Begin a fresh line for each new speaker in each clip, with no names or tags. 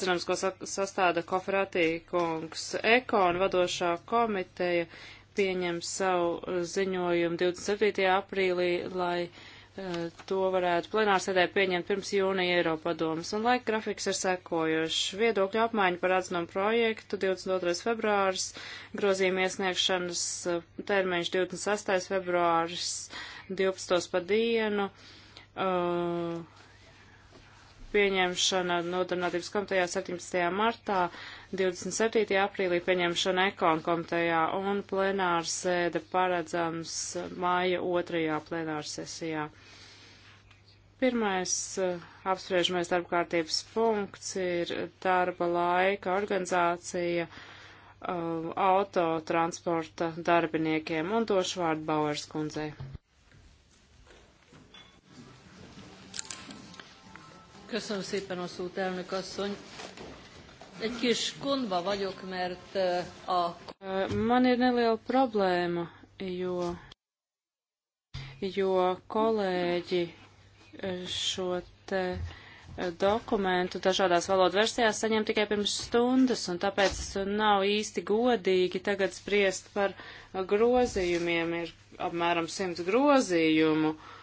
Atcerams, ko sastāda Koferatī kungs. Ekon vadošā komiteja pieņem savu uh, ziņojumu 27. aprīlī, lai uh, to varētu plenārsēdē pieņemt pirms jūnija Eiropadomas. Un laika grafiks ir sekojošs. Viedokļu apmaiņa par atzinumu projektu 22. februāris, grozījuma iesniegšanas uh, termiņš 26. februāris, 12. pa dienu. Uh, pieņemšana nodarbinātības komitejā 17. martā, 27. aprīlī pieņemšana ekonu komitejā un plenāra sēde paredzams māja otrajā plenāra sesijā. Pirmais eh, apspriežamais darba kārtības punkts ir darba laika organizācija eh, autotransporta darbiniekiem un došu vārdu Bauers kundzei. Köszönöm szépen a szót, elnök asszony. Egy kis gondba vagyok, mert eh, a... Man ir neliela problēma, jo, jo kolēģi eh, šo te eh, dokumentu dažādās valodu versijās saņem tikai pirms stundas, un tāpēc nav īsti godīgi tagad spriest par grozījumiem. Ir apmēram simts grozījumu. Uh,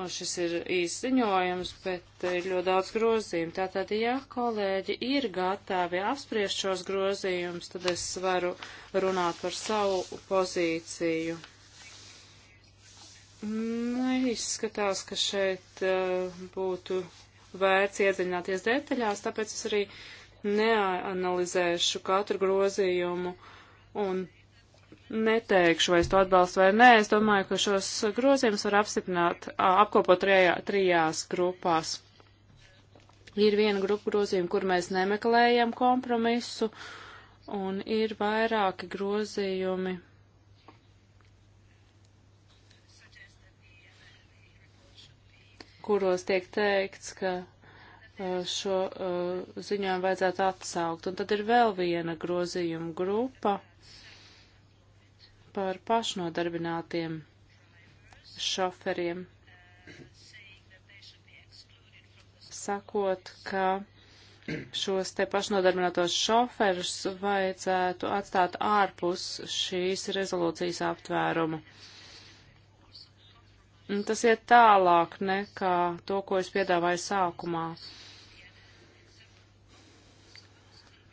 Un šis ir īsts ziņojums, bet ir ļoti daudz grozījumu. Tātad, ja kolēģi ir gatavi apspriest šos grozījumus, tad es varu runāt par savu pozīciju. Neizskatās, nu, ka šeit uh, būtu vērts iedziļināties detaļās, tāpēc es arī neanalizēšu katru grozījumu un neteikšu, vai es to atbalstu vai nē. Es domāju, ka šos grozījumus var apstiprināt, apkopot trijā, trijās grupās. Ir viena grupa grozījuma, kur mēs nemeklējam kompromisu, un ir vairāki grozījumi. kuros tiek teikts, ka šo ziņojumu vajadzētu atsaukt. Un tad ir vēl viena grozījuma grupa, par pašnodarbinātiem šoferiem, sakot, ka šos te pašnodarbinātos šoferus vajadzētu atstāt ārpus šīs rezolūcijas aptvērumu. Un tas iet tālāk nekā to, ko es piedāvāju sākumā.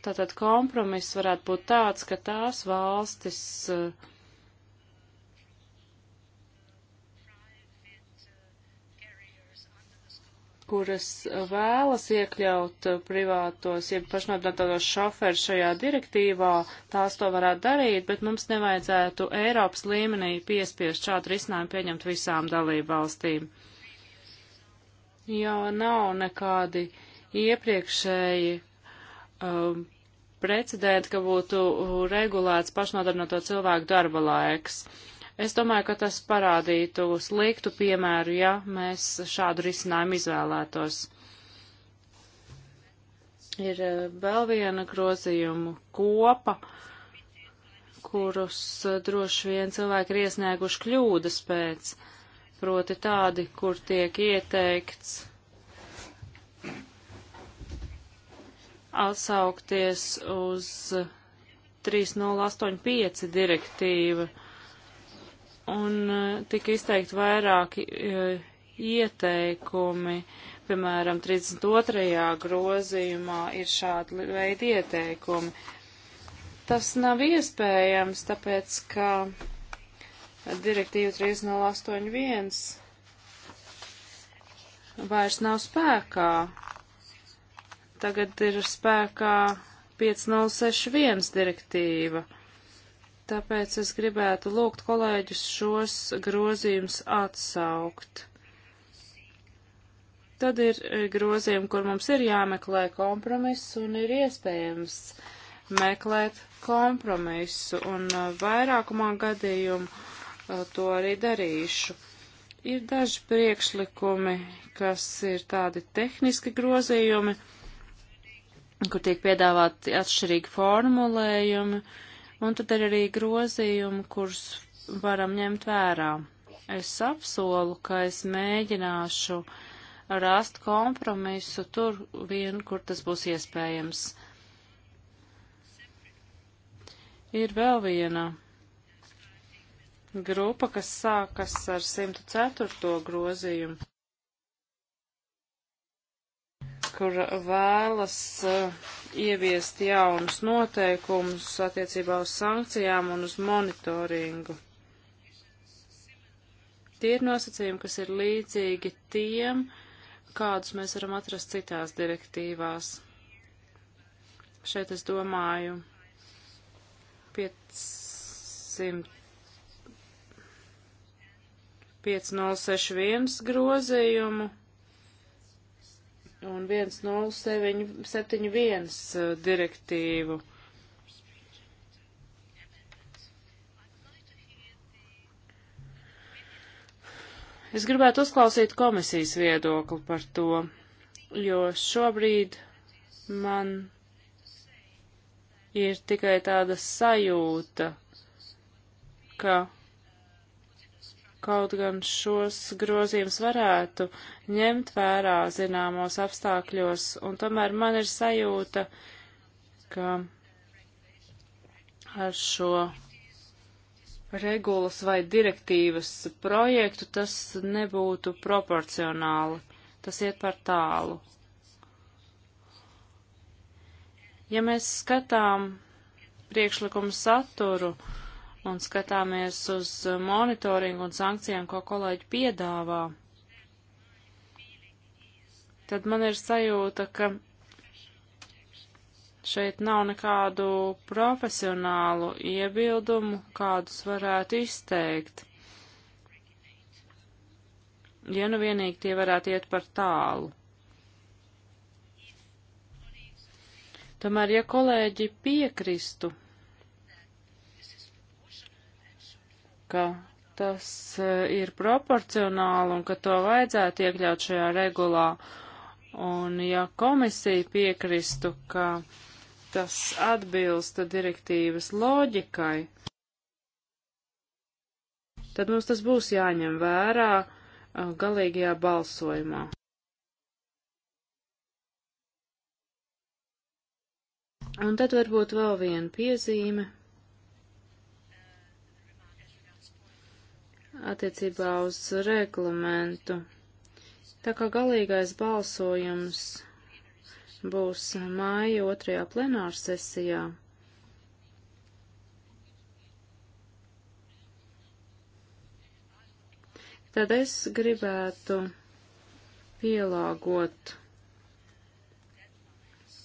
Tātad kompromiss varētu būt tāds, ka tās valstis uh, kuras vēlas iekļaut privātos, ja pašnodarbinātos šoferus šajā direktīvā, tās to varētu darīt, bet mums nevajadzētu Eiropas līmenī piespiest šādu risinājumu pieņemt visām dalību valstīm. Jo nav nekādi iepriekšēji um, precedenti, ka būtu regulēts pašnodarbināto cilvēku darba laiks. Uh, Es domāju, ka tas parādītu sliktu piemēru, ja mēs šādu risinājumu izvēlētos. Ir eh, vēl viena grozījumu kopa, kurus eh, droši vien cilvēki ir iesnieguši kļūdas pēc, proti tādi, kur tiek ieteikts atsaukties uz 3085 eh, direktīvu un eh, tika izteikti vairāki eh, ieteikumi. Piemēram, 32. grozījumā ir šādi veidi ieteikumi. Tas nav iespējams, tāpēc, ka direktīva 3081 vairs nav spēkā. Tagad ir spēkā 5061 direktīva. Tāpēc es gribētu lūgt kolēģus šos grozījumus atsaukt. Tad ir eh, grozījumi, kur mums ir jāmeklē kompromiss un ir iespējams meklēt kompromisu, un eh, vairākumā gadījumu eh, to arī darīšu. Ir daži priekšlikumi, kas ir tādi tehniski grozījumi, kur tiek piedāvāti atšķirīgi formulējumi, uh, Un tad ir arī grozījumi, kurus varam ņemt vērā. Es apsolu, ka es mēģināšu rast kompromisu tur vien, kur tas būs iespējams. Ir vēl viena grupa, kas sākas ar 104. grozījumu. kur vēlas eh, ieviest jaunus noteikumus attiecībā uz sankcijām un uz monitoringu. Tie ir nosacījumi, kas ir līdzīgi tiem, kādus mēs varam atrast citās direktīvās. Šeit es domāju 500. 5061 grozījumu un 1071 uh, direktīvu. Es gribētu uzklausīt komisijas viedokli par to, jo šobrīd man ir tikai tāda sajūta, ka Kaut gan šos grozījumus varētu ņemt vērā zināmos apstākļos, un tomēr man ir sajūta, ka ar šo regulas vai direktīvas projektu tas nebūtu proporcionāli. Tas iet par tālu. Ja mēs skatām priekšlikumu saturu, uh, un skatāmies uz monitoringu un sankcijām, ko kolēģi piedāvā, tad man ir sajūta, ka šeit nav nekādu profesionālu iebildumu, kādus varētu izteikt. Ja nu vienīgi tie varētu iet par tālu. Tomēr, ja kolēģi piekristu ka tas eh, ir proporcionāli un ka to vajadzētu iekļaut šajā regulā. Un ja komisija piekristu, ka tas atbilsta direktīvas loģikai, tad mums tas būs jāņem vērā eh, galīgajā balsojumā. Un tad varbūt vēl viena piezīme. attiecībā uz reglamentu. Tā kā galīgais balsojums būs māja otrajā plenārsesijā. Tad es gribētu pielāgot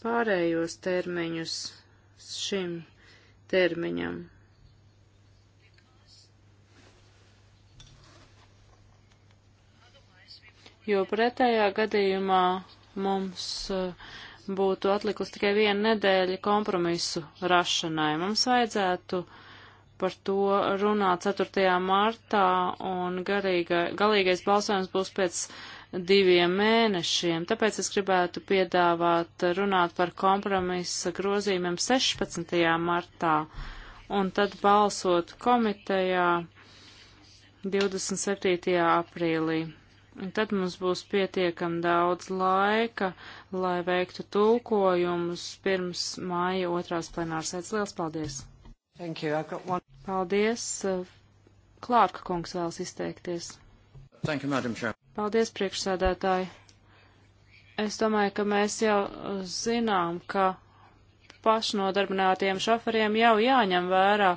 pārējos termiņus šim termiņam. jo pretējā gadījumā mums eh, būtu atlikusi tikai viena nedēļa kompromisu rašanai. Mums vajadzētu par to runāt 4. martā un garīga, galīgais balsojums būs pēc diviem mēnešiem. Tāpēc es gribētu piedāvāt runāt par kompromisa grozījumiem 16. martā un tad balsot komitejā 27. aprīlī. Un tad mums būs pietiekam daudz laika, lai veiktu tulkojumus pirms māja otrās plenārsēdes. Liels paldies! Thank you. I've got one... Paldies! Klārka kungs vēlas izteikties.
Thank you, Madam Chair.
Paldies, priekšsēdētāji. Es domāju, ka mēs jau zinām, ka pašnodarbinātiem šoferiem jau jāņem vērā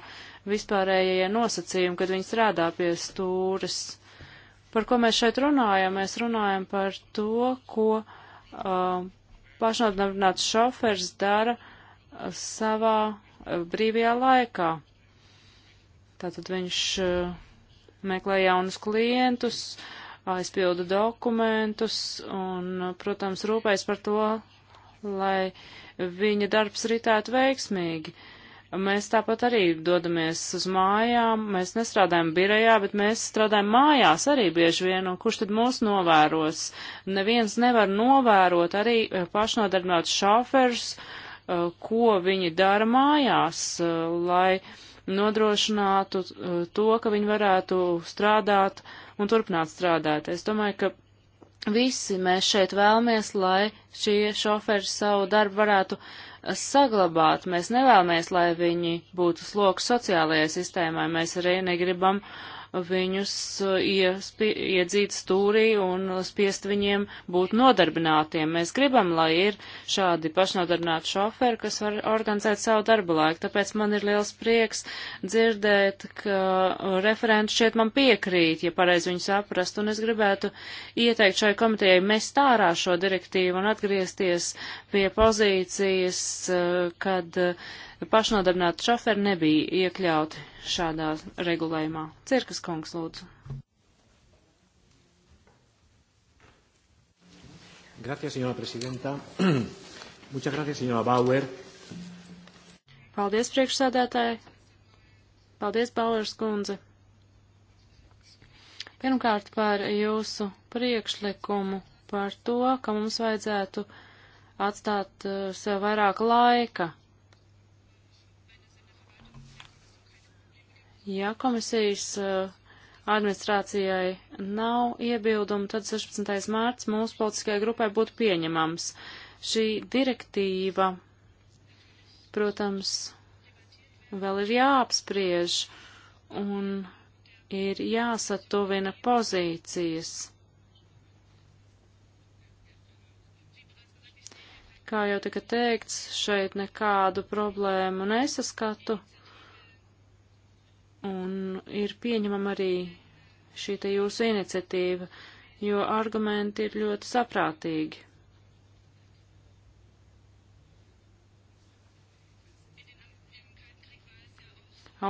vispārējie nosacījumi, kad viņi strādā pie stūres Par ko mēs šeit runājam? Mēs runājam par to, ko uh, pašnodarbināts šofers dara uh, savā uh, brīvajā laikā. Tātad viņš uh, meklē jaunus klientus, aizpilda dokumentus un, uh, protams, rūpēs par to, lai viņa darbs ritētu veiksmīgi. Uh, Mēs tāpat arī dodamies uz mājām, mēs nestrādājam birajā, bet mēs strādājam mājās arī bieži vien, un kurš tad mūs novēros? Neviens nevar novērot arī eh, pašnodarbināt šāfers, eh, ko viņi dara mājās, eh, lai nodrošinātu to, ka viņi varētu strādāt un turpināt strādāt. Es domāju, ka visi mēs šeit vēlamies, lai šie šoferi savu darbu varētu uh, saglabāt. Mēs nevēlamies, lai viņi būtu sloks sociālajai sistēmai. Mēs arī negribam uh, viņus uh, iespie, iedzīt stūrī un spiest viņiem būt nodarbinātiem. Mēs gribam, lai ir šādi pašnodarbināti šoferi, kas var organizēt savu darbu laiku. Tāpēc man ir liels prieks dzirdēt, ka referents šeit man piekrīt, ja pareizi viņu saprast, un es gribētu ieteikt šai komitejai mest ārā šo direktīvu un atgriezties pie pozīcijas, uh, kad uh, pašnodarbināti šoferi nebija iekļauti šādā regulējumā. Cirkas kungs, lūdzu.
Gracias, señora presidenta. Muchas gracias, señora Bauer.
Paldies, priekšsādātāji. Paldies, Bauer skundze. Pirmkārt par jūsu priekšlikumu par to, ka mums vajadzētu atstāt uh, sev vairāk laika Ja komisijas eh, administrācijai nav iebildumu, tad 16. mārts mūsu politiskajai grupai būtu pieņemams. Šī direktīva, protams, vēl ir jāapspriež un ir jāsatuvina pozīcijas. Kā jau tika teikts, šeit nekādu problēmu nesaskatu Un ir pieņemama arī šī te jūsu iniciatīva, jo argumenti ir ļoti saprātīgi.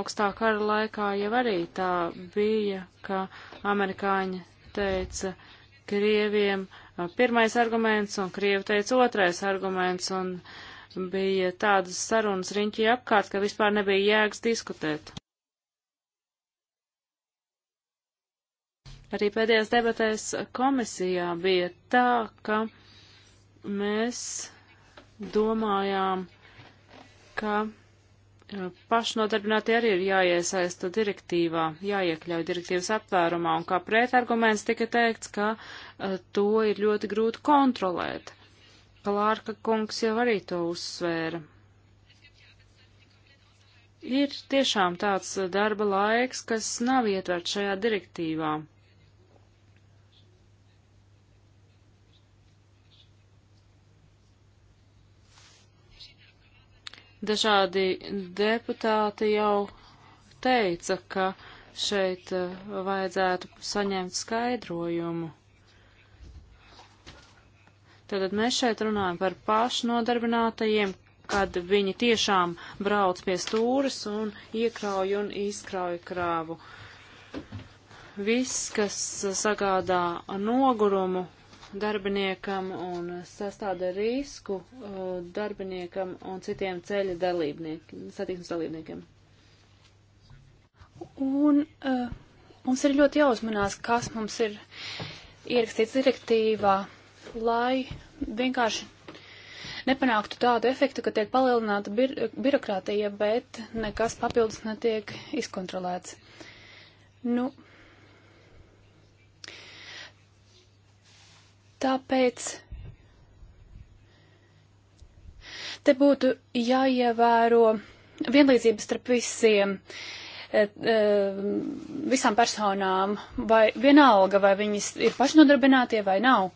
Augstā kara laikā jau arī tā bija, ka amerikāņi teica krieviem pirmais arguments un krievi teica otrais arguments un bija tādas sarunas riņķī apkārt, ka vispār nebija jēgas diskutēt. Arī pēdējās debatēs komisijā bija tā, ka mēs domājām, ka e, pašnodarbinātie arī ir jāiesaista direktīvā, jāiekļauj direktīvas aptvērumā, un kā pretarguments tika teikts, ka uh, to ir ļoti grūti kontrolēt. Klārka kungs jau arī to uzsvēra. Ir tiešām tāds darba laiks, kas nav ietverts šajā direktīvā. Dažādi deputāti jau teica, ka šeit eh, vajadzētu saņemt skaidrojumu. Tātad mēs šeit runājam par pašnodarbinātajiem, kad viņi tiešām brauc pie stūres un iekrauj un izkrauj krāvu. Viss, kas sagādā nogurumu, darbiniekam un sastāda risku uh, darbiniekam
un citiem ceļa dalībniekiem, satiksmes dalībniekiem. Un uh, mums ir ļoti jāuzmanās, kas mums ir ierakstīts direktīvā, lai vienkārši nepanāktu tādu efektu, ka tiek palielināta bir birokrātija, bet nekas papildus netiek izkontrolēts. Nu, uh, Tāpēc te būtu jāievēro vienlīdzības starp visiem, e, e, visām personām, vai vienalga, vai viņas ir pašnodarbinātie vai nav.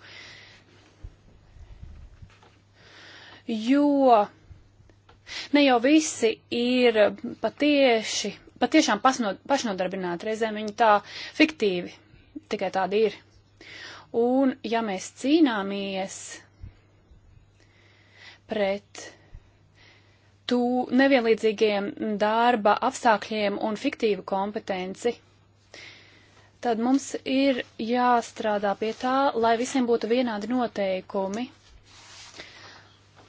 Jo ne jau visi ir patieši, patiešām pasno, pašnodarbināti, reizēm viņi tā fiktīvi tikai tādi ir. Un ja mēs cīnāmies pret tu nevienlīdzīgiem darba apstākļiem un fiktīvu kompetenci, tad mums ir jāstrādā pie tā, lai visiem būtu vienādi noteikumi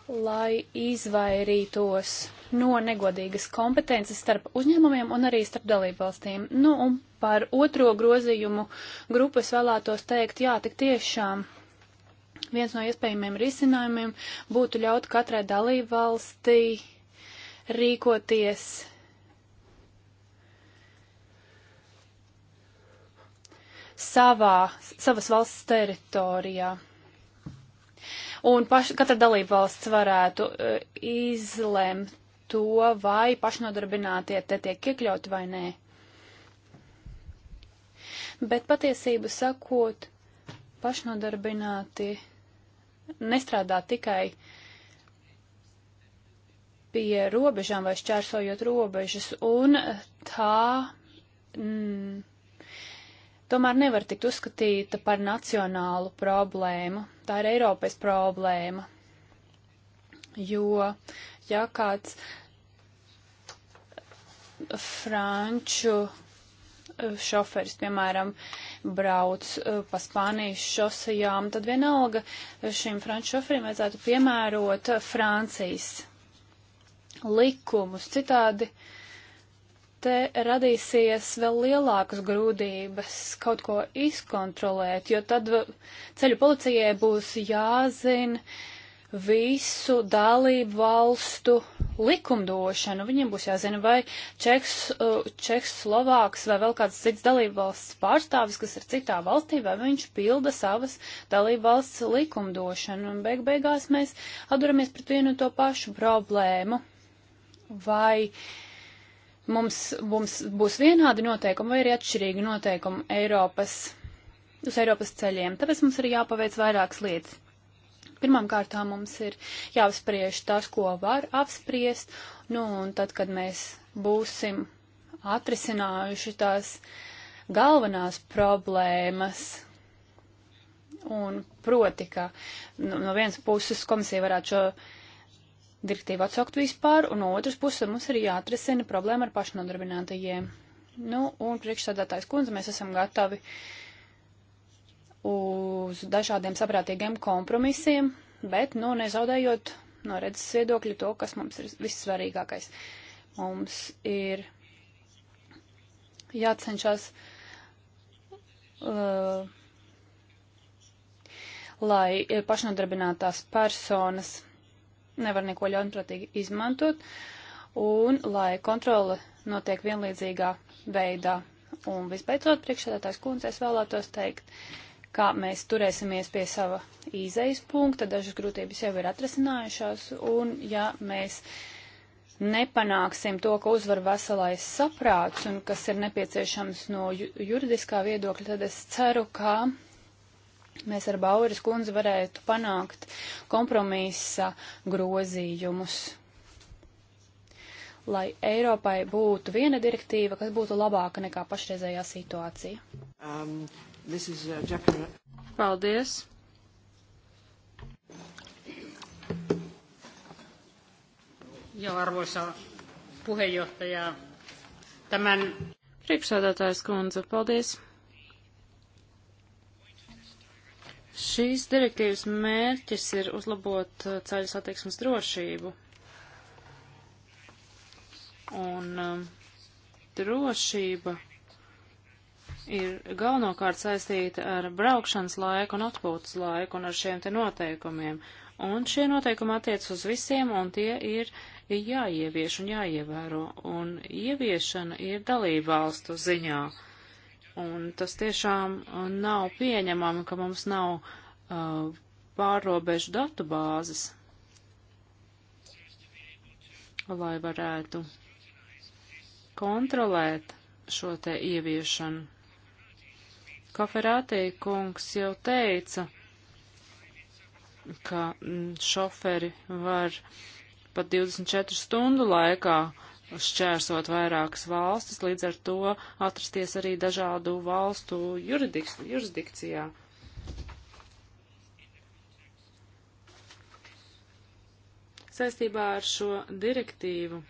lai izvairītos no negodīgas kompetences starp uzņēmumiem un arī starp dalībvalstīm. Nu, un par otro grozījumu grupu es vēlētos teikt, jā, tik tiešām viens no iespējamiem risinājumiem būtu ļaut katrai dalībvalstī rīkoties savā, savas valsts teritorijā un paš, katra dalībvalsts varētu e, izlemt to, vai pašnodarbinātie te tiek iekļauti vai nē. Bet patiesību sakot, pašnodarbināti nestrādā tikai pie robežām vai šķērsojot robežas, un tā mm, tomēr nevar tikt uzskatīta par nacionālu problēmu. Tā ir Eiropas problēma. Jo, ja kāds franču eh, šoferis, piemēram, brauc eh, pa Spānijas šosejām, tad vienalga eh, šim franču šoferim vajadzētu piemērot Francijas likumus. Citādi uh, te radīsies vēl lielākas grūtības kaut ko izkontrolēt, jo tad ceļu policijai būs jāzina visu dalību valstu likumdošanu. Viņiem būs jāzina, vai Čeks, Čeks Slovāks vai vēl kāds cits dalību valsts pārstāvis, kas ir citā valstī, vai viņš pilda savas dalību valsts likumdošanu. Un beig beigās mēs atduramies pret vienu to pašu problēmu. Vai uh, Mums, mums būs vienādi noteikumi vai arī atšķirīgi noteikumi Eiropas, uz Eiropas ceļiem. Tāpēc mums ir jāpaveic vairākas lietas. Pirmām kārtām mums ir jāapspriež tas, ko var apspriest, nu, un tad, kad mēs būsim atrisinājuši tās galvenās problēmas, un proti, ka nu, no vienas puses komisija varētu šo direktīvu atsaukt vispār, un no otras puses mums ir jāatrisina problēma ar pašnodarbinātajiem. Nu, un priekšsādātājs kundze, mēs esam gatavi uz dažādiem saprātīgiem kompromisiem, bet, nu, nezaudējot no redzes viedokļa to, kas mums ir vissvarīgākais. Mums ir jācenšas, uh, lai pašnodarbinātās personas nevar neko ļaunprātīgi izmantot, un lai kontrole notiek vienlīdzīgā veidā. Un visbeidzot, priekšsēdētājs kundze, es vēlētos teikt, kā mēs turēsimies pie sava īzejas punkta, dažas grūtības jau ir atrasinājušās, un ja mēs nepanāksim to, ka uzvar veselais saprāts un kas ir nepieciešams no juridiskā viedokļa, tad es ceru, ka mēs ar Bauras kundzi varētu panākt kompromisa grozījumus, lai Eiropai būtu viena direktīva, kas būtu labāka nekā pašreizējā situācija.
Um, is, uh, Paldies! Jo, arvoisa puheenjohtaja, tämän... Priekšsādātājs kundze, paldies! Šīs direktīvas mērķis ir uzlabot uh, ceļu satiksmes drošību. Un um, drošība ir galvenokārt saistīta ar braukšanas laiku un atpūtas laiku un ar šiem te noteikumiem. Un šie noteikumi attiec uz visiem, un tie ir jāievieš un jāievēro. Un ieviešana ir dalība valstu ziņā. Uh, Un tas tiešām uh, nav pieņemami, ka mums nav uh, pārrobežu datu bāzes, lai varētu kontrolēt šo te ieviešanu. Kaferātī kungs jau teica, ka mm, šoferi var pat 24 stundu laikā uh, šķērsot vairākas valstis, līdz ar to atrasties arī dažādu valstu juridiks, jurisdikcijā. Saistībā ar šo direktīvu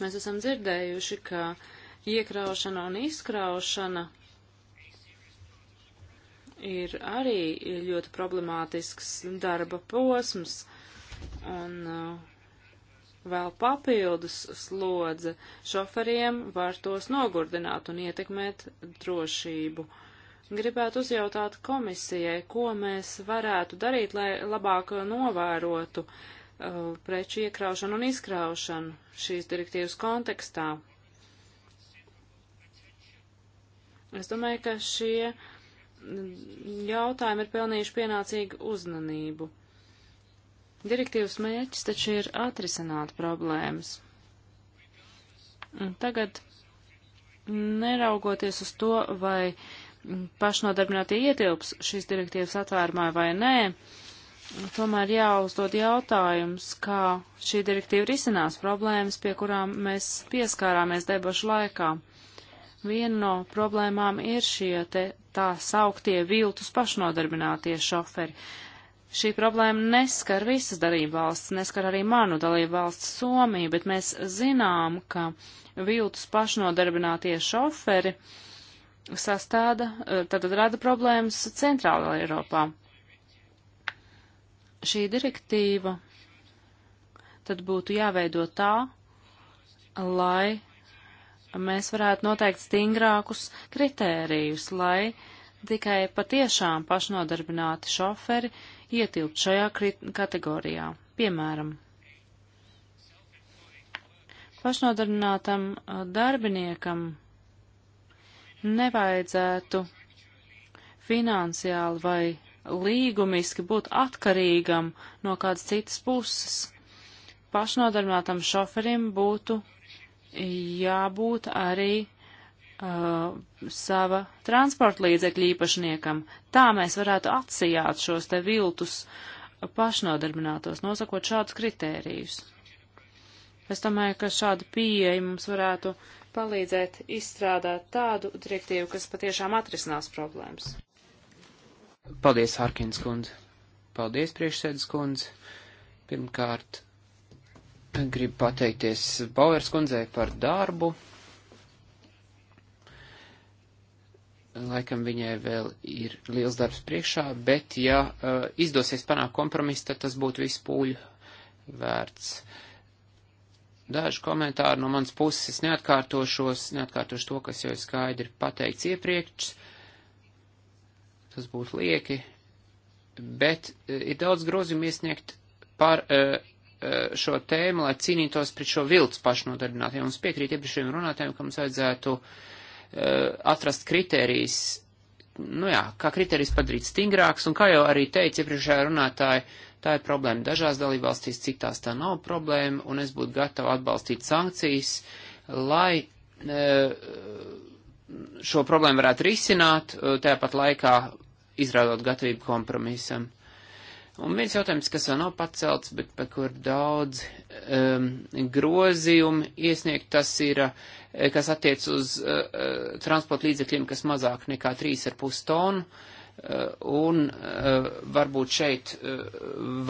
mēs esam dzirdējuši, ka iekraušana un izkraušana ir arī ļoti problemātisks darba posms, un uh, vēl papildus slodze šoferiem var tos nogurdināt un ietekmēt drošību. Gribētu uzjautāt komisijai, ko mēs varētu darīt, lai labāk novērotu uh, preču iekraušanu un izkraušanu šīs direktīvas kontekstā. Es domāju, ka šie jautājumi ir pelnījuši pienācīgu uzmanību. Direktīvas mērķis taču ir atrisināt problēmas. Un tagad, neraugoties uz to, vai pašnodarbinātie ietilps šīs direktīvas atvērumā vai nē, tomēr jāuzdod jautājums, kā šī direktīva risinās problēmas, pie kurām mēs pieskārāmies debašu laikā. Viena no problēmām ir šie te tā sauktie viltus pašnodarbinātie šoferi. Šī problēma neskar visas darību valsts, neskar arī manu dalību valsts Somiju, bet mēs zinām, ka viltus pašnodarbinātie šoferi sastāda, eh, tad rada problēmas centrālā Eiropā. Šī direktīva tad būtu jāveido tā, lai mēs varētu noteikt stingrākus kritērijus, lai tikai patiešām pašnodarbināti šoferi uh, ietilpt šajā kategorijā. Piemēram, pašnodarbinātam darbiniekam nevajadzētu finansiāli vai līgumiski būt atkarīgam no kādas citas puses. Pašnodarbinātam šoferim būtu jābūt arī uh, sava transporta līdzekļa īpašniekam. Tā mēs varētu atsijāt šos te viltus pašnodarbinātos, nosakot šādus kritērijus. Es domāju, ka šāda pieeja mums varētu palīdzēt izstrādāt tādu direktīvu, kas patiešām atrisinās problēmas.
Paldies, Harkins kundze. Paldies, priekšsēdus kundze. Pirmkārt, gribu pateikties Bauers kundzei par darbu Laikam viņai vēl ir liels darbs priekšā, bet ja uh, izdosies panākt kompromisu, tad tas būtu visu pūļu vērts. Daži komentāri no manas puses es neatkārtošos, neatkārtošu to, kas jau ir skaidri pateikts iepriekš. Tas būtu lieki, bet uh, ir daudz grozījumu iesniegt par uh, uh šo tēmu, lai cīnītos pret šo viltus pašnodarbinātiem. Mums piekrīt iepriekšējiem runātājiem, ka mums vajadzētu uh, Eh, atrast kritērijas, nu jā, kā kritērijas padarīt stingrāks, un kā jau arī teica iepriekšējā runātāja, tā ir problēma dažās dalībvalstīs, citās tā nav problēma, un es būtu gatava atbalstīt sankcijas, lai eh, šo problēmu varētu risināt, eh, tāpat laikā izrādot gatavību kompromisam. Un viens jautājums, kas vēl nav pacelts, bet par kur daudz um, grozījumu iesniegt, tas ir, eh, kas attiec uz uh, transporta līdzekļiem, kas mazāk nekā 3,5 tonu. Uh, un uh, varbūt šeit uh,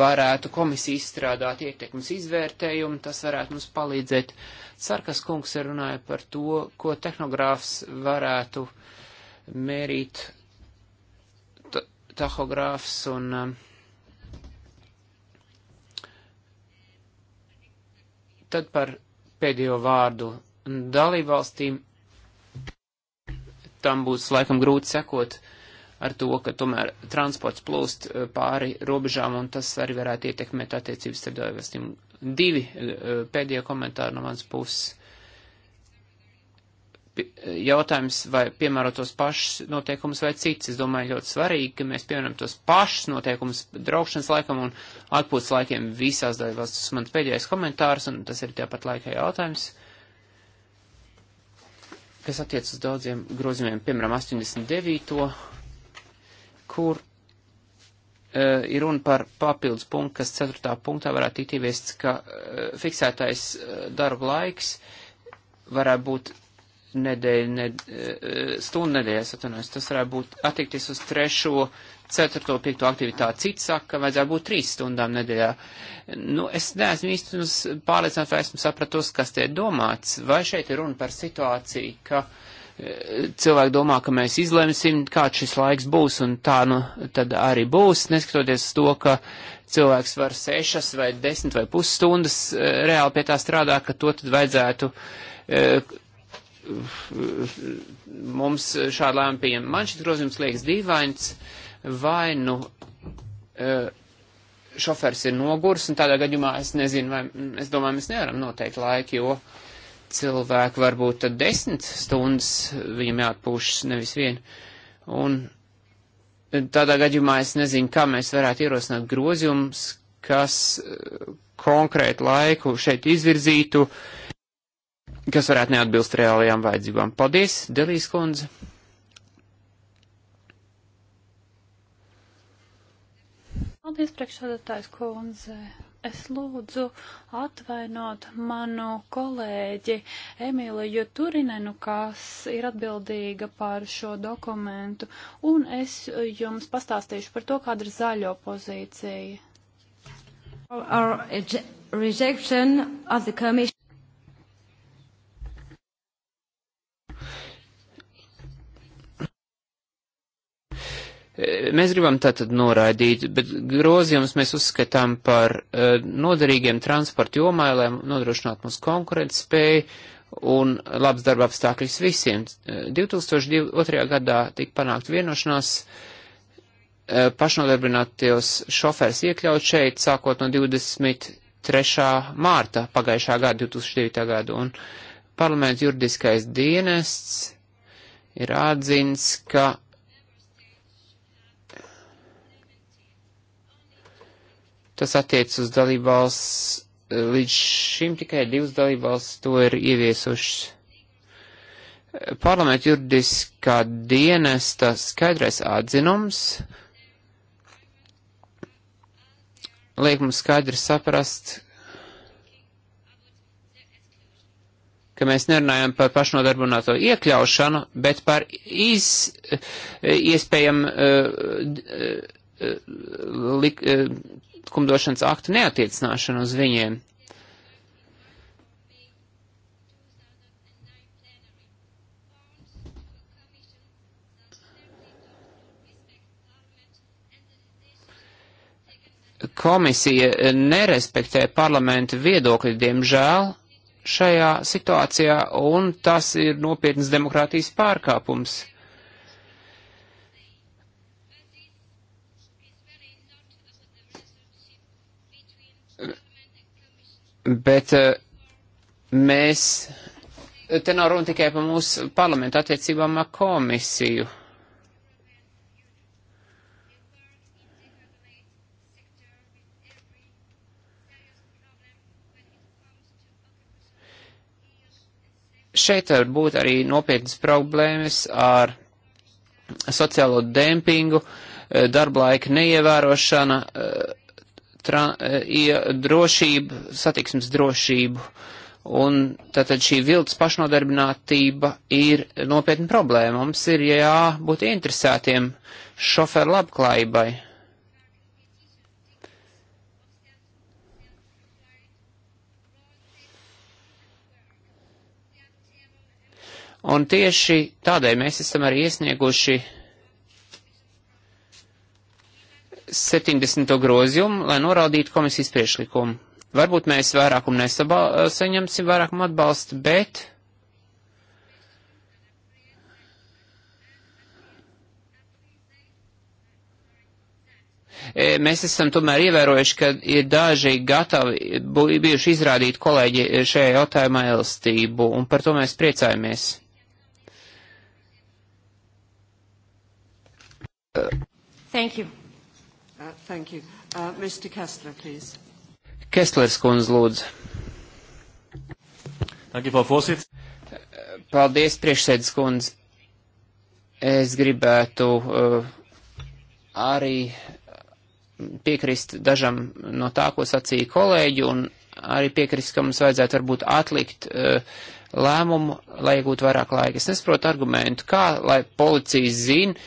varētu komisija izstrādāt ietekmes izvērtējumu, tas varētu mums palīdzēt. Sarkas kungs runāja par to, ko tehnogrāfs varētu mērīt tahogrāfs un uh, Tad par pēdējo vārdu dalībvalstīm tam būs laikam grūti sekot ar to, ka tomēr transports plūst eh, pāri robežām un tas arī varētu ietekmēt attiecības starp dalībvalstīm. Divi eh, pēdējie komentāri no mans puses. E, jautājums, vai piemērot tos pašus noteikumus vai cits. Es domāju, ļoti svarīgi, ka mēs piemēram tos pašus noteikumus draugšanas laikam un atpūtas laikiem visās dalībās. Tas man pēdējais komentārs, un tas ir tāpat laikā jautājums, kas attiec uz daudziem grozījumiem, piemēram, 89. kur uh, ir runa par papildus punktu, kas 4. punktā varētu tikt ieviests, ka uh, fiksētais uh, darba laiks varētu būt nedēļu, ned, eh, stundu nedēļas, atvainojos, tas varētu būt attiekties uz trešo, ceturto, piekto aktivitāti. Cits saka, ka vajadzētu būt trīs stundām nedēļā. Nu, es neesmu īsti pārliecināts, vai esmu sapratos, kas te ir domāts, vai šeit ir runa par situāciju, ka eh, cilvēki domā, ka mēs izlemsim, kāds šis laiks būs, un tā nu tad arī būs, neskatoties to, ka cilvēks var sešas vai desmit vai pusstundas eh, reāli pie tā strādāt, ka to tad vajadzētu mums šāda lēma pieņem. Man šis grozījums liekas dīvains, vai nu e, šofers ir nogurs, un tādā gadījumā es nezinu, vai es domāju, mēs nevaram noteikt laiku, jo cilvēku varbūt tad desmit stundas viņam jāatpūšas, nevis vienu. Un tādā gadījumā es nezinu, kā mēs varētu ierosināt grozījums, kas e, konkrētu laiku šeit izvirzītu kas varētu neatbilst reālajām vajadzībām. Paldies, Delīs kundze!
Paldies, priekšsādātājs kundze! Es lūdzu atvainot manu kolēģi Emīliju Turinenu, kas ir atbildīga par šo dokumentu, un es jums pastāstīšu par to, kāda ir zaļo pozīcija.
Mēs gribam tātad noraidīt, bet grozījums mēs uzskatām par e, noderīgiem transporta jomā, lai nodrošinātu mūsu konkurences spēju un labs darba apstākļus visiem. 2002. E, gadā tika panākt vienošanās e, pašnodarbinātajos šofērs iekļaut šeit, sākot no 23. mārta pagājušā gada, 2009. gada, un parlaments juridiskais dienests ir atzins, ka Tas attiec uz dalībvalsts, līdz šim tikai divas dalībvalsts to ir ieviesušas. Parlamenta juridiskā dienesta skaidrais atzinums liek mums skaidri saprast, ka mēs nerunājam par pašnodarbināto iekļaušanu, bet par iz, iespējam uh, uh, lik, uh, likumdošanas aktu neatiecināšanu uz viņiem. Komisija nerespektē parlamenta viedokļu, diemžēl, šajā situācijā, un tas ir nopietnas demokrātijas pārkāpums. Bet eh, mēs, te nav runa tikai par mūsu parlamentu attiecībām ar komisiju. šeit var būt arī nopietnas problēmas ar sociālo dempingu, eh, darba laika neievērošana, eh, tra, e, drošību, satiksmes drošību. Un tātad šī viltus pašnodarbinātība ir nopietna problēma. Mums ir jābūt interesētiem šoferu labklājībai. Un tieši tādēļ mēs esam arī iesnieguši 70. grozījumu, lai noraudītu komisijas priešlikumu. Varbūt mēs vairākumu nesaņemsim, eh, vairākumu atbalstu, bet. Eh, mēs esam tomēr ievērojuši, ka ir daži gatavi bijuši izrādīt kolēģi eh, šajā jautājumā elstību, un par to mēs priecājamies.
Thank you. Thank you. Uh, Mr. Kessler, please.
Kesslers kundze, lūdzu. Paldies, priekšsēdus kundze. Es gribētu uh, arī piekrist dažam no tā, ko sacīja kolēģi, un arī piekrist, ka mums vajadzētu varbūt atlikt uh, lēmumu, lai iegūtu vairāk laika. Es nesaprotu argumentu, kā, lai policija zina,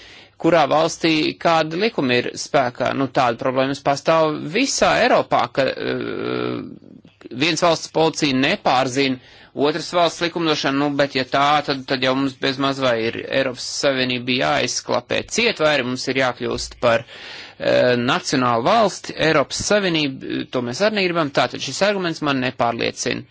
kurā valstī kāda likuma ir spēkā. Nu, tāda problēmas pastāv visā Eiropā, ka uh, viens valsts policija nepārzina otras valsts likumdošanu, nu, bet ja tā, tad, tad jau mums bez maz vai ir Eiropas Savienība jāizklapē ciet, vai arī mums ir jākļūst par uh, nacionālu valsti, Eiropas Savienību, to mēs arī gribam, tātad šis arguments man nepārliecina.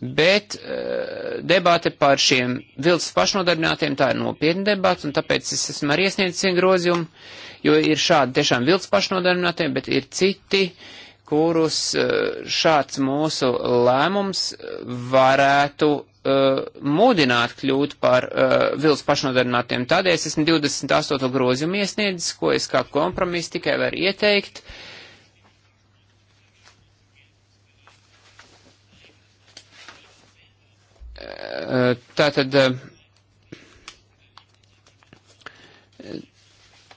Bet uh, eh, debāte par šiem vilcis pašnodarbinātiem tā ir nopietna debāta, un tāpēc es esmu arī iesniedzis vienu grozījumu, jo ir šādi tiešām vilcis pašnodarbinātiem, bet ir citi, kurus uh, šāds mūsu lēmums varētu uh, mudināt kļūt par uh, vilcis pašnodarbinātiem. Tādēļ es esmu 28. grozījumu iesniedzis, ko es kā kompromisu tikai varu ieteikt. Uh, Tātad e,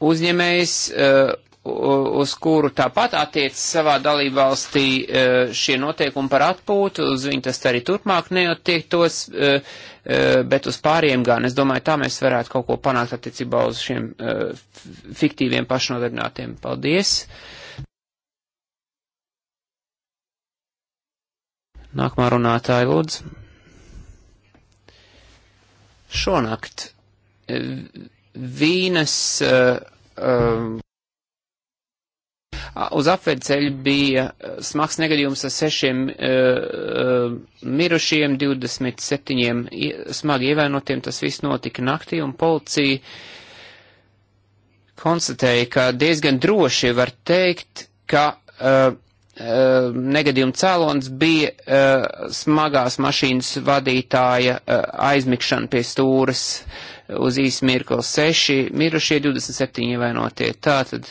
uzņēmējs, e, uz kuru tāpat attiec savā dalībvalstī e, šie noteikumi par atpūtu, uz viņu tas arī turpmāk neatiektos, bet uz pāriem gan. Es domāju, tā mēs varētu kaut ko panākt attiecībā uz šiem fiktīviem pašnodarbinātiem. Paldies! Nākamā runātāja lūdzu. Šonakt eh, Vīnes uh, uh, uz apvedceļu bija smags negadījums ar sešiem uh, mirušiem, 27 smagi ievainotiem. Tas viss notika naktī un policija konstatēja, ka diezgan droši var teikt, ka uh, Eh, negadījuma cēlons bija uh, smagās mašīnas vadītāja uh, aizmigšana pie stūras uz īsu mirkli. Seši mirušie, 27 ievainotie. Tātad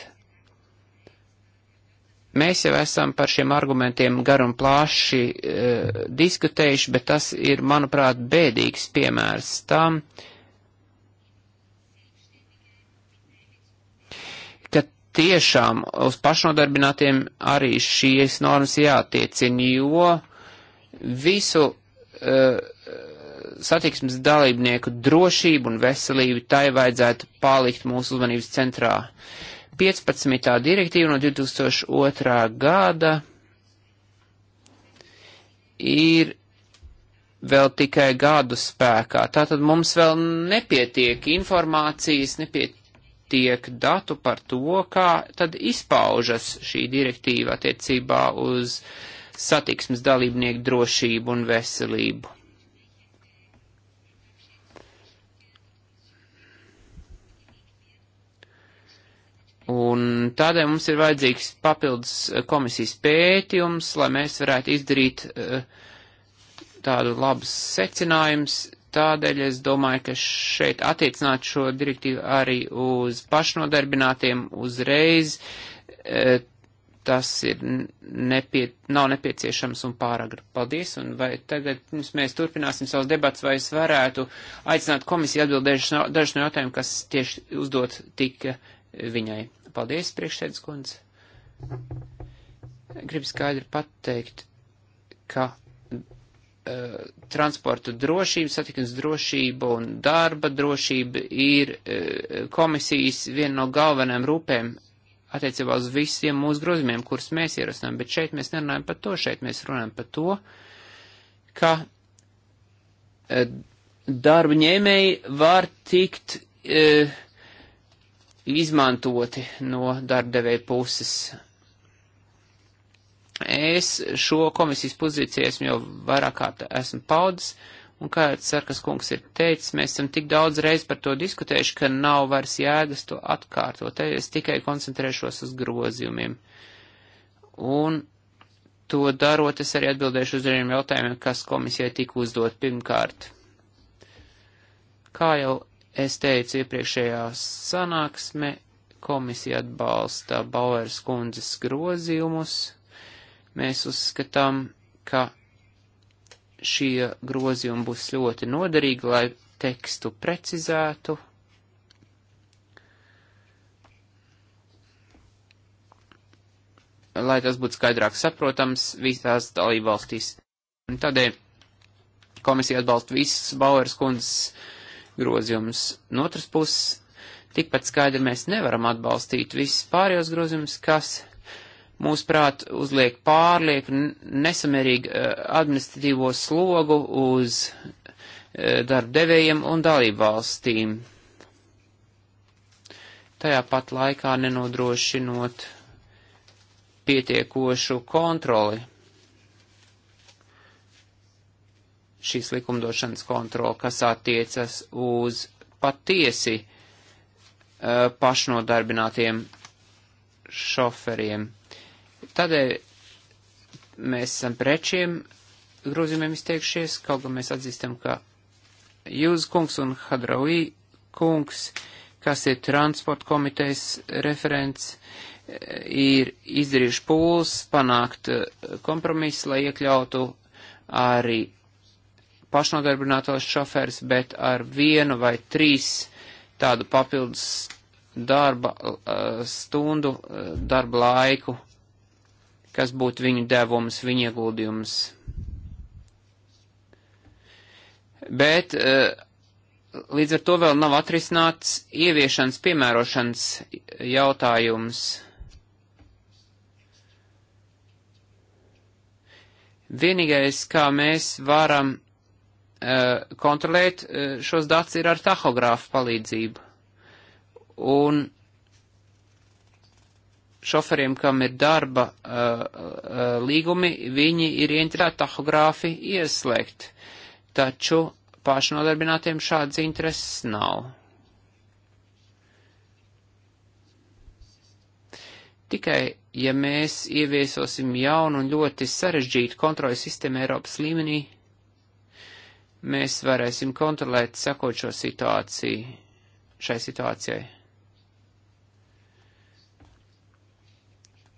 mēs jau esam par šiem argumentiem gar un plaši uh, diskutējuši, bet tas ir, manuprāt, bēdīgs piemērs tam, uh, tiešām uz pašnodarbinātiem arī šīs normas jātiecina, jo visu uh, satiksmes dalībnieku drošību un veselību tai vajadzētu palikt mūsu uzmanības centrā. 15. direktīva no 2002. gada ir vēl tikai gadu spēkā. Tātad mums vēl nepietiek informācijas, nepietiek pietiek datu par to, kā tad izpaužas šī direktīva attiecībā uz satiksmes dalībnieku drošību un veselību. Un tādēļ mums ir vajadzīgs papildus komisijas pētījums, lai mēs varētu izdarīt eh, tādu labus secinājumus tādēļ es domāju, ka šeit attiecināt šo direktīvu arī uz pašnodarbinātiem uzreiz, e, tas ir nepie, nav nepieciešams un pāragri. Paldies, un vai tagad pirms mēs turpināsim savus debats, vai es varētu aicināt komisiju atbildēt dažus no jautājumiem, kas tieši uzdot tika viņai. Paldies, priekšsēdus kundze. Gribu skaidri pateikt, ka Eh, transporta drošība, satiknes drošība un darba drošība ir eh, komisijas viena no galvenajām rūpēm attiecībā uz visiem mūsu grozījumiem, kurus mēs ierosinām, bet šeit mēs nerunājam par to, šeit mēs runājam par to, ka eh, darba ņēmēji var tikt e, izmantoti no darba devēja puses. Es šo komisijas pozīciju esmu jau vairāk kārt esmu paudis, un kā Sarkas kungs ir teicis, mēs esam tik daudz reiz par to diskutējuši, ka nav vairs jēgas to atkārtot. Es tikai koncentrēšos uz grozījumiem. Un to darot, es arī atbildēšu uz dažiem jautājumiem, kas komisijai tika uzdot pirmkārt. Kā jau es teicu iepriekšējā sanāksme, komisija atbalsta Bauer skundzes grozījumus Mēs uzskatām, ka šie grozījumi būs ļoti noderīgi, lai tekstu precizētu. Lai tas būtu skaidrāk saprotams visās dalībvalstīs. Tādēļ komisija atbalsta visus Bauers kundzes grozījumus. No otras puses, tikpat skaidri mēs nevaram atbalstīt visus pārējos grozījumus, kas mūsuprāt, uzliek pārlieku nesamērīgu eh, administratīvo slogu uz eh, darba devējiem un dalību valstīm. Tajā pat laikā nenodrošinot pietiekošu kontroli, šīs likumdošanas kontroli, kas attiecas uz patiesi eh, pašnodarbinātiem šoferiem Tādēļ mēs esam pret šiem grozījumiem izteikšies, kaut gan mēs atzīstam, ka jūs, kungs, un Hadraui kungs, kas ir transporta komitejas referents, ir izdarījuši pūles panākt eh, kompromisu, lai iekļautu arī pašnodarbinātos šoferis, bet ar vienu vai trīs tādu papildus darba eh, stundu, eh, darba laiku kas būtu viņu devums, viņu ieguldījums. Bet eh, līdz ar to vēl nav atrisināts ieviešanas piemērošanas jautājums. Vienīgais, kā mēs varam eh, kontrolēt eh, šos datus, ir ar tahogrāfu palīdzību. Un šoferiem, kam ir darba uh, uh, līgumi, viņi ir ieinteresēti tahogrāfi ieslēgt, taču pašnodarbinātiem šādas intereses nav. Tikai, ja mēs ieviesosim jaunu un ļoti sarežģītu kontroli sistēmu Eiropas līmenī, mēs varēsim kontrolēt sekošo situāciju šai situācijai.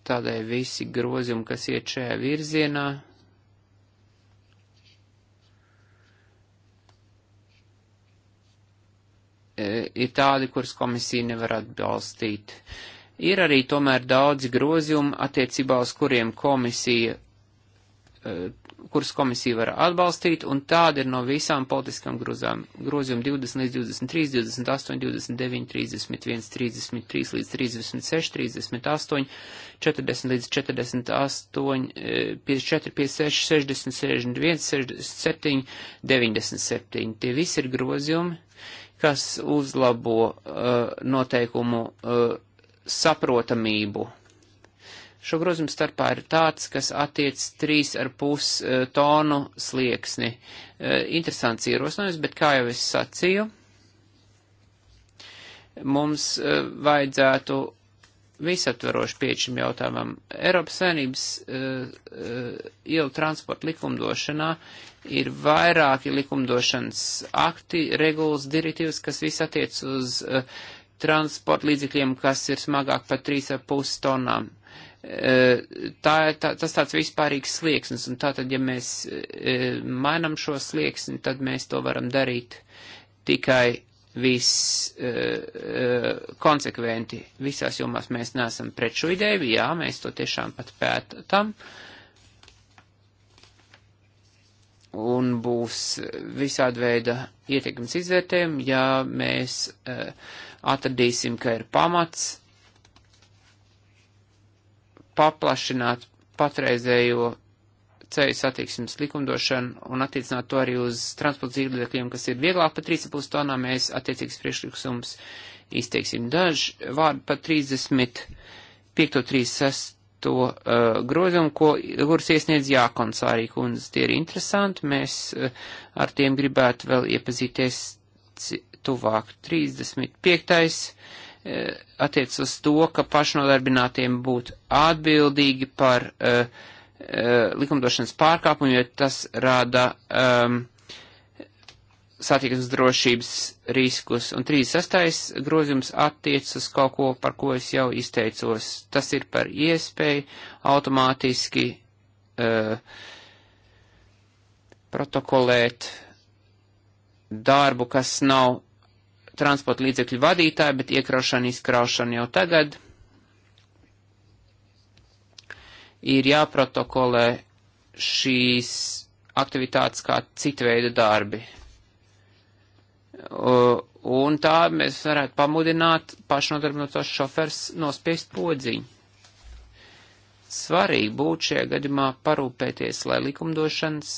Tādēļ visi grozījumi, kas iet šajā virzienā, e, ir tādi, kurus komisija nevar atbalstīt. Ir arī tomēr daudzi grozījumi, attiecībā uz kuriem komisija e, kurus komisija var atbalstīt, un tāda ir no visām politiskām grozām. Grozījumi 20 līdz 23, 28, 29, 31, 33 līdz 36, 38, 40 līdz 48, 54, 56, 60, 61, 67, 97. Tie visi ir grozījumi, kas uzlabo uh, noteikumu uh, saprotamību Šo grozījumu starpā ir tāds, kas attiec 3,5 eh, tonu slieksni. Eh, interesants ierosinājums, bet kā jau es sacīju, mums eh, vajadzētu visaptveroši piečim jautājumam. Eiropas saimnības ielu transporta likumdošanā ir vairāki likumdošanas akti, regulas direktīvas, kas viss attiec uz transporta līdzekļiem, kas ir smagāk par 3,5 tonām. Uh, tā, tā, tas tāds vispārīgs slieksnis, un tātad, ja mēs e, mainam šo slieksni, tad mēs to varam darīt tikai vis e, e, konsekventi. Visās jomās mēs neesam pret šo ideju, jā, mēs to tiešām pat pētam. Un būs visāda veida ietekmes izvērtējumi, ja mēs uh, atradīsim, ka ir pamats paplašināt patreizējo ceļu satiksmes likumdošanu un attiecināt to arī uz transporta dzīvliekiem, kas ir vieglāk par 3,5 tonām, mēs attiecīgs priekšlikums izteiksim daži vārdi par 35.36. Uh, grozījumu, ko, kurus iesniedz Jākons arī kundze. Tie ir interesanti, mēs uh, ar tiem gribētu vēl iepazīties tuvāk. 35. E, attiec uz to, ka pašnodarbinātiem būtu atbildīgi par uh, uh, likumdošanas pārkāpumu, jo tas rada um, satiksmes drošības riskus. Un 36. grozījums attiec uz kaut ko, par ko es jau izteicos. Tas ir par iespēju automātiski uh, protokolēt darbu, kas nav transporta līdzekļu vadītāji, bet iekraušana, izkraušana jau tagad ir jāprotokolē šīs aktivitātes kā cita veida darbi. Un tā mēs varētu pamudināt pašnodarbinotos šofers nospiest podziņu. Svarīgi būtu šajā gadījumā parūpēties, lai likumdošanas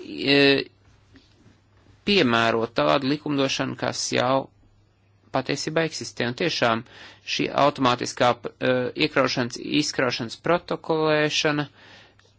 e, piemērot tādu likumdošanu, kas jau patiesībā eksistē. Un tiešām šī automātiskā uh, iekraušanas, izkraušanas protokolēšana uh,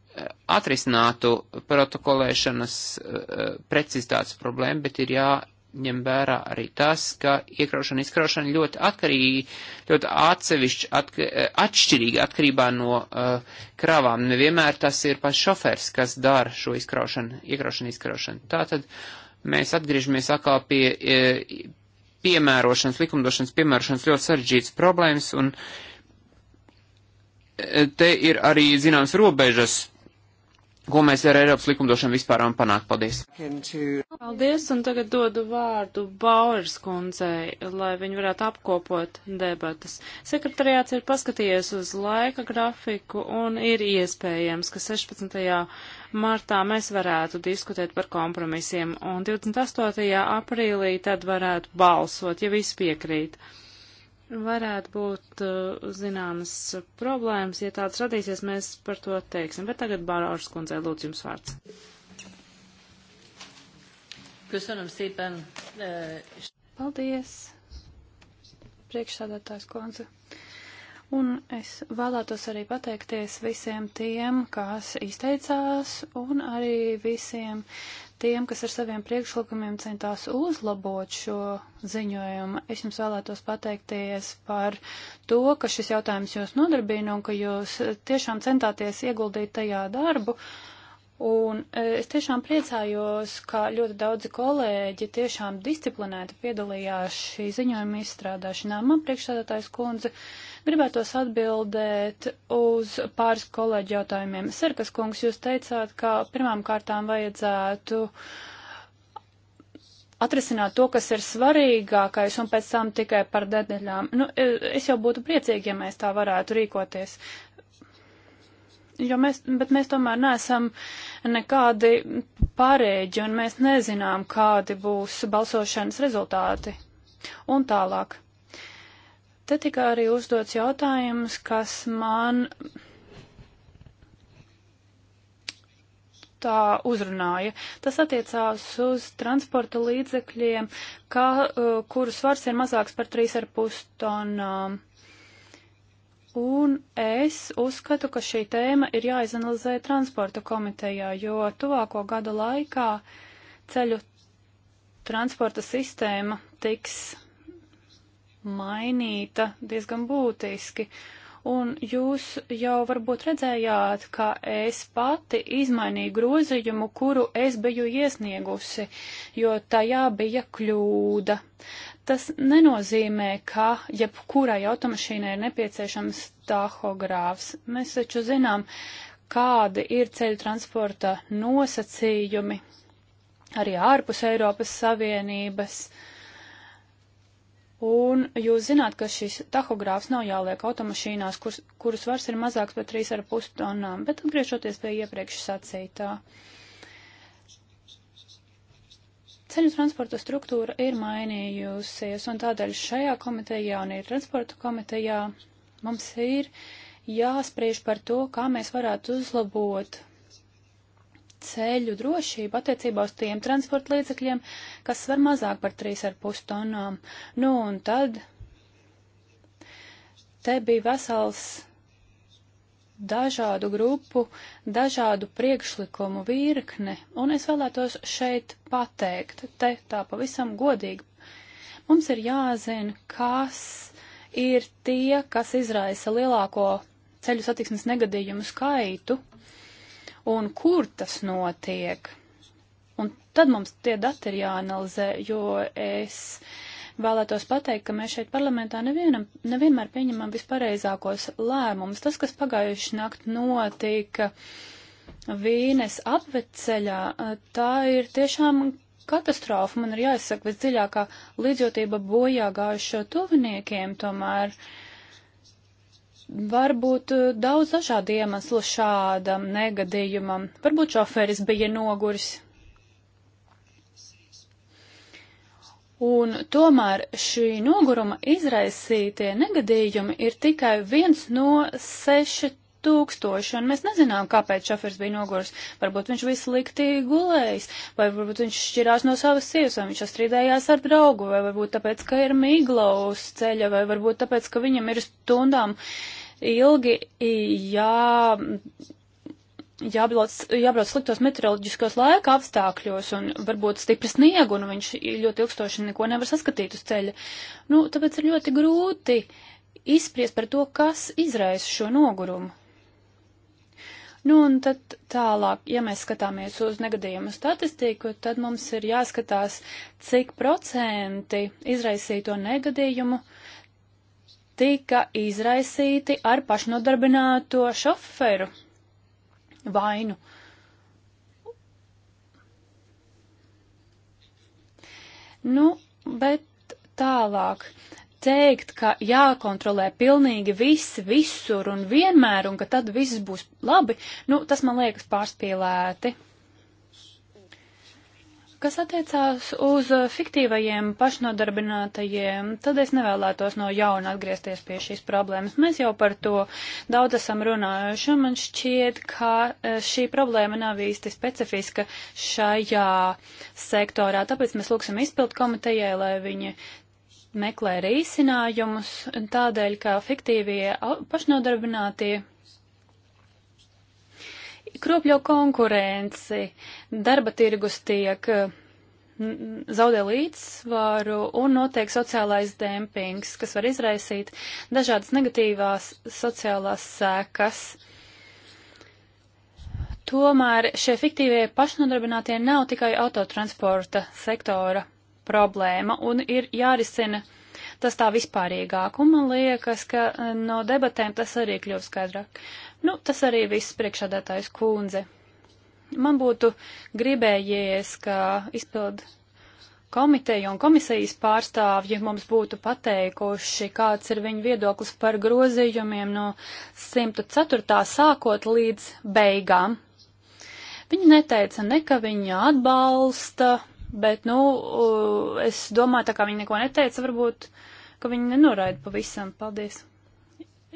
atrisinātu protokolēšanas uh, precizitātes problēmu, bet ir jāņem vērā arī tas, ka iekraušana, izkraušana ļoti atkarīgi, ļoti atsevišķi, atka, atšķirīgi atkarībā no uh, kravām. Nevienmēr tas ir pats šofers, kas dara šo izkraušanu, iekraušanu, izkraušanu. Tātad, uh, mēs atgriežamies atkal pie e, piemērošanas, likumdošanas piemērošanas ļoti sarežģītas problēmas, un e, te ir arī zināms robežas ko mēs ar Eiropas likumdošanu vispār varam panākt. Paldies!
Paldies, un tagad dodu vārdu Bauers kundzei, lai viņi varētu apkopot debatas. Sekretariāts ir paskatījies uz laika grafiku, un ir iespējams, ka 16. martā mēs varētu diskutēt par kompromisiem, un 28. aprīlī tad varētu balsot, ja visi piekrīt varētu būt uh, zināmas problēmas. Ja tāds radīsies, mēs par to teiksim. Bet tagad Bārāžas kundzē lūdzu jums vārds.
Köszönöm szépen. Eh, Paldies, priekšsādātājs kundze. Un es vēlētos arī pateikties visiem tiem, kas izteicās, un arī visiem tiem, kas ar saviem priekšlikumiem centās uzlabot šo ziņojumu. Es jums vēlētos pateikties par to, ka šis jautājums jūs nodarbina un ka jūs tiešām centāties ieguldīt tajā darbu. Un e, es tiešām priecājos, ka ļoti daudzi kolēģi tiešām disciplinēti piedalījās šī ziņojuma izstrādāšanā. Man priekšsēdētājs kundze. Uh, Gribētos atbildēt uz pāris kolēģi jautājumiem. Serkas kungs, jūs teicāt, ka pirmām kārtām vajadzētu atrisināt to, kas ir svarīgākais, un pēc tam tikai par detaļām. Nu, es jau būtu priecīgi, ja mēs tā varētu rīkoties. Jo mēs, bet mēs tomēr neesam nekādi pārēģi, un mēs nezinām, kādi būs balsošanas rezultāti. Un tālāk. Te tika arī uzdots jautājums, kas man tā uzrunāja. Tas attiecās uz transporta līdzekļiem, kā, uh, kuru svars ir mazāks par 3,5 tonām. Un es uzskatu, ka šī tēma ir jāizanalizē transporta komitejā, jo tuvāko gadu laikā ceļu transporta sistēma tiks mainīta diezgan būtiski. Un jūs jau varbūt redzējāt, ka es pati izmainīju grozījumu, kuru es biju iesniegusi, jo tajā bija kļūda. Tas nenozīmē, ka jebkurai automašīnai ir nepieciešams tahogrāfs. Mēs taču zinām, kādi ir ceļu transporta nosacījumi arī ārpus Eiropas Savienības. Uh, Un jūs zināt, ka šis tahogrāfs nav jāliek automašīnās, kurs, kuras svars ir mazāks par 3,5 tonnām, bet atgriežoties pie iepriekš sacītā. Ceļu transporta struktūra ir mainījusies, un tādēļ šajā komitejā un ir transporta komitejā mums ir jāspriež par to, kā mēs varētu uzlabot ceļu drošību attiecībā uz tiem transporta līdzekļiem, kas var mazāk par 3,5 tonām. Nu, un tad te bija vesels dažādu grupu, dažādu priekšlikumu virkne, un es vēlētos šeit pateikt, te tā pavisam godīgi. Mums ir jāzina, kas ir tie, kas izraisa lielāko ceļu satiksmes negadījumu skaitu, un kur tas notiek. Un tad mums tie dati ir jāanalizē, jo es vēlētos pateikt, ka mēs šeit parlamentā nevienam, nevienmēr pieņemam vispareizākos lēmumus. Tas, kas pagājuši nakt notika vīnes apveceļā, tā ir tiešām katastrofa. Man ir jāizsaka visdziļākā līdzjūtība bojā gājušo tuviniekiem tomēr. Uh, Varbūt eh, daudz dažādu iemeslu šādam negadījumam. Varbūt šoferis bija noguris. Un tomēr šī noguruma izraisītie negadījumi ir tikai viens no seši tūkstoši, un mēs nezinām, kāpēc šoferis bija noguris. Varbūt viņš bija slikti gulējis, vai varbūt viņš šķirās no savas sievas, vai viņš astrīdējās ar draugu, vai varbūt tāpēc, ka ir migla uz ceļa, vai varbūt tāpēc, ka viņam ir stundām uh, ilgi jā, jābrauc, jābrauc sliktos meteoroloģiskos laika apstākļos un varbūt stipri sniegu, un viņš ļoti ilgstoši neko nevar saskatīt uz ceļa. Nu, tāpēc ir ļoti grūti izspriest par to, kas izraisa šo nogurumu. Nu, un tad tālāk, ja mēs skatāmies uz negadījumu statistiku, tad mums ir jāskatās, cik procenti izraisīto negadījumu uh, tika izraisīti ar pašnodarbināto šoferu vainu. Nu, bet tālāk teikt, ka jākontrolē pilnīgi visi visur un vienmēr, un ka tad viss būs labi, nu, tas man liekas pārspīlēti. Kas attiecās uz fiktīvajiem pašnodarbinātajiem, tad es nevēlētos no jauna atgriezties pie šīs problēmas. Mēs jau par to daudz esam runājuši, un man šķiet, ka e, šī problēma nav īsti specifiska šajā sektorā. Tāpēc mēs lūksim izpildu komitejai, lai viņi meklē risinājumus tādēļ, ka fiktīvie pašnodarbinātie kropļo konkurenci, darba tirgus tiek mm, zaudē līdzsvaru un notiek sociālais dempings, kas var izraisīt dažādas negatīvās sociālās sekas. Tomēr šie fiktīvie pašnodarbinātie nav tikai autotransporta sektora problēma un ir jārisina tas tā vispārīgāk. Un man liekas, ka eh, no debatēm tas arī kļūst skaidrāk. Uh, Nu, tas arī viss priekšādātājs kundze. Man būtu gribējies, ka izpild komiteja un komisijas pārstāvji mums būtu pateikuši, kāds ir viņu viedoklis par grozījumiem no 104. sākot līdz beigām. Viņa neteica ne, ka viņa atbalsta, bet, nu, es domāju, tā kā viņa neko neteica, varbūt, ka viņa nenoraida pavisam. Paldies!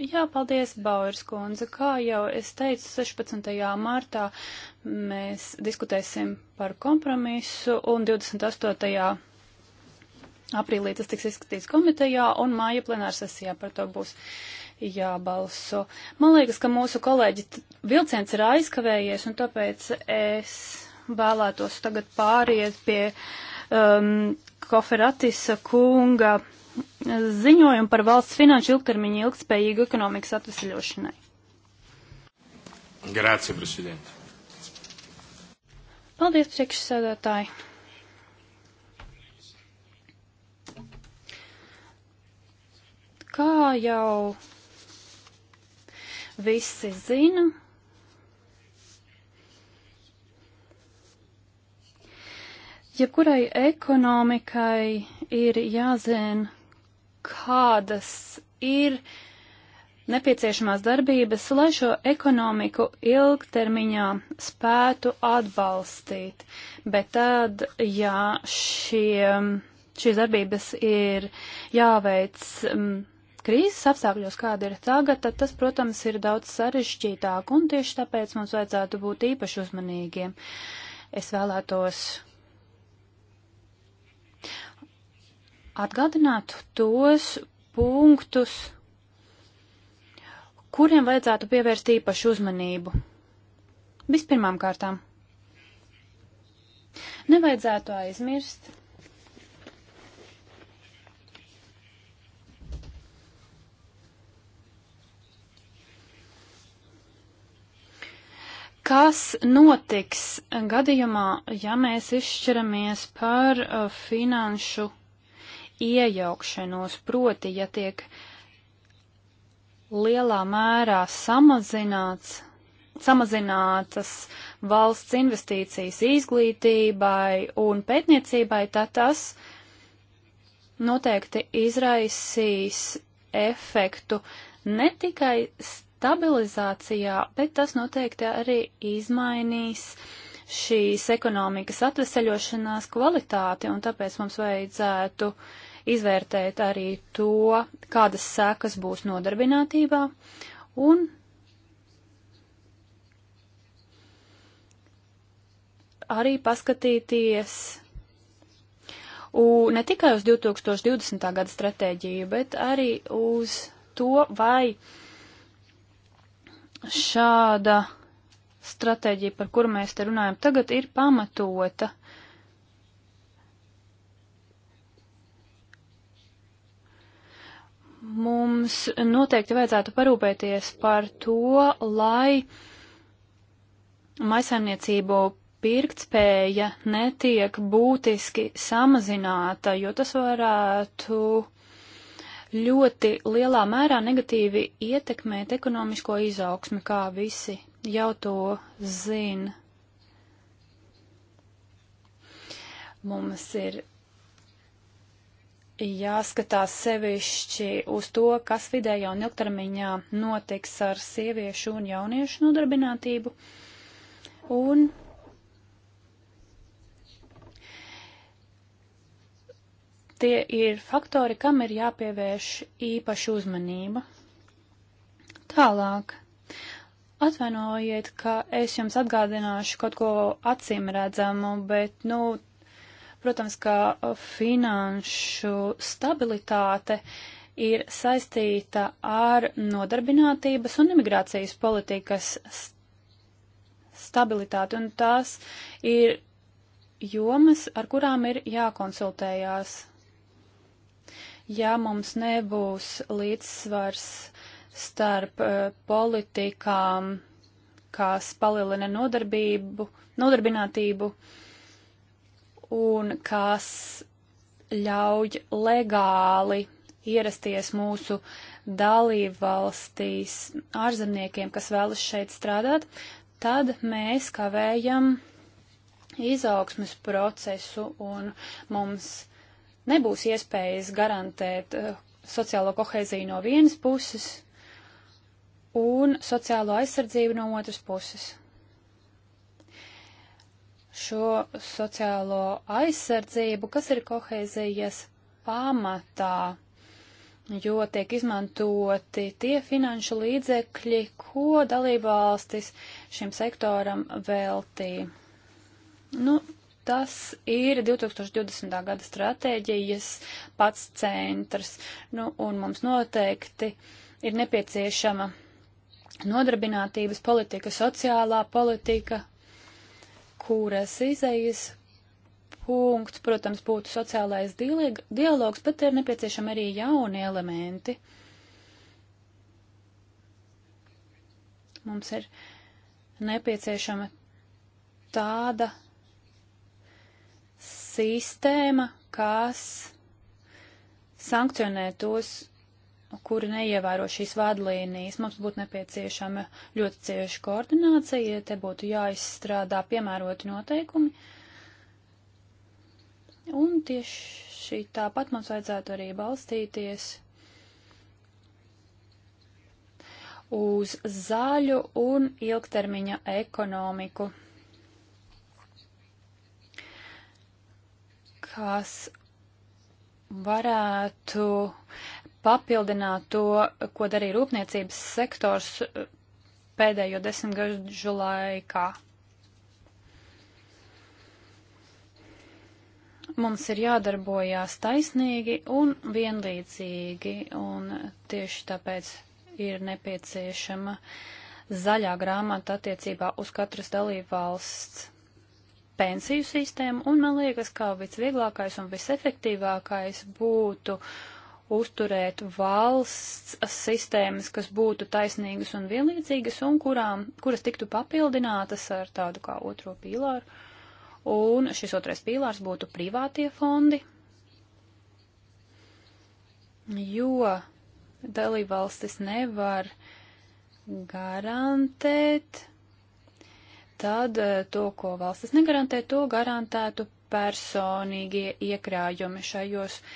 Jā, paldies, Bauers kundze. Kā jau es teicu, 16. martā mēs diskutēsim par kompromisu un 28. aprīlī tas tiks izskatīts komitejā un māja plenārsesijā par to būs jābalso. Man liekas, ka mūsu kolēģi vilciens ir aizkavējies un tāpēc es vēlētos tagad pāriet pie um, Koferatisa kunga ziņojumu par valsts finanšu ilgtermiņa ilgspējīgu ekonomikas atvesaļošanai.
Grācija, prezidenta.
Paldies, priekšsēdētāji. Kā jau visi zina, jebkurai ekonomikai ir jāzina, kādas ir nepieciešamās darbības, lai šo ekonomiku ilgtermiņā spētu atbalstīt. Bet tad, ja šie, šīs darbības ir jāveic um, krīzes apstākļos, kāda ir tagad, tad tas, protams, ir daudz sarežģītāk, un tieši tāpēc mums vajadzētu būt īpaši uzmanīgiem. Es vēlētos atgādināt tos punktus, kuriem vajadzētu pievērst īpašu uzmanību. Vispirmām kārtām. Nevajadzētu aizmirst. Kas notiks gadījumā, ja mēs izšķiramies par uh, finanšu iejaukšanos, proti, ja tiek lielā mērā samazināts, samazinātas valsts investīcijas izglītībai un pētniecībai, tad tas noteikti izraisīs efektu ne tikai stabilizācijā, bet tas noteikti arī izmainīs šīs ekonomikas atveseļošanās kvalitāti, un tāpēc mums vajadzētu uh, izvērtēt arī to, kādas sekas būs nodarbinātībā un arī paskatīties U, ne tikai uz 2020. gada stratēģiju, bet arī uz to, vai šāda stratēģija, par kuru mēs te runājam, tagad ir pamatota mums noteikti vajadzētu parūpēties par to, lai maisaimniecību pirktspēja netiek būtiski samazināta, jo tas varētu ļoti lielā mērā negatīvi ietekmēt ekonomisko izaugsmi, kā visi jau to zina. Mums ir jāskatās sevišķi uz to, kas vidējā un ilgtermiņā notiks ar sieviešu un jauniešu nodarbinātību. Un tie ir faktori, kam ir jāpievērš īpaša uzmanība. Tālāk. Atvainojiet, ka es jums atgādināšu kaut ko acīm redzamu, bet, nu, Protams, ka uh, finanšu stabilitāte ir saistīta ar nodarbinātības un imigrācijas politikas stabilitāti, un tās ir jomas, ar kurām ir jākonsultējās. Ja mums nebūs līdzsvars starp uh, politikām, kas palielina nodarbību, nodarbinātību, uh, un kas ļauj legāli ierasties mūsu dalībvalstīs ārzemniekiem, kas vēlas šeit strādāt, tad mēs kavējam izaugsmas procesu un mums nebūs iespējas garantēt uh, sociālo kohēziju no vienas puses un sociālo aizsardzību no otras puses šo sociālo aizsardzību, kas ir kohēzijas pamatā, jo tiek izmantoti tie finanšu līdzekļi, ko dalībvalstis šim sektoram veltī. Nu, tas ir 2020. gada stratēģijas pats centrs, nu, un mums noteikti ir nepieciešama nodarbinātības politika, sociālā politika, kuras izējas punkts, protams, būtu sociālais dialogs, bet ir nepieciešami arī jauni elementi. Mums ir nepieciešama tāda sistēma, kas sankcionē tos kuri neievēro šīs vadlīnijas. Mums būtu nepieciešama ļoti cieša koordinācija, te būtu jāizstrādā piemēroti noteikumi. Un tieši tāpat mums vajadzētu arī balstīties uz zaļu un ilgtermiņa ekonomiku, kas varētu papildināt to, ko darīja rūpniecības sektors eh, pēdējo desmitgažu laikā. Mums ir jādarbojās taisnīgi un vienlīdzīgi, un tieši tāpēc ir nepieciešama zaļā grāmata attiecībā uz katras dalībvalsts pensiju sistēmu, un man liekas, ka visvieglākais un visefektīvākais būtu uh, uzturēt valsts sistēmas, kas būtu taisnīgas un vienlīdzīgas un kurām, kuras tiktu papildinātas ar tādu kā otro pīlāru. Un šis otrais pīlārs būtu privātie fondi, jo dalībvalstis nevar garantēt tad eh, to, ko valstis negarantē, to garantētu personīgie iekrājumi šajos uh,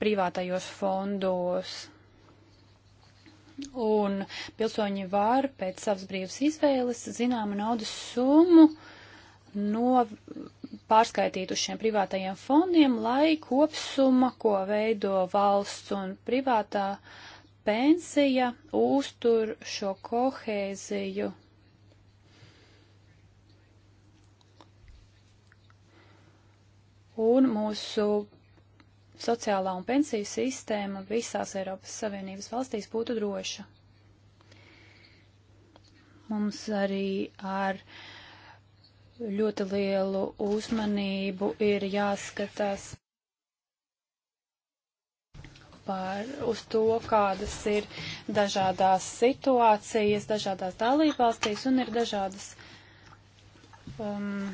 privātajos fondos. Un pilsoņi var pēc savas brīvas izvēles zināmu naudas summu no pārskaitīt uz šiem privātajiem fondiem, lai kopsuma, ko veido valsts un privātā pensija, uztur šo kohēziju. Un mūsu sociālā un pensiju sistēma visās Eiropas Savienības valstīs būtu droša. Mums arī ar ļoti lielu uzmanību ir jāskatās par, uz to, kādas ir dažādās situācijas, dažādās dalībvalstīs un ir dažādas um,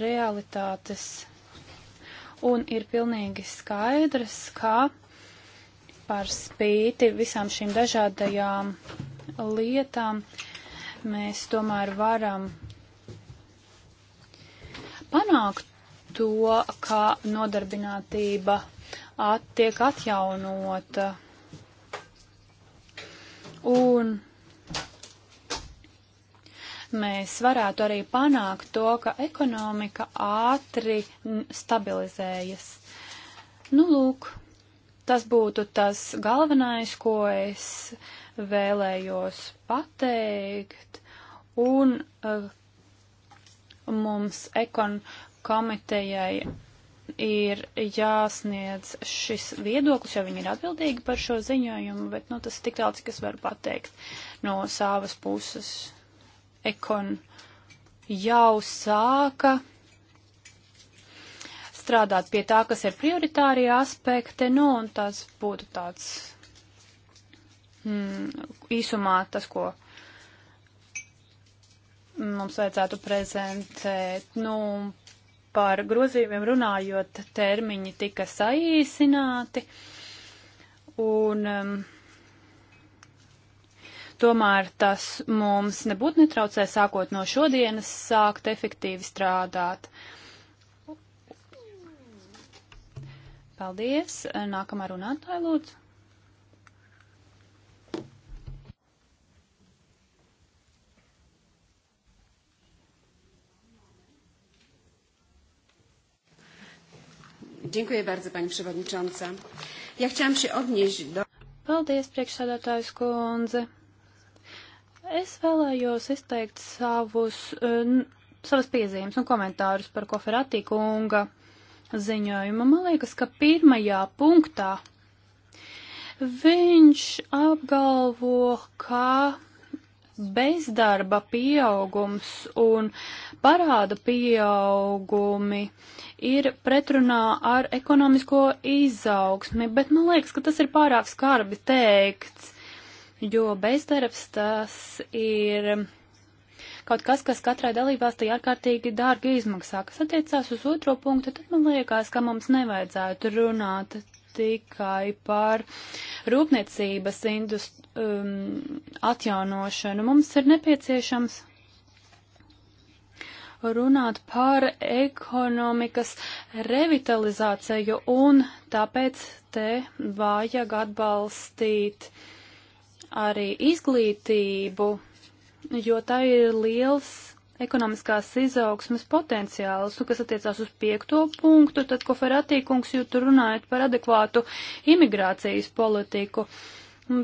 realitātes. Un ir pilnīgi skaidrs, ka par spīti visām šīm dažādajām lietām mēs tomēr varam panākt to, ka nodarbinātība at, tiek atjaunota. Un mēs varētu arī panākt to, ka ekonomika ātri stabilizējas. Nu, lūk, tas būtu tas galvenais, ko es vēlējos pateikt, un uh, mums ekon komitejai ir jāsniedz šis viedoklis, jo viņi ir atbildīgi par šo ziņojumu, bet nu, tas ir tik daudz, kas var pateikt no savas puses. Ekon jau sāka strādāt pie tā, kas ir prioritārie aspekti, nu, un tas būtu tāds mm, īsumā tas, ko mums vajadzētu prezentēt. Nu, par grozījumiem runājot, termiņi tika saīsināti, un um, Tomēr tas mums nebūtu netraucē sākot no šodienas sākt efektīvi strādāt. Paldies. Nākamā runātāja lūdzu. Dziękuję bardzo, Pani Przewodnicząca. Ja chciałam się odnieść do... Paldies, priekšsēdētājs kundze. Es vēlējos izteikt savus, eh, savas piezīmes un komentārus par Koferatī kunga ziņojumu. Man liekas, ka pirmajā punktā viņš apgalvo, ka bezdarba pieaugums un parāda pieaugumi ir pretrunā ar ekonomisko izaugsmi, bet man liekas, ka tas ir pārāk skarbi teikts jo bezdarbs tas ir kaut kas, kas katrai dalībvalstī ārkārtīgi dārgi izmaksā. Kas attiecās uz otro punktu, tad man liekas, ka mums nevajadzētu runāt tikai par rūpniecības industri, um, atjaunošanu. Mums ir nepieciešams runāt par ekonomikas revitalizāciju, un tāpēc te vajag atbalstīt uh, arī izglītību, jo tā ir liels ekonomiskās izaugsmas potenciāls, un nu, kas attiecās uz piekto punktu, tad, ko Feratīkungs jūs tur runājat par adekvātu imigrācijas politiku.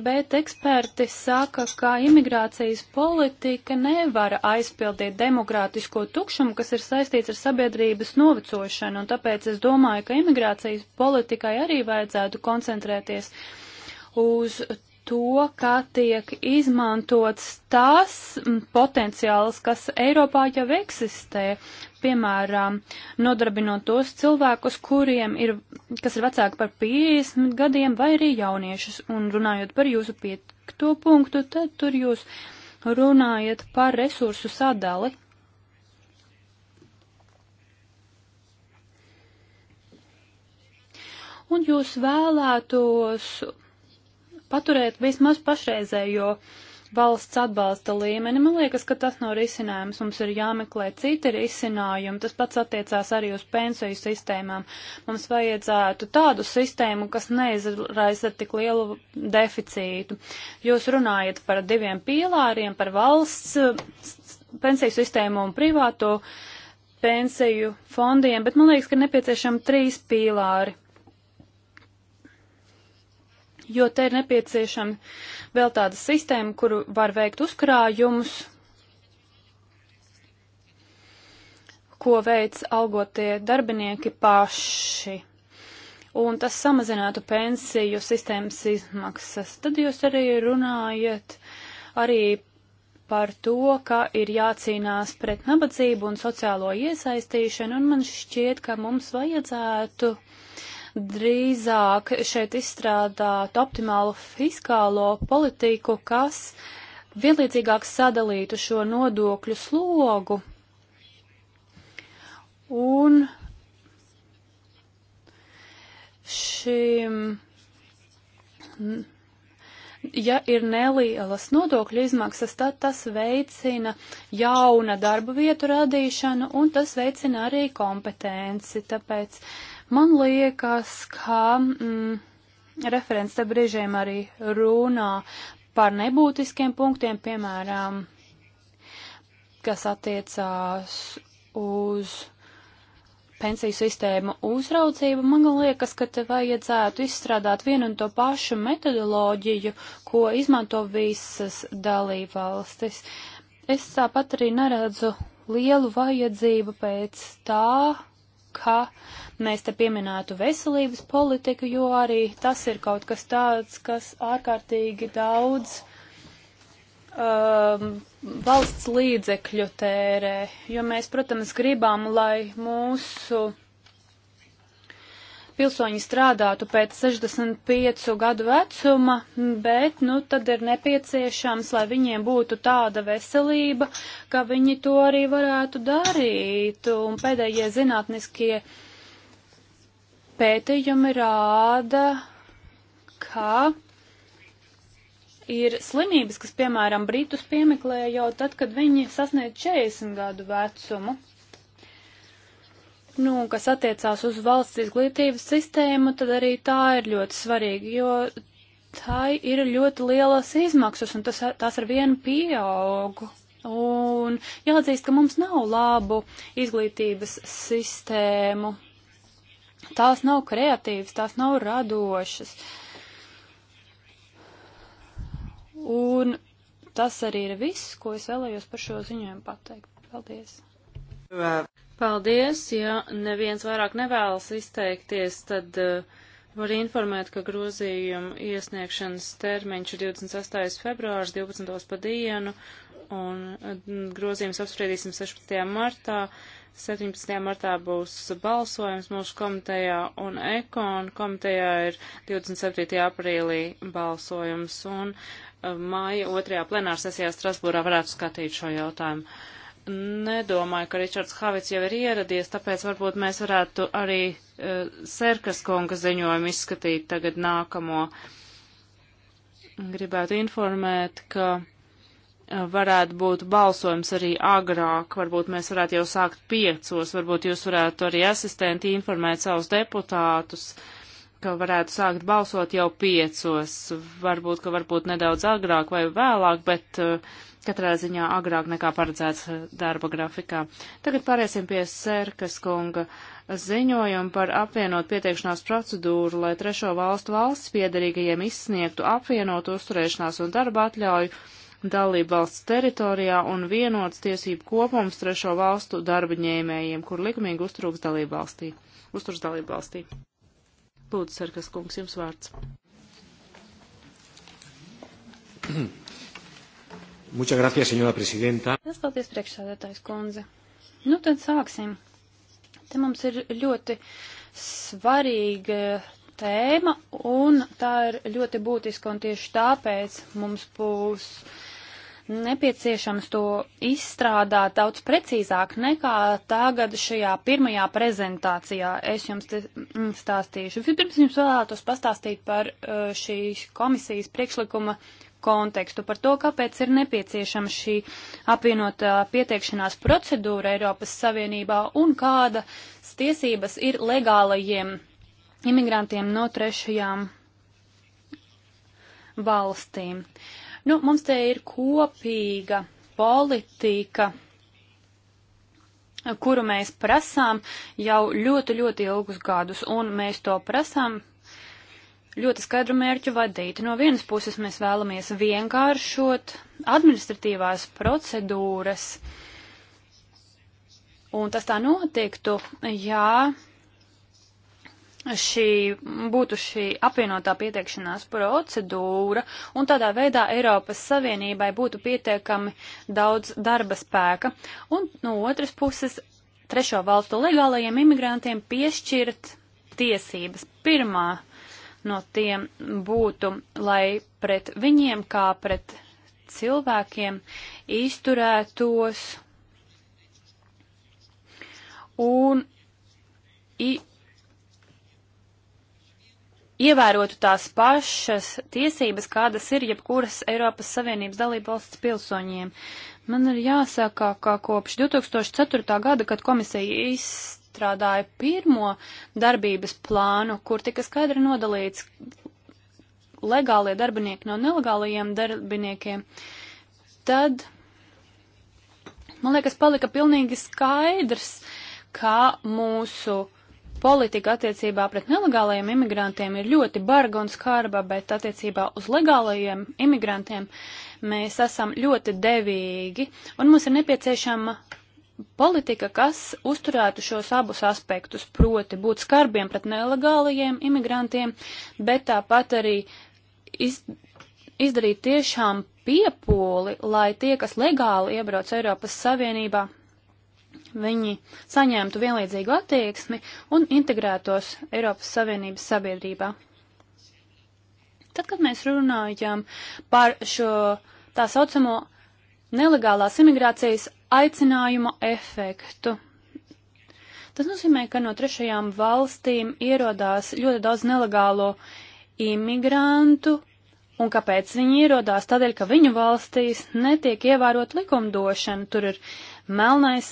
Bet eksperti saka, ka imigrācijas politika nevar aizpildīt demokrātisko tukšumu, kas ir saistīts ar sabiedrības novecošanu, un tāpēc es domāju, ka imigrācijas politikai arī vajadzētu koncentrēties uz to, kā tiek izmantots tās potenciāls, kas Eiropā jau eksistē, piemēram, nodarbinot tos cilvēkus, kuriem ir, kas ir vecāki par 50 gadiem vai arī jauniešus. Un runājot par jūsu piekto punktu, tad tur jūs runājat par resursu sadali. Un jūs vēlētos paturēt vismaz pašreizējo valsts atbalsta līmeni. Man liekas, ka tas nav no risinājums. Mums ir jāmeklē citi risinājumi. Tas pats attiecās arī uz pensiju sistēmām. Mums vajadzētu tādu sistēmu, kas neizraisa tik lielu deficītu. Jūs runājat par diviem pīlāriem, par valsts eh, pensiju sistēmu un privāto pensiju fondiem, bet man liekas, ka nepieciešami trīs pīlāri jo te ir nepieciešama vēl tāda sistēma, kuru var veikt uzkrājumus, ko veic algotie darbinieki paši. Un tas samazinātu pensiju sistēmas izmaksas. Tad jūs arī runājat arī par to, ka ir jācīnās pret nabadzību un sociālo iesaistīšanu, un man šķiet, ka mums vajadzētu uh, drīzāk šeit izstrādāt optimālu fiskālo politiku, kas vienlīdzīgāk sadalītu šo nodokļu slogu un šim, ja ir nelielas nodokļu izmaksas, tad tas veicina jauna darba vietu radīšanu un tas veicina arī kompetenci. Tāpēc Man liekas, ka mm, referents te brīžiem arī runā par nebūtiskiem punktiem, piemēram, kas attiecās uz pensiju sistēmu uzraudzību, man liekas, ka te vajadzētu izstrādāt vienu un to pašu metodoloģiju, ko izmanto visas dalībvalstis. Es tāpat arī neredzu lielu vajadzību pēc tā, ka mēs te pieminētu veselības politiku, jo arī tas ir kaut kas tāds, kas ārkārtīgi daudz um, valsts līdzekļu tērē, jo mēs, protams, gribam, lai mūsu pilsoņi strādātu pēc 65 gadu vecuma, bet, nu, tad ir nepieciešams, lai viņiem būtu tāda veselība, ka viņi to arī varētu darīt. Un pēdējie zinātniskie pētījumi rāda, ka ir slimības, kas, piemēram, Britus piemeklē jau tad, kad viņi sasniedz 40 gadu vecumu. Nu, un kas attiecās uz valsts izglītības sistēmu, tad arī tā ir ļoti svarīga, jo tā ir ļoti lielas izmaksas, un tas, tās ar vienu pieaugu. Un jāatzīst, ka mums nav labu izglītības sistēmu. Tās nav kreatīvas, tās nav radošas. Un tas arī ir viss, ko es vēlējos par šo ziņojumu pateikt. Paldies!
Paldies, ja neviens vairāk nevēlas izteikties, tad uh, var informēt, ka grozījuma iesniegšanas termiņš ir 28. februārs 12. pa dienu, un eh, grozījums apspriedīsim 16. martā. 17. martā būs balsojums mūsu komitejā, un ekon komitejā ir 27. aprīlī balsojums, un eh, māja otrajā plenārsesijā Strasbūrā varētu skatīt šo jautājumu nedomāju, ka Ričards Havits jau ir ieradies, tāpēc varbūt mēs varētu arī uh, Serkas kunga ziņojumu izskatīt tagad nākamo. Gribētu informēt, ka uh, varētu būt balsojums arī agrāk, varbūt mēs varētu jau sākt piecos, varbūt jūs varētu arī asistenti informēt savus deputātus, ka varētu sākt balsot jau piecos, varbūt, ka varbūt nedaudz agrāk vai vēlāk, bet uh, katrā ziņā agrāk nekā paredzēts darba grafikā. Tagad pāriesim pie Sērkas kunga ziņojumu par apvienot pieteikšanās procedūru, lai trešo valstu valsts piedarīgajiem izsniegtu apvienot uzturēšanās un darba atļauju dalību valsts teritorijā un vienots tiesību kopums trešo valstu darba ņēmējiem, kur likumīgi uzturūks dalību valstī. Uzturs dalību valstī.
Lūdzu, Sērkas kungs, jums vārds.
Muchas gracias, señora presidenta.
Es paldies, priekšsādātājs kundze. Nu tad sāksim. Te mums ir ļoti svarīga tēma, un tā ir ļoti būtiska, un tieši tāpēc mums būs nepieciešams to izstrādāt daudz precīzāk nekā tagad šajā pirmajā prezentācijā. Es jums te mm, stāstīšu. Vispirms jums vēlētos pastāstīt par uh, šīs komisijas priekšlikuma kontekstu par to, kāpēc ir nepieciešama šī apvienotā pieteikšanās procedūra Eiropas Savienībā un kādas tiesības ir legālajiem imigrantiem no trešajām valstīm. Nu, mums te ir kopīga politika, kuru mēs prasām jau ļoti, ļoti ilgus gadus, un mēs to prasām ļoti skaidru mērķu vadīti. No vienas puses mēs vēlamies vienkāršot administratīvās procedūras, un tas tā notiktu, ja šī būtu šī apvienotā pieteikšanās procedūra, un tādā veidā Eiropas Savienībai būtu pietiekami daudz darba spēka, un no otras puses trešo valstu legālajiem imigrantiem piešķirt tiesības. Pirmā no tiem būtu, lai pret viņiem kā pret cilvēkiem izturētos un i, ievērotu tās pašas tiesības, kādas ir jebkuras Eiropas Savienības dalībvalsts pilsoņiem. Man ir jāsaka, ka kopš 2004. gada, kad komisija izstrādāja izstrādāja pirmo darbības plānu, kur tika skaidri nodalīts legālie darbinieki no nelegālajiem darbiniekiem, tad, man liekas, palika pilnīgi skaidrs, kā mūsu politika attiecībā pret nelegālajiem imigrantiem ir ļoti barga un skarba, bet attiecībā uz legālajiem imigrantiem mēs esam ļoti devīgi, un mums ir nepieciešama politika, kas uzturētu šos abus aspektus, proti būt skarbiem pret nelegālajiem imigrantiem, bet tāpat arī iz, izdarīt tiešām piepoli, lai tie, kas legāli iebrauc Eiropas Savienībā, viņi saņemtu vienlīdzīgu attieksmi un integrētos Eiropas Savienības sabiedrībā. Tad, kad mēs runājam par šo tā saucamo nelegālās imigrācijas aicinājuma efektu. Tas nozīmē, ka no trešajām valstīm ierodās ļoti daudz nelegālo imigrantu, un kāpēc viņi ierodās? Tādēļ, ka viņu valstīs netiek ievērot likumdošana, tur ir melnais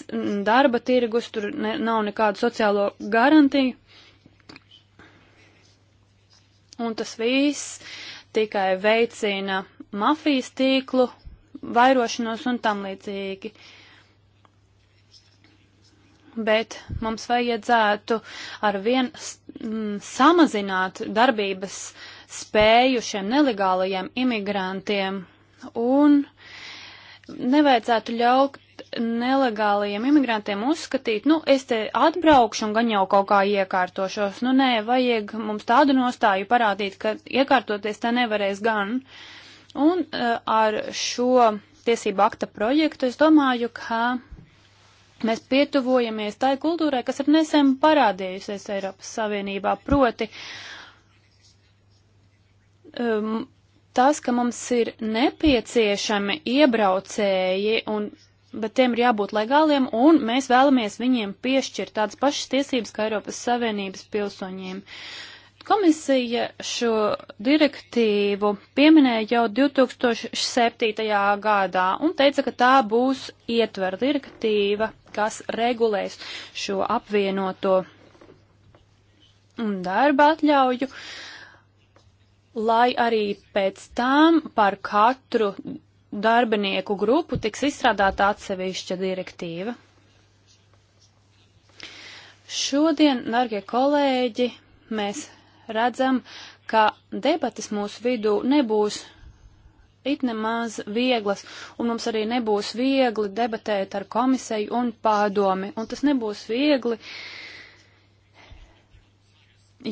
darba tirgus, tur ne, nav nekādu sociālo garantiju, un tas viss tikai veicina mafijas tīklu vairošanos un tam līdzīgi. Uh, bet mums vajadzētu ar vien mm, samazināt darbības spēju šiem nelegālajiem imigrantiem un nevajadzētu ļaut nelegālajiem imigrantiem uzskatīt, nu, es te atbraukšu un gan jau kaut kā iekārtošos. Nu, nē, vajag mums tādu nostāju parādīt, ka iekārtoties te nevarēs gan. Un uh, ar šo tiesību akta projektu es domāju, ka Mēs pietuvojamies tai kultūrai, kas ir nesen parādījusies Eiropas Savienībā, proti um, tas, ka mums ir nepieciešami iebraucēji un bet tiem ir jābūt legāliem, un mēs vēlamies viņiem piešķirt tādas pašas tiesības kā Eiropas Savienības pilsoņiem. Komisija šo direktīvu pieminēja jau 2007. gadā un teica, ka tā būs ietver direktīva, kas regulēs šo apvienoto darba atļauju, lai arī pēc tam par katru darbinieku grupu tiks izstrādāta atsevišķa direktīva. Šodien, dargie kolēģi, mēs redzam, ka debatas mūsu vidū nebūs it nemaz vieglas, un mums arī nebūs viegli debatēt ar komisiju un pārdomi, un tas nebūs viegli.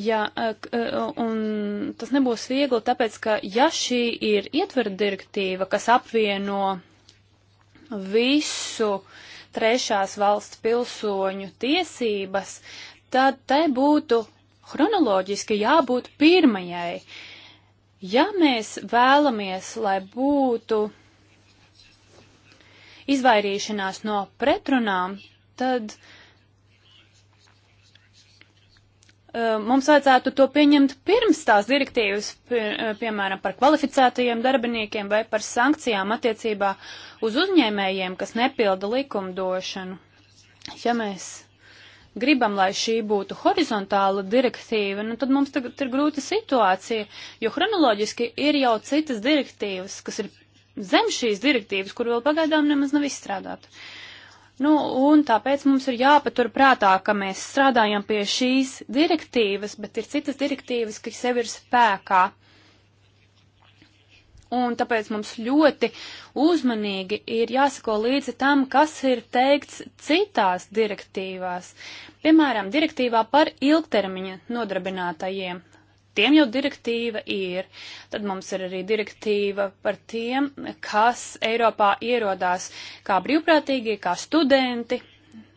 Ja, eh, eh, un tas nebūs viegli, tāpēc, ka ja šī ir ietvera direktīva, kas apvieno visu trešās valsts pilsoņu tiesības, tad te būtu chronoloģiski jābūt pirmajai. Ja mēs vēlamies, lai būtu izvairīšanās no pretrunām, tad uh, mums vajadzētu to pieņemt pirms tās direktīvas, pie, eh, piemēram, par kvalificētajiem darbiniekiem vai par sankcijām attiecībā uz uzņēmējiem, kas nepilda likumdošanu. Ja mēs gribam, lai šī būtu horizontāla direktīva, nu tad mums tagad ir grūta situācija, jo chronoloģiski ir jau citas direktīvas, kas ir zem šīs direktīvas, kur vēl pagaidām nemaz nav izstrādāta. Nu, un tāpēc mums ir jāpatur prātā, ka mēs strādājam pie šīs direktīvas, bet ir citas direktīvas, kas jau ir spēkā. Uh, Un tāpēc mums ļoti uzmanīgi ir jāsako līdzi tam, kas ir teikts citās direktīvās. Piemēram, direktīvā par ilgtermiņa nodarbinātajiem. Tiem jau direktīva ir. Tad mums ir arī direktīva par tiem, kas Eiropā ierodās kā brīvprātīgie, kā studenti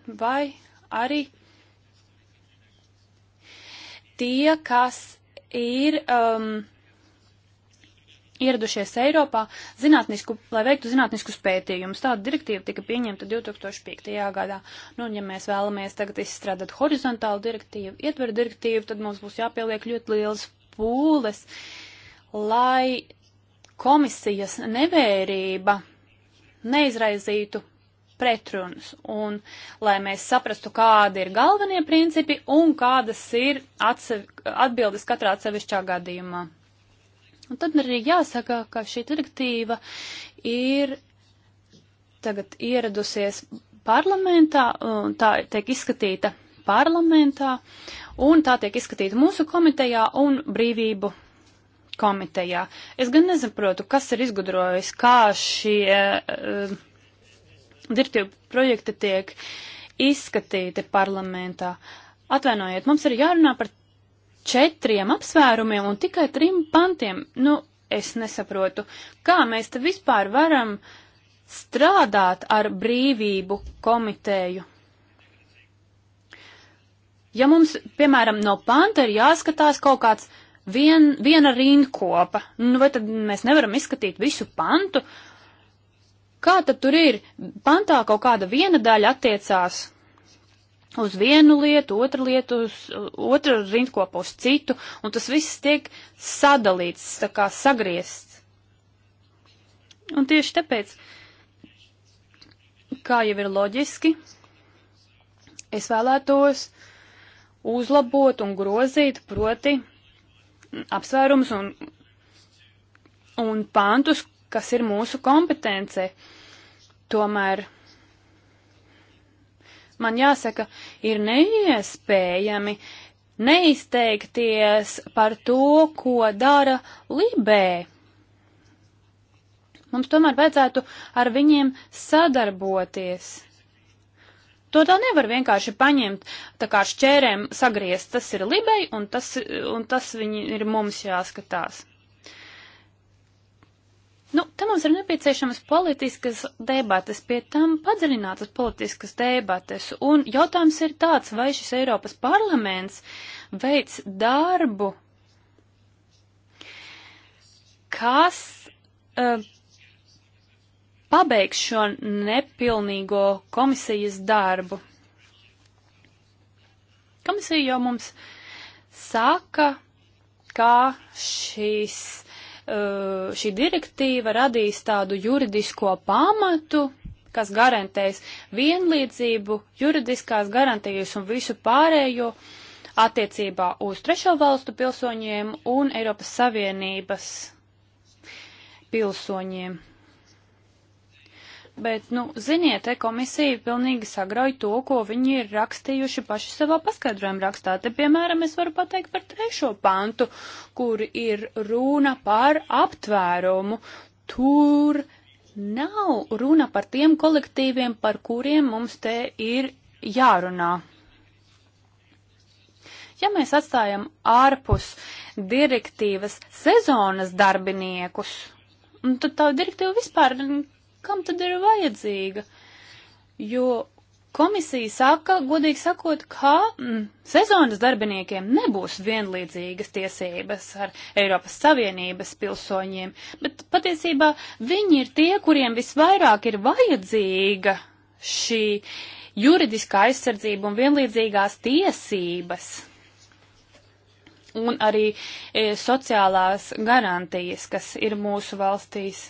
vai arī tie, kas ir. Um, ieradušies Eiropā, zinātnisku, lai veiktu zinātniskus pētījumus. Tāda direktīva tika pieņemta 2005. gadā. Nu, un, ja mēs vēlamies tagad izstrādāt horizontālu direktīvu, ietveru direktīvu, tad mums būs jāpieliek ļoti liels pūles, lai komisijas nevērība neizraizītu pretrunas un lai mēs saprastu, kādi ir galvenie principi un kādas ir atsevi, atbildes katrā atsevišķā gadījumā. Un tad man arī jāsaka, ka šī direktīva ir tagad ieradusies parlamentā, un tā tiek izskatīta parlamentā, un tā tiek izskatīta mūsu komitejā un brīvību komitejā. Es gan nesaprotu, kas ir izgudrojis, kā šie uh, direktīvu projekti tiek izskatīti parlamentā. Atvainojiet, mums ir jārunā par četriem apsvērumiem un tikai trim pantiem. Nu, es nesaprotu, kā mēs tad vispār varam strādāt ar brīvību komiteju. Ja mums, piemēram, no panta ir jāskatās kaut kāds vien, viena rīnkopa, nu vai tad mēs nevaram izskatīt visu pantu? Kā tad tur ir? Pantā kaut kāda viena daļa attiecās uz vienu lietu, otru lietu, uz otru rindkopu uz citu, un tas viss tiek sadalīts, tā kā sagriezts. Un tieši tāpēc, kā jau ir loģiski, es vēlētos uzlabot un grozīt proti apsvērums un, un pantus, kas ir mūsu kompetence. Tomēr man jāsaka, ir neiespējami neizteikties par to, ko dara Libē. Mums tomēr vajadzētu ar viņiem sadarboties. To tā nevar vienkārši paņemt, tā kā šķērēm sagriezt, tas ir Libei un tas, un tas viņi ir mums jāskatās. Nu, te mums ir nepieciešamas politiskas debates, pie tam padziļinātas politiskas debates, un jautājums ir tāds, vai šis Eiropas parlaments veic darbu, kas uh, pabeigs šo nepilnīgo komisijas darbu. Komisija jau mums saka, kā šīs Eh, šī direktīva radīs tādu juridisko pamatu, kas garantēs vienlīdzību, juridiskās garantijas un visu pārējo attiecībā uz trešo valstu pilsoņiem un Eiropas Savienības pilsoņiem bet, nu, ziniet, te komisija pilnīgi sagrauj to, ko viņi ir rakstījuši paši savā paskaidrojuma rakstā. Te, piemēram, es varu pateikt par trešo pantu, kur ir runa par aptvērumu. Tur nav runa par tiem kolektīviem, par kuriem mums te ir jārunā. Ja mēs atstājam ārpus direktīvas sezonas darbiniekus, tad tā direktīva vispār kam tad ir vajadzīga? Jo komisija saka, godīgi sakot, ka mm, sezonas darbiniekiem nebūs vienlīdzīgas tiesības ar Eiropas Savienības pilsoņiem, bet patiesībā viņi ir tie, kuriem visvairāk ir vajadzīga šī juridiskā aizsardzība un vienlīdzīgās tiesības. Un arī e, sociālās garantijas, kas ir mūsu valstīs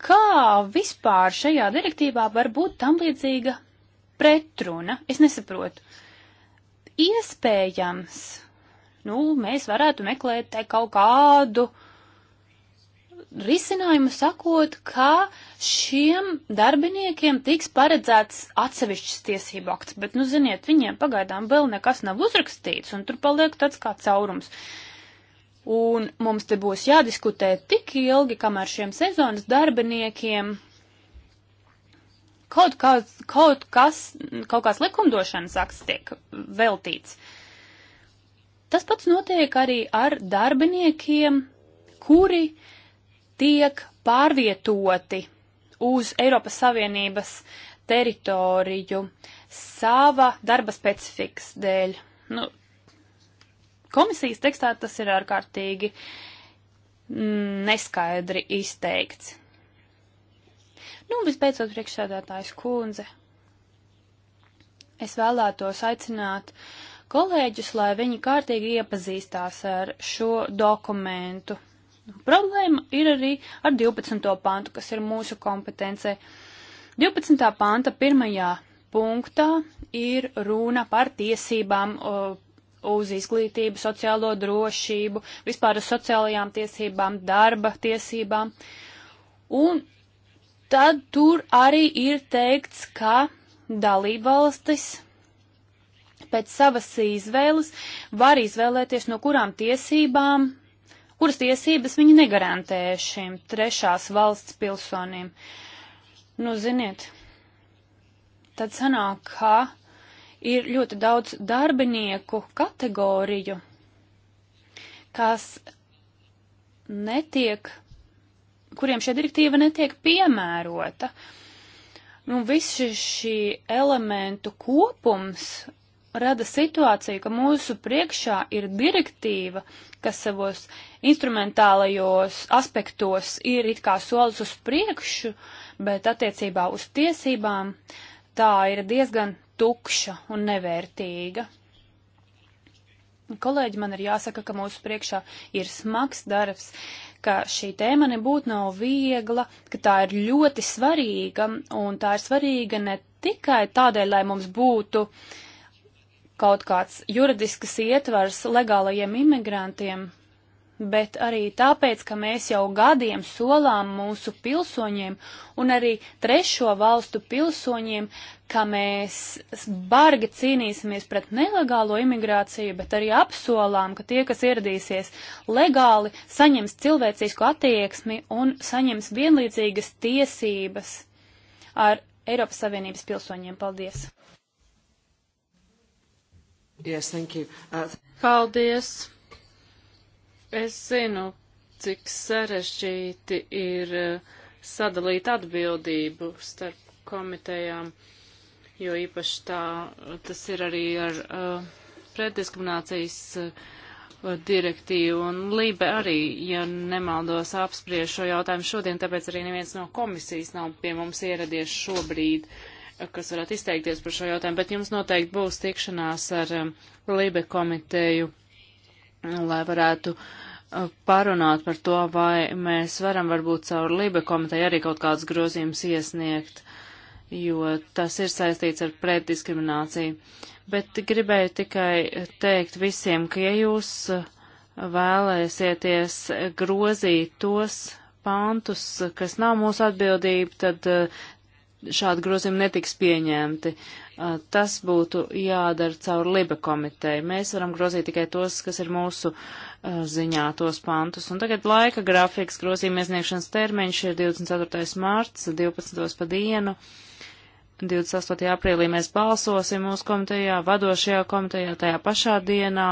Kā vispār šajā direktīvā var būt tam līdzīga pretruna? Es nesaprotu. Iespējams, nu, mēs varētu meklēt kaut kādu risinājumu sakot, ka šiem darbiniekiem tiks paredzēts atsevišķs tiesību akts, bet, nu, ziniet, viņiem pagaidām vēl nekas nav uzrakstīts, un tur paliek tāds kā caurums. Uh, Un mums te būs jādiskutē tik ilgi, kamēr šiem sezonas darbiniekiem kaut, kāds, kaut, kas, kaut kāds likumdošanas akts tiek veltīts. Tas pats notiek arī ar darbiniekiem, kuri tiek pārvietoti uz Eiropas Savienības teritoriju sava darba specifikas dēļ. Nu, Komisijas tekstā tas ir ārkārtīgi mm, neskaidri izteikts. Nu, visbeidzot, priekšsēdētājs kundze. Es vēlētos aicināt kolēģus, lai viņi kārtīgi iepazīstās ar šo dokumentu. Problēma ir arī ar 12. pantu, kas ir mūsu kompetencē. 12. panta pirmajā punktā ir runa par tiesībām uz izglītību, sociālo drošību, vispār uz sociālajām tiesībām, darba tiesībām. Un tad tur arī ir teikts, ka dalībvalstis pēc savas izvēles var izvēlēties, no kurām tiesībām, kuras tiesības viņi negarantē šiem trešās valsts pilsonim. Nu, ziniet, tad sanāk, ka ir ļoti daudz darbinieku kategoriju, kas netiek, kuriem šī direktīva netiek piemērota. Nu, visi šī elementu kopums rada situāciju, ka mūsu priekšā ir direktīva, kas savos instrumentālajos aspektos ir it kā solis uz priekšu, bet attiecībā uz tiesībām tā ir diezgan tukša un nevērtīga. Kolēģi, man ir jāsaka, ka mūsu priekšā ir smags darbs, ka šī tēma nebūtu nav viegla, ka tā ir ļoti svarīga, un tā ir svarīga ne tikai tādēļ, lai mums būtu kaut kāds juridisks ietvars legālajiem imigrantiem, bet arī tāpēc, ka mēs jau gadiem solām mūsu pilsoņiem un arī trešo valstu pilsoņiem, ka mēs bargi cīnīsimies pret nelegālo imigrāciju, bet arī apsolām, ka tie, kas ieradīsies legāli, saņems cilvēcīsku attieksmi un saņems vienlīdzīgas tiesības ar Eiropas Savienības pilsoņiem. Paldies!
Yes, thank you. Uh...
Paldies!
Es zinu, cik sarežģīti ir eh, sadalīt atbildību starp komitejām, jo īpaši tā tas ir arī ar uh, eh, pretdiskriminācijas uh, eh, direktīvu, un Lībe arī, ja nemaldos, apspriež šo jautājumu šodien, tāpēc arī neviens no komisijas nav pie mums ieradies šobrīd, kas varētu izteikties par šo jautājumu, bet jums noteikti būs tikšanās ar Lībe komiteju lai varētu uh, parunāt par to, vai mēs varam varbūt caur Libe komiteju arī kaut kādas grozījumus iesniegt, jo tas ir saistīts ar pretdiskrimināciju. Bet gribēju tikai teikt visiem, ka ja jūs uh, vēlēsieties grozīt tos pantus, kas nav mūsu atbildība, tad uh, šādi grozījumi netiks pieņemti. Tas būtu jādara caur Libe komiteju. Mēs varam grozīt tikai tos, kas ir mūsu ziņā, tos pantus. Un tagad laika grafiks grozījuma iesniegšanas termiņš ir 24. marts, 12. pa dienu. 28. aprīlī mēs balsosim mūsu komitejā, vadošajā komitejā tajā pašā dienā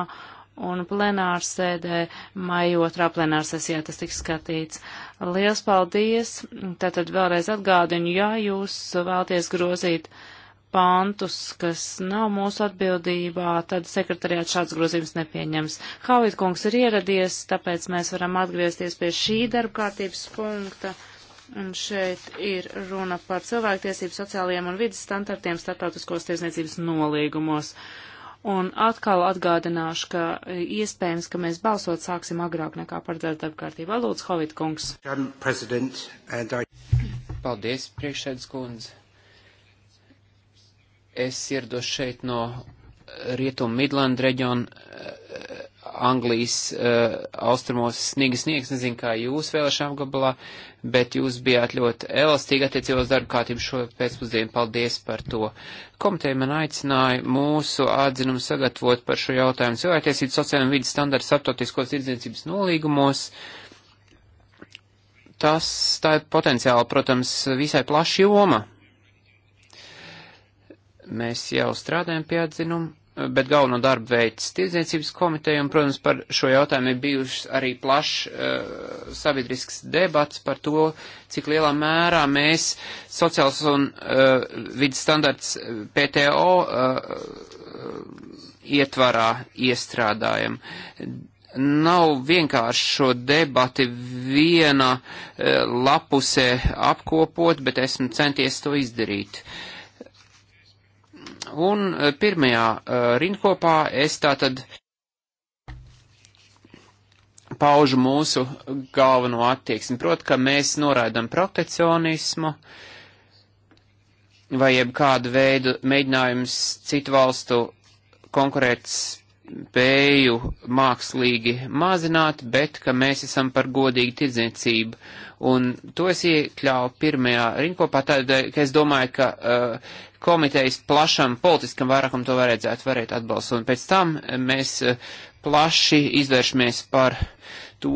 un plenārsēdē maija otrā plenārsesijā tas tiks skatīts. Liels paldies! Tātad vēlreiz atgādinu, ja jūs vēlties grozīt uh, pantus, kas nav mūsu atbildībā, tad sekretariāt šāds grozījums nepieņems. Hauit kungs ir ieradies, tāpēc mēs varam atgriezties pie šī darba kārtības punkta. Un šeit ir runa par cilvēktiesību sociālajiem un vidas standartiem starptautiskos tiesniecības nolīgumos. Un atkal atgādināšu, ka iespējams, ka mēs balsot sāksim agrāk nekā paredzēts darbkārtībā.
Lūdzu, Hovit kungs. Paldies, priekšsēdus kundze. Es ierados šeit no eh, Rietumu Midlandu reģiona eh, Anglijas uh, austrumos snigas sniegs, nezinu, kā jūs vēlēšana apgabalā, bet jūs bijāt ļoti elastīgi attiecībos darba kārtību šo pēcpusdienu. Paldies par to. Komiteja man aicināja mūsu atzinumu sagatavot par šo jautājumu cilvēktiesību sociālajiem vidas standartu starptautiskos tirdzniecības nolīgumos. Tas tā ir potenciāli, protams, visai plaša joma. Mēs jau strādājam pie atzinumu, bet galveno darbu veids tirdzniecības komiteja, un, protams, par šo jautājumu ir bijušas arī plašs uh, sabiedrisks debats par to, cik lielā mērā mēs sociāls un uh, vidas standarts eh, PTO uh, ietvarā iestrādājam. Nav vienkārši šo debati viena uh, lapusē apkopot, bet esmu centies to izdarīt. Uh, Un e, pirmajā e, rindkopā es tātad paužu mūsu galveno attieksmi. Proti, ka mēs noraidam protekcionismu vai jebkādu veidu mēģinājums citu valstu konkurēt spēju mākslīgi mazināt, bet ka mēs esam par godīgu tirdzniecību. Un to es iekļāvu pirmajā rinkopā, tādēļ, ka es domāju, ka uh, komitejas plašam politiskam vairākam to varētu, varētu atbalstīt. Un pēc tam eh, mēs eh, plaši izvēršamies par to,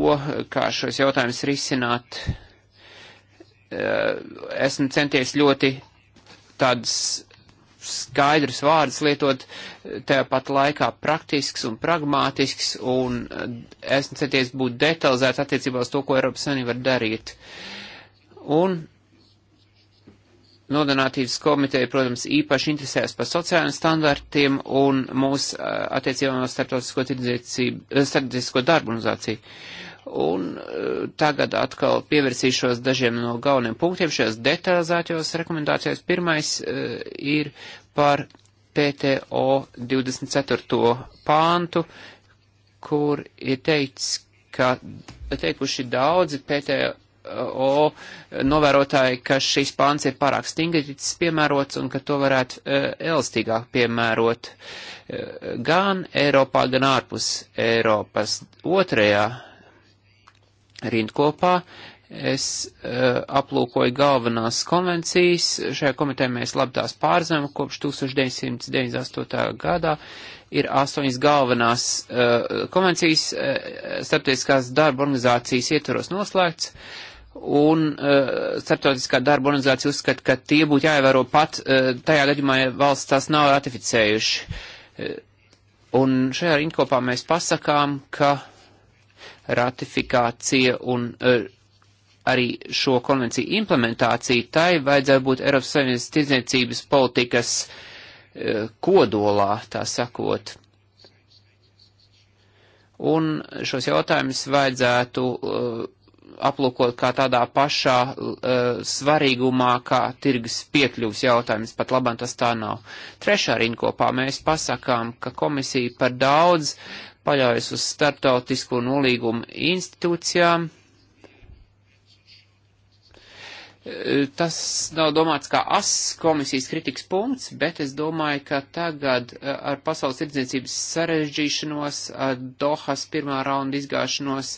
kā šos jautājumus risināt. Eh, esmu centies ļoti tādas skaidrs vārds lietot, tāpat laikā praktisks un pragmātisks, un esmu centies būt detalizēts attiecībā uz to, ko Eiropas Savienība var darīt. Un Nodonātības komiteja, protams, īpaši interesējas par sociālajiem standartiem un mūsu attiecībām no starptautisko, starptautisko darbu organizāciju. Un tagad atkal pievērsīšos dažiem no galveniem punktiem šajās detalizētajos rekomendācijās. Pirmais ir par PTO 24. pāntu, kur ir teicis, ka teikuši daudzi PTO PTO novērotāji, ka šīs pāns ir pārāk stingrītis piemērots un ka to varētu uh, elastīgāk piemērot uh, gan Eiropā, gan ārpus Eiropas. Otrajā rindkopā es uh, aplūkoju galvenās konvencijas. Šajā komitē mēs labi tās pārzēmu kopš 1998. gadā ir astoņas galvenās uh, konvencijas uh, starptautiskās darba organizācijas ietvaros noslēgts. Uh, un uh, starptautiskā darba organizācija uzskata, ka tie būtu jāievēro pat uh, tajā gadījumā, ja valsts tās nav ratificējuši. Uh, un šajā rinkopā mēs pasakām, ka ratifikācija un uh, arī šo konvenciju implementācija tai vajadzētu būt Eiropas Savienības tirdzniecības politikas uh, kodolā, tā sakot un šos jautājumus vajadzētu uh, aplūkot kā tādā pašā uh, svarīgumā, kā tirgus piekļuvs jautājums, pat labam tas tā nav. Trešā rinkopā mēs pasakām, ka komisija par daudz paļaujas uz starptautisko nolīgumu institūcijām, uh, Tas nav domāts kā ass komisijas kritikas punkts, bet es domāju, ka tagad eh, ar pasaules tirdzniecības sarežģīšanos, ar Dohas pirmā raunda izgāšanos,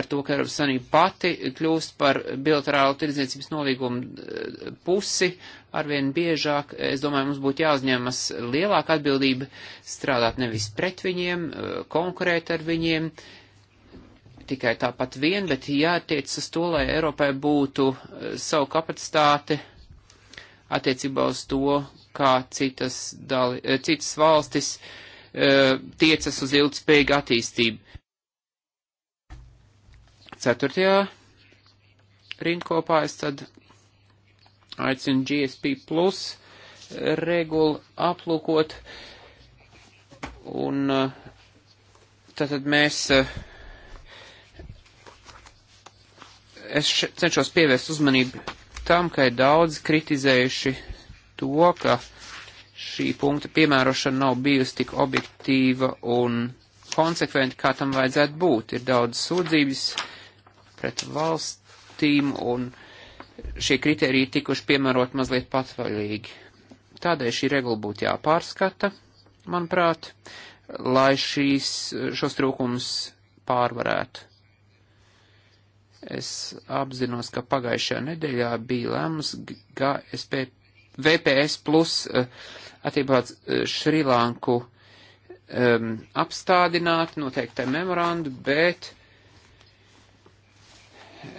ar to, ka Eiropas Savienība pati kļūst par bilaterālu tirdzniecības nolīgumu eh, pusi, arvien biežāk, es domāju, mums būtu jāuzņemas lielāka atbildība strādāt nevis pret viņiem, eh, konkurēt ar viņiem, uh, tikai tāpat vien, bet jātiec uz to, lai Eiropai būtu eh, savu kapacitāti attiecībā uz to, kā citas, dali, eh, citas valstis eh, tiecas uz ilgspējīgu attīstību. Ceturtajā rindkopā es tad aicinu GSP plus regulu aplūkot, un tātad mēs es cenšos pievērst uzmanību tam, ka ir daudz kritizējuši to, ka šī punkta piemērošana nav bijusi tik objektīva un konsekventi, kā tam vajadzētu būt. Ir daudz sūdzības pret valstīm un šie kriteriji tikuši piemērot mazliet patvaļīgi. Tādēļ šī regula būtu jāpārskata, manuprāt, lai šīs, šos trūkumus pārvarētu. Es apzinos, ka pagājušajā nedēļā bija lēmums GSP, VPS plus eh, attiecībās eh, Šrilanku um, apstādināt noteiktai memorandu, bet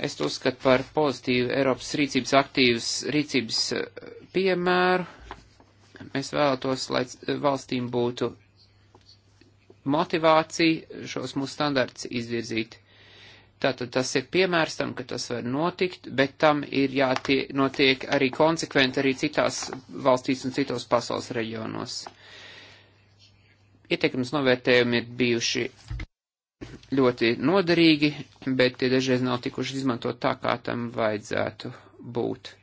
es to uzskatu par pozitīvu Eiropas rīcības aktīvas rīcības eh, piemēru. Mēs vēlētos, lai valstīm būtu motivācija šos mūsu standarts izvirzīt. Tātad tas ir piemērs tam, ka tas var notikt, bet tam ir jānotiek arī konsekventi arī citās valstīs un citos pasaules reģionos. Ietekmes novērtējumi ir bijuši ļoti noderīgi, bet tie dažreiz nav tikuši izmantot tā, kā tam vajadzētu būt.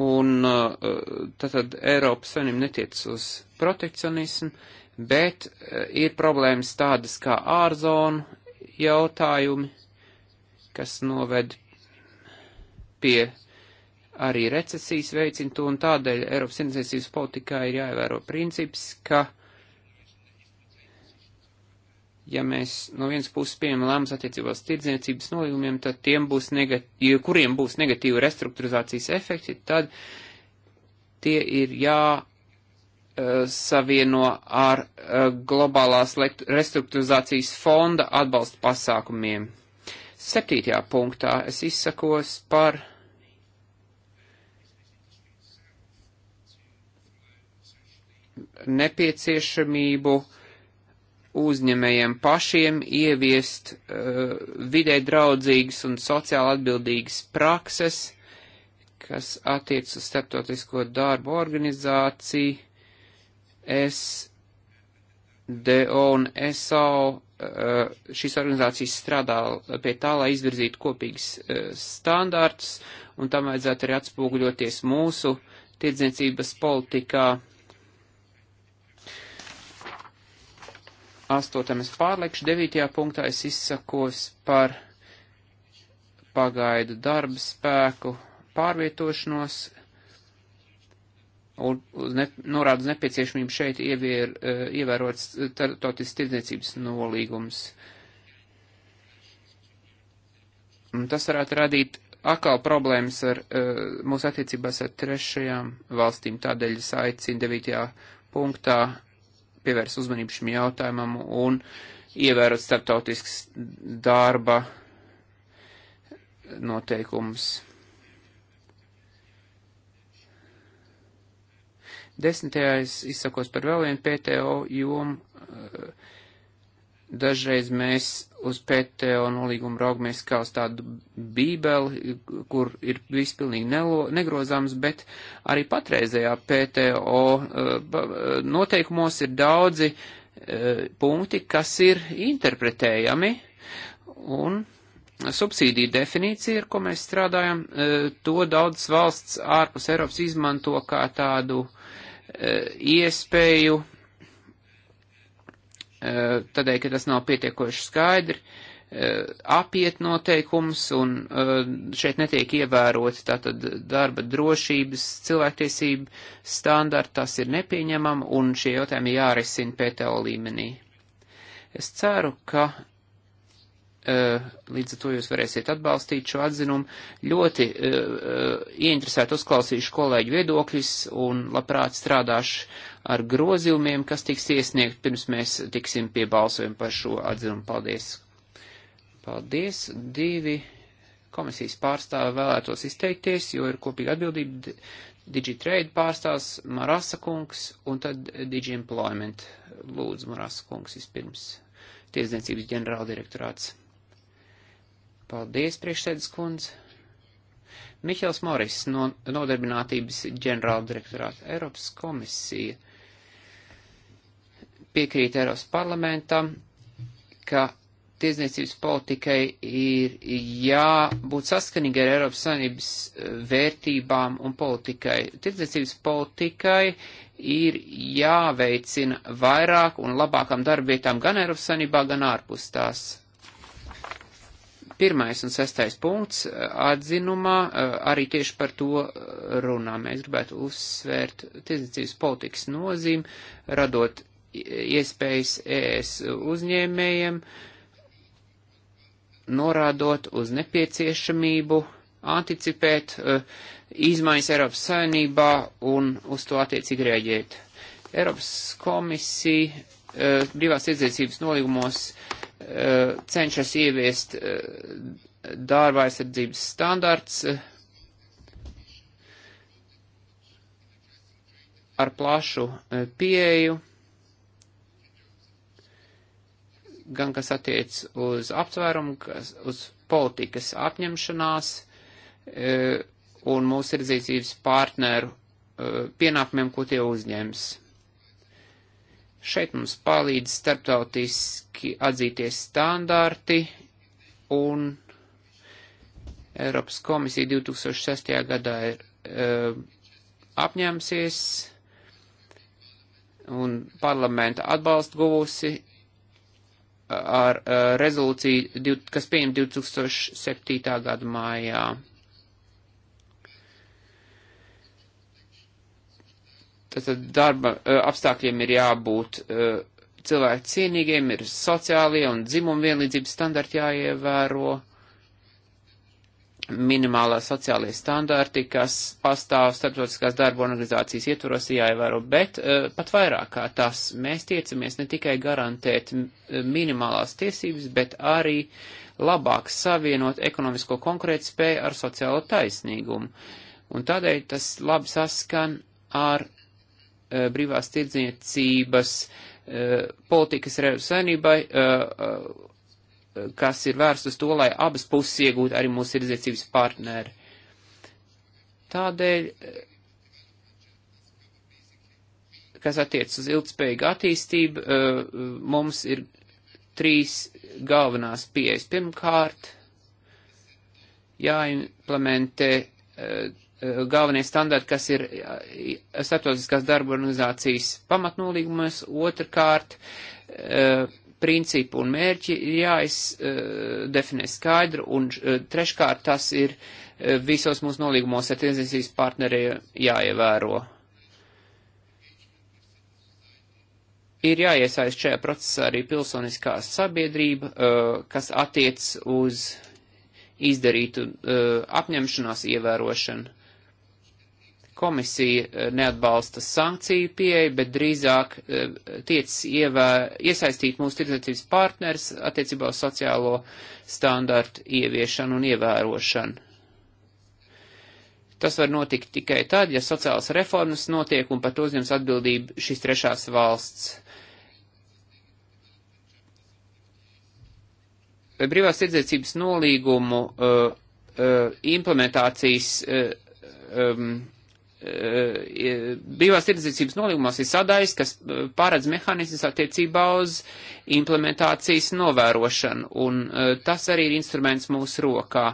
Un eh, tātad Eiropas Savienība netiec uz protekcionismu, bet eh, ir problēmas tādas kā ārzonu jautājumi, kas noved pie arī recesijas veicina to, un tādēļ Eiropas investīcijas politikā ir jāievēro princips, ka uh, ja mēs no vienas puses pieņemam lēmumus attiecībās tirdzniecības nolīgumiem, tad tiem būs negatīvi, kuriem būs negatīvi restruktūrizācijas efekti, tad tie ir jā eh, savieno ar eh, globālās restruktūrizācijas fonda atbalsta pasākumiem. Septītajā punktā es izsakos par nepieciešamību uh, uzņēmējiem pašiem ieviest uh, vidē draudzīgas un sociāli atbildīgas prakses, kas attiec uz starptautisko darbu organizāciju, SDO un SAO. Uh, šīs organizācijas strādā pie tā, lai izvirzītu kopīgas uh, standārtus, un tam vajadzētu arī atspoguļoties mūsu tirdzniecības politikā. Uh, astotam es pārlikšu, devītajā punktā es izsakos par pagaidu darba spēku pārvietošanos un ne, norāda uz nepieciešamību šeit ievier, eh, ievērot starptautis tirdzniecības nolīgums. Un tas varētu radīt atkal problēmas ar eh, mūsu attiecībās ar trešajām valstīm, tādēļ es aicinu devītajā punktā pievērs uzmanību šim jautājumam un ievērot starptautisks darba noteikums. Desmitajā es izsakos par vēl vienu PTO jomu. Dažreiz mēs uz PTO nolīgumu raugmies kā uz tādu bībeli, kur ir viss pilnīgi nelo, negrozāms, bet arī patreizējā PTO uh, eh, eh, noteikumos ir daudzi uh, punkti, kas ir interpretējami, un subsīdija definīcija, ar ko mēs strādājam, uh, to daudz valsts ārpus Eiropas izmanto kā tādu iespēju Eh, tādēļ, ka tas nav pietiekoši skaidri, eh, apiet noteikums un eh, šeit netiek ievērots tātad darba drošības, cilvēktiesība standarti, tas ir nepieņemam un šie jautājumi jārisina PTO līmenī. Es ceru, ka līdz ar to jūs varēsiet atbalstīt šo atzinumu. Ļoti uh, ieinteresēti uzklausīšu kolēģu viedokļus un labprāt strādāšu ar grozījumiem, kas tiks iesniegt, pirms mēs tiksim pie balsojuma par šo atzinumu. Paldies! Paldies! Divi komisijas pārstāvi vēlētos izteikties, jo ir kopīga atbildība DigiTrade pārstāvs Marasa kungs un tad DigiEmployment. Lūdzu, Marasa kungs vispirms. Tiesniecības ģenerāldirektorāts. Paldies, priekšsēdus kundze. Mihails Moris no Nodarbinātības ģenerāldirektorāta Eiropas komisija piekrīt Eiropas parlamentam, ka tiesniecības politikai ir jābūt saskanīgi ar Eiropas Savienības eh, vērtībām un politikai. Tiesniecības politikai ir jāveicina vairāk un labākam darbvietām gan Eiropas Savienībā, gan ārpus tās. Pirmais un sestais punkts eh, atzinumā eh, arī tieši par to runā. Mēs gribētu uzsvērt tiesniecības politikas nozīmi, radot iespējas ES uzņēmējiem, norādot uz nepieciešamību anticipēt uh, izmaiņas Eiropas saimnībā un uz to attiecīgi rēģēt. Eiropas komisija uh, eh, divās iedzīvības nolīgumos uh, cenšas ieviest dārba aizsardzības standarts ar plašu pieeju gan kas attiec uz aptvērumu, kas, uz politikas apņemšanās e, un mūsu iedzīvības partneru e, pienākumiem, ko tie uzņems. Šeit mums palīdz starptautiski atzīties standarti un Eiropas komisija 2006. gadā ir e, apņēmusies un parlamenta atbalstu guvusi ar eh, rezolūciju, kas pieņem 2007. gada mājā. Tātad darba eh, apstākļiem ir jābūt eh, cilvēku cienīgiem, ir sociālie un dzimuma vienlīdzības standarti jāievēro minimālā sociālajie standarti, kas pastāv starptautiskās darba organizācijas ietvaros jāievēro, bet uh, pat vairāk kā tas mēs tiecamies ne tikai garantēt eh, minimālās tiesības, bet arī labāk savienot ekonomisko konkurētspēju ar sociālo taisnīgumu. Un tādēļ tas labi saskan ar uh, brīvās tirdzniecības uh, politikas savienībai. Uh, uh, kas ir vērsts uz to, lai abas puses iegūtu arī mūsu tirdzniecības partneri. Tādēļ, kas attiec uz ilgspējīgu attīstību, eh, mums ir trīs galvenās pieejas. Pirmkārt, jāimplementē eh, eh, galvenie standarti, kas ir starptautiskās darba organizācijas pamatnolīgumas. Otrkārt, uh, principi un mērķi ir jāizdefinē eh, skaidri, un eh, treškārt tas ir eh, visos mūsu nolīgumos ar tiesnesīs partneriem jāievēro. Ir jāiesaist šajā procesā arī pilsoniskā sabiedrība, kas attiec uz izdarītu apņemšanās ievērošanu Komisija eh, neatbalsta sankciju pieeja, bet drīzāk eh, tiec ievē, iesaistīt mūsu tirdzniecības partners attiecībā uz sociālo standartu ieviešanu un ievērošanu. Tas var notikt tikai tad, ja sociālas reformas notiek un pat uzņems atbildību šīs trešās valsts. brīvās tirdzniecības nolīgumu uh, uh, implementācijas uh, um, Eh, eh, brīvās tirdzniecības nolīgumos ir sadaļas, kas eh, paredz mehānismus attiecībā uz implementācijas novērošanu, un tas arī ir instruments mūsu rokā.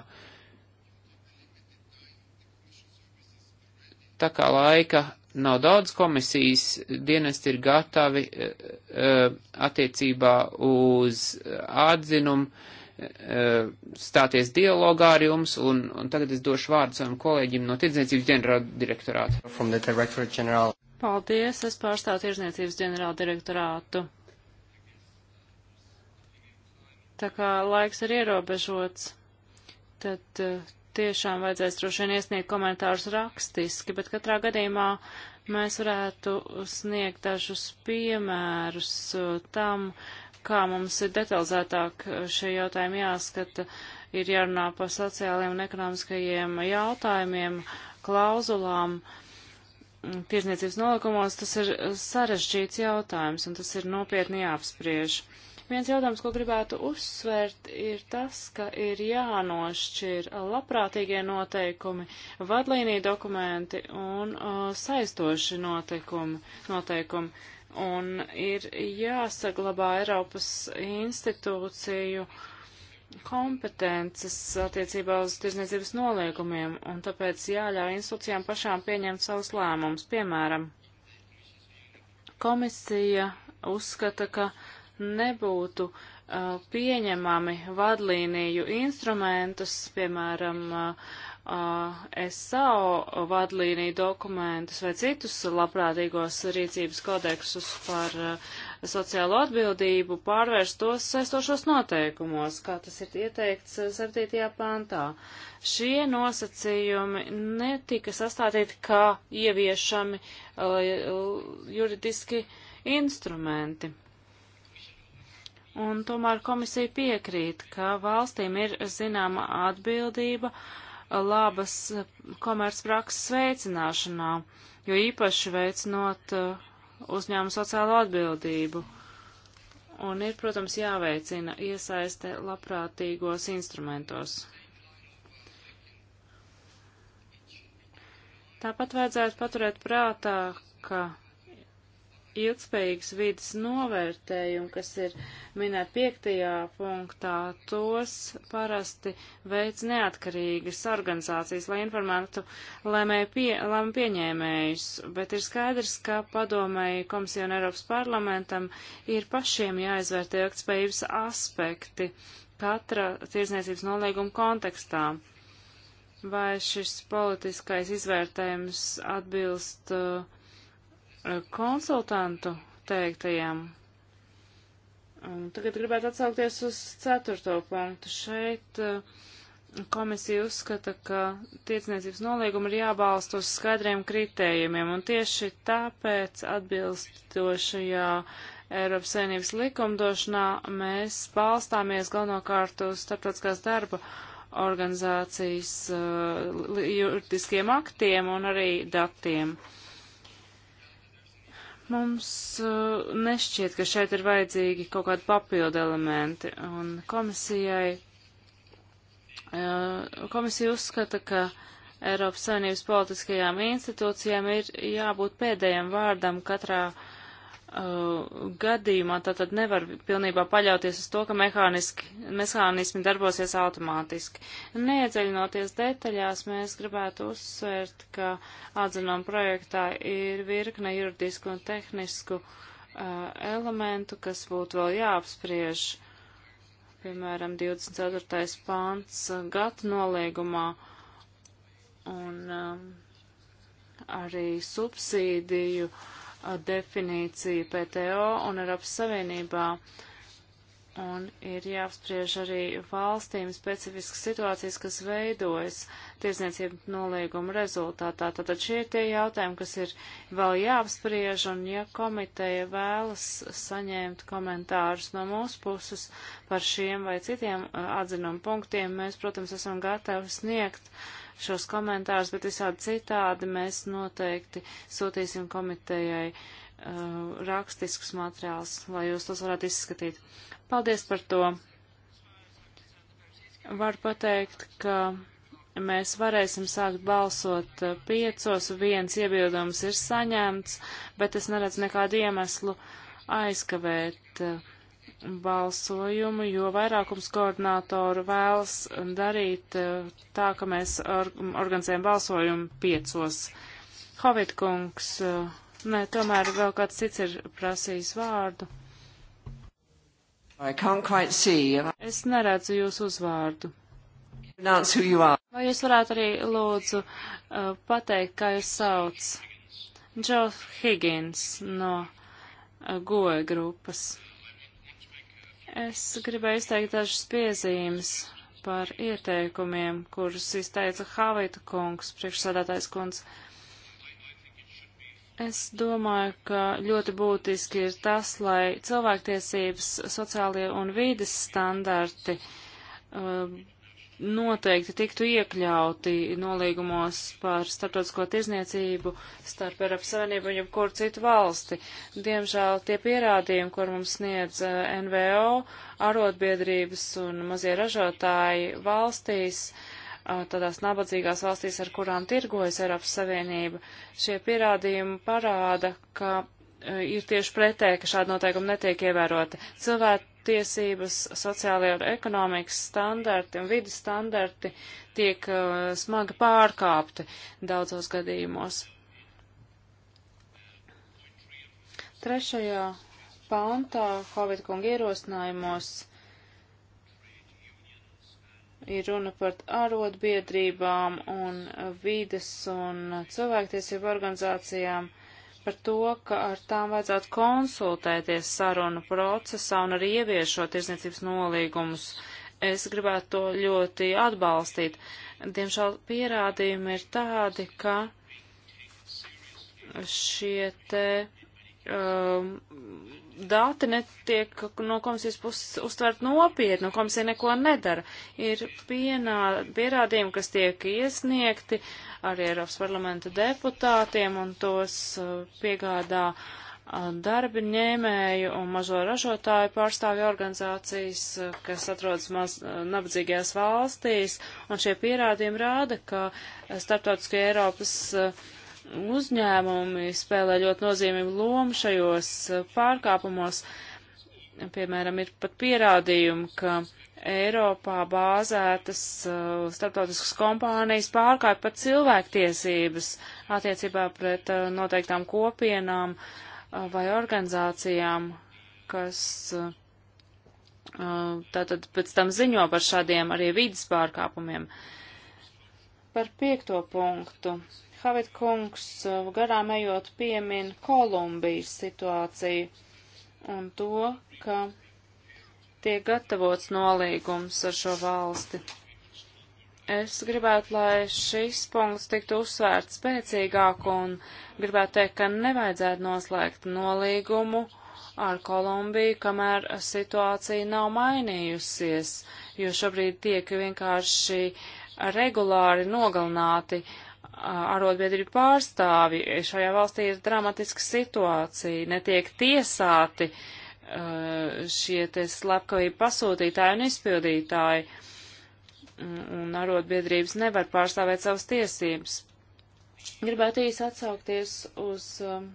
Tā kā laika nav daudz komisijas, dienesti ir gatavi attiecībā uz atzinumu Eh, stāties dialogā ar jums, un, un tagad es došu vārdu savam kolēģim no Tirdzniecības ģenerāla direktorāta.
Paldies, es pārstāvu Tirdzniecības ģenerāla direktorātu. Tā kā laiks ir ierobežots, tad eh, tiešām vajadzēs droši vien iesniegt komentārus rakstiski, bet katrā gadījumā mēs varētu sniegt dažus piemērus eh, tam, uh, kā mums ir detalizētāk eh, šie jautājumi jāskata, ir jārunā par sociālajiem un ekonomiskajiem jautājumiem, klauzulām, mm, tirzniecības nolikumos. Tas ir eh, sarežģīts jautājums, un tas ir nopietni jāapspriež. Viens jautājums, ko gribētu uzsvērt, ir tas, ka ir jānošķir labprātīgie noteikumi, vadlīnija dokumenti un uh, saistoši noteikumi. noteikumi un ir jāsaglabā Eiropas institūciju kompetences attiecībā uz tirzniecības noliegumiem, un tāpēc jāļauj institūcijām pašām pieņemt savus lēmumus. Piemēram, komisija uzskata, ka nebūtu uh, pieņemami vadlīniju instrumentus, piemēram, uh, Uh, SAO vadlīniju dokumentus vai citus labprātīgos rīcības kodeksus par uh, sociālo atbildību pārvērst tos saistošos noteikumos, kā tas ir ieteikts 7. Uh, pantā. Šie nosacījumi netika sastādīti kā ieviešami juridiski instrumenti. Un tomēr komisija piekrīt, ka valstīm ir zināma atbildība uh, labas komercprakses veicināšanā, jo īpaši veicinot uh, uzņēmumu sociālo atbildību. Un ir, protams, jāveicina iesaiste labprātīgos instrumentos. Tāpat vajadzētu paturēt prātā, ka ilgspējīgas vidas novērtējumu, kas ir minēta piektajā punktā, tos parasti veids neatkarīgas organizācijas, lai informētu lēmēju pie, lēmu pieņēmējus, bet ir skaidrs, ka padomēji komisija un Eiropas parlamentam ir pašiem jāizvērtē ilgspējības aspekti katra tirzniecības nolīguma kontekstā. Vai šis politiskais izvērtējums atbilst uh, konsultantu teiktajam. Un tagad gribētu atsaukties uz ceturto punktu. Šeit eh, komisija uzskata, ka tiecniecības nolīguma ir jābalst uz skaidriem kritējumiem, un tieši tāpēc atbilstošajā Eiropas Savienības likumdošanā mēs balstāmies galvenokārt uz starptautiskās darba organizācijas uh, juridiskiem aktiem un arī datiem. Uh, Mums uh, nešķiet, ka šeit ir vajadzīgi kaut kādi papildu elementi, un komisijai, uh, komisija uzskata, ka Eiropas Savienības politiskajām institūcijām ir jābūt pēdējiem vārdam katrā uh, uh, gadījumā tātad nevar pilnībā paļauties uz to, ka mehānismi darbosies automātiski. Neieceļinoties detaļās, mēs gribētu uzsvērt, ka atzinām projektā ir virkne juridisku un tehnisku uh, elementu, kas būtu vēl jāapspriež. Piemēram, 24. pāns uh, gata noliegumā un um, arī subsīdiju uh, definīcija PTO un Eiropas Savienībā. Un ir jāapspriež arī valstīm specifiskas situācijas, kas veidojas tiesniecību nolīguma rezultātā. Tātad šie ir tie jautājumi, kas ir vēl jāapspriež, un ja komiteja vēlas saņemt komentārus no mūsu puses par šiem vai citiem uh, atzinumu punktiem, mēs, protams, esam gatavi sniegt uh, šos komentārus, bet visādi citādi mēs noteikti sūtīsim komitejai uh, rakstiskus materiālus, lai jūs tos varētu izskatīt. Paldies par to. Var pateikt, ka mēs varēsim sākt balsot uh, piecos, viens iebildums ir saņemts, bet es neredzu nekādu iemeslu aizkavēt. Uh, balsojumu, jo vairākums koordinātoru vēlas darīt eh, tā, ka mēs or organizējam balsojumu piecos. Hovid kungs, eh, nē, tomēr vēl kāds cits ir prasījis vārdu. Es neredzu jūsu uzvārdu. Vai jūs varētu arī lūdzu uh, pateikt, kā jūs sauc? Džo Higgins no uh, Goe grupas. Es gribēju izteikt dažas piezīmes par ieteikumiem, kurus izteica Havita kungs, priekšsādātais kungs. Es domāju, ka ļoti būtiski ir tas, lai cilvēktiesības, sociālie un vīdes standarti uh, noteikti tiktu iekļauti nolīgumos par starptautisko tirzniecību starp Eiropas Savienību un jebkuru citu valsti. Diemžēl tie pierādījumi, kur mums sniedz eh, NVO, arotbiedrības un mazie ražotāji valstīs, eh, tādās nabadzīgās valstīs, ar kurām tirgojas Eiropas Savienība, šie pierādījumi parāda, ka Eh, ir tieši pretēji, ka šāda noteikuma netiek ievērota. Cilvēku tiesības, sociālajie un ekonomikas standarti un vidas standarti tiek uh, smagi pārkāpti daudzos gadījumos. Trešajā pāntā Covid kunga ierosinājumos ir runa par arotbiedrībām un vides un cilvēktiesību organizācijām par to, ka ar tām vajadzētu konsultēties sarunu procesā un arī ieviešot tirsniecības nolīgumus. Es gribētu to ļoti atbalstīt. Diemžēl pierādījumi ir tādi, ka šie te um, dati netiek no komisijas puses uztvert nopietni, no komisija neko nedara. Ir pienā, pierādījumi, kas tiek iesniegti arī Eiropas parlamenta deputātiem un tos uh, piegādā uh, darbi ņēmēju un mažo ražotāju pārstāvju organizācijas, uh, kas atrodas maz nabadzīgajās valstīs, un šie pierādījumi rāda, ka starptautiskie Eiropas uh, uzņēmumi spēlē ļoti nozīmīgu lomu šajos eh, pārkāpumos. Piemēram, ir pat pierādījumi, ka Eiropā bāzētas uh, starptautiskas kompānijas pārkāpj pat cilvēktiesības attiecībā pret uh, noteiktām kopienām uh, vai organizācijām, kas tātad pēc tam ziņo par šādiem arī vidas pārkāpumiem. Par piekto punktu Havid kungs eh, garām ejot piemin Kolumbijas situāciju un to, ka tiek gatavots nolīgums ar šo valsti. Es gribētu, lai šis punkts tiktu uzsvērts spēcīgāk un gribētu teikt, ka nevajadzētu noslēgt nolīgumu ar Kolumbiju, kamēr situācija nav mainījusies, jo šobrīd tiek vienkārši regulāri nogalināti uh, arotbiedrību pārstāvi. Šajā valstī ir dramatiska situācija, netiek tiesāti uh, šie te slepkavību pasūtītāji un izpildītāji, un arotbiedrības nevar pārstāvēt savas tiesības. Gribētu īsi atsaukties uz um,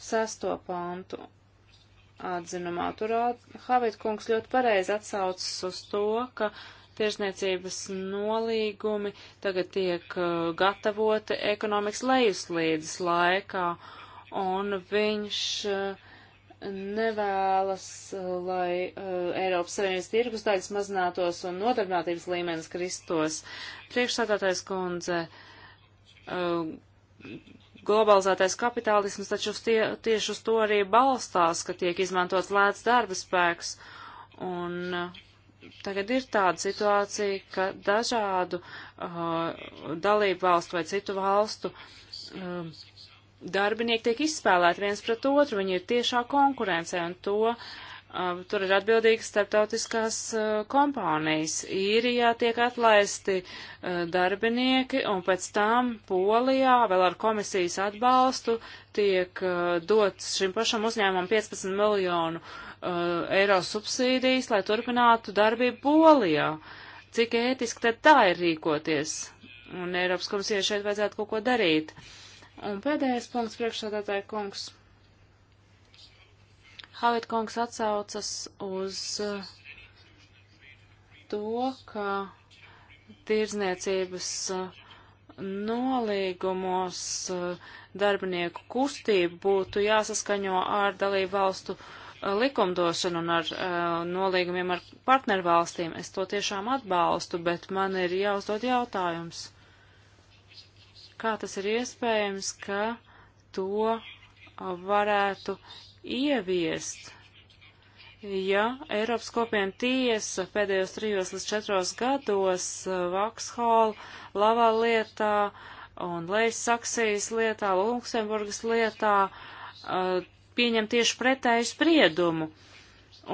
sesto pantu atzinumā. Tur Havit kungs ļoti pareizi atsaucas uz to, ka tirsniecības nolīgumi tagad tiek uh, gatavoti ekonomikas lejuslīdes laikā, un viņš uh, nevēlas, uh, lai uh, Eiropas Savienības tirgus daļas mazinātos un nodarbinātības līmenis kristos. Priekšsādātais kundze, uh, globalizētais kapitālisms taču uz tie, tieši uz to arī balstās, ka tiek izmantots lēts darba spēks, un uh, tagad ir tāda situācija, ka dažādu uh, dalību valstu vai citu valstu um, darbinieki tiek izspēlēti viens pret otru, viņi ir tiešā konkurencē un to uh, tur ir atbildīgas starptautiskās uh, kompānijas. Īrijā tiek atlaisti uh, darbinieki, un pēc tam Polijā vēl ar komisijas atbalstu tiek uh, dots šim pašam uzņēmumam 15 miljonu uh, eiro subsīdijas, lai turpinātu darbību Polijā. Cik ētiski tad tā ir rīkoties? Un Eiropas komisijai šeit vajadzētu kaut ko darīt. Un pēdējais punkts priekšsādātāja kungs. Havit kungs atsaucas uz uh, to, ka tirdzniecības uh, nolīgumos uh, darbinieku kustību būtu jāsaskaņo ar dalību valstu uh, likumdošanu un ar uh, nolīgumiem ar partnervalstīm. Es to tiešām atbalstu, bet man ir jāuzdod jautājums, kā tas ir iespējams, ka to varētu ieviest, ja Eiropas kopiena tiesa pēdējos trijos līdz četros gados eh, Vakshol, Lavā lietā un Leis Saksijas lietā, Luksemburgas lietā uh, pieņem tieši pretēju spriedumu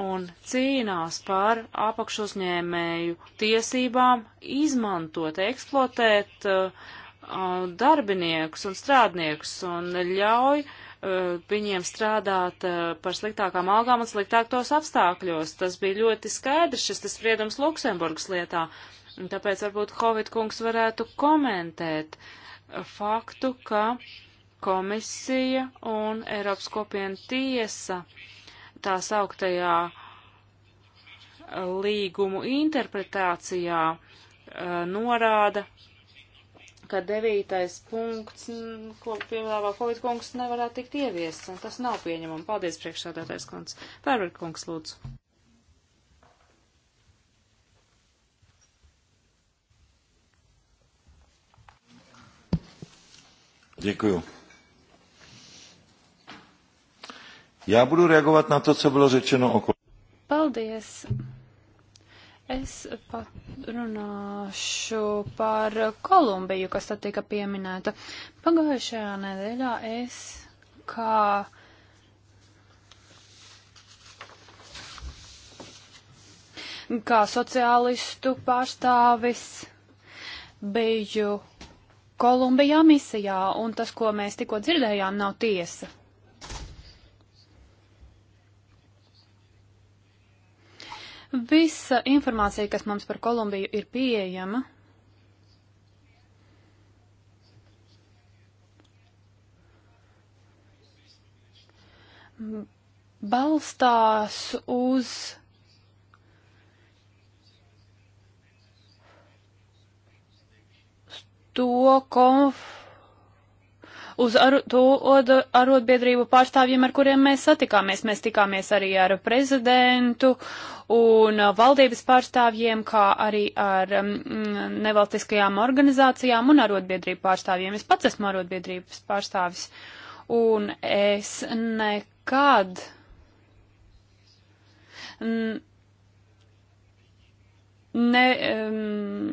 un cīnās par apakšuzņēmēju tiesībām izmantot, eksploatēt uh, uh, darbiniekus un strādniekus un ļauj uh, viņiem strādāt uh, par sliktākām algām un sliktākos apstākļos. Tas bija ļoti skaidrs, šis spriedums Luksemburgas lietā. Un tāpēc varbūt Hovid kungs varētu komentēt faktu, ka uh, komisija un Eiropas kopiena tiesa tā sauktajā eh, līgumu interpretācijā eh, norāda, ka devītais punkts, ko piedāvā Covid kungs, nevarētu tikt ieviests, un tas nav pieņemami. Paldies, priekšsādātais kungs. Pērver kungs, lūdzu.
Děkuju. Já budu reagovat na to, co bylo řečeno okolo.
Paldies! Es pat runāšu par Kolumbiju, kas tad tika pieminēta. Pagājušajā nedēļā es kā kā sociālistu pārstāvis biju Kolumbijā misijā, un tas, ko mēs tikko dzirdējām, nav tiesa. Visa informācija, kas mums par Kolumbiju ir pieejama, balstās uz to konf uz ar, to arotbiedrību pārstāvjiem, ar kuriem mēs satikāmies. Mēs tikāmies arī ar prezidentu un valdības pārstāvjiem, kā arī ar mm, nevalstiskajām organizācijām un arotbiedrību pārstāvjiem. Es pats esmu arotbiedrības pārstāvis un es nekad. Mm, ne, um,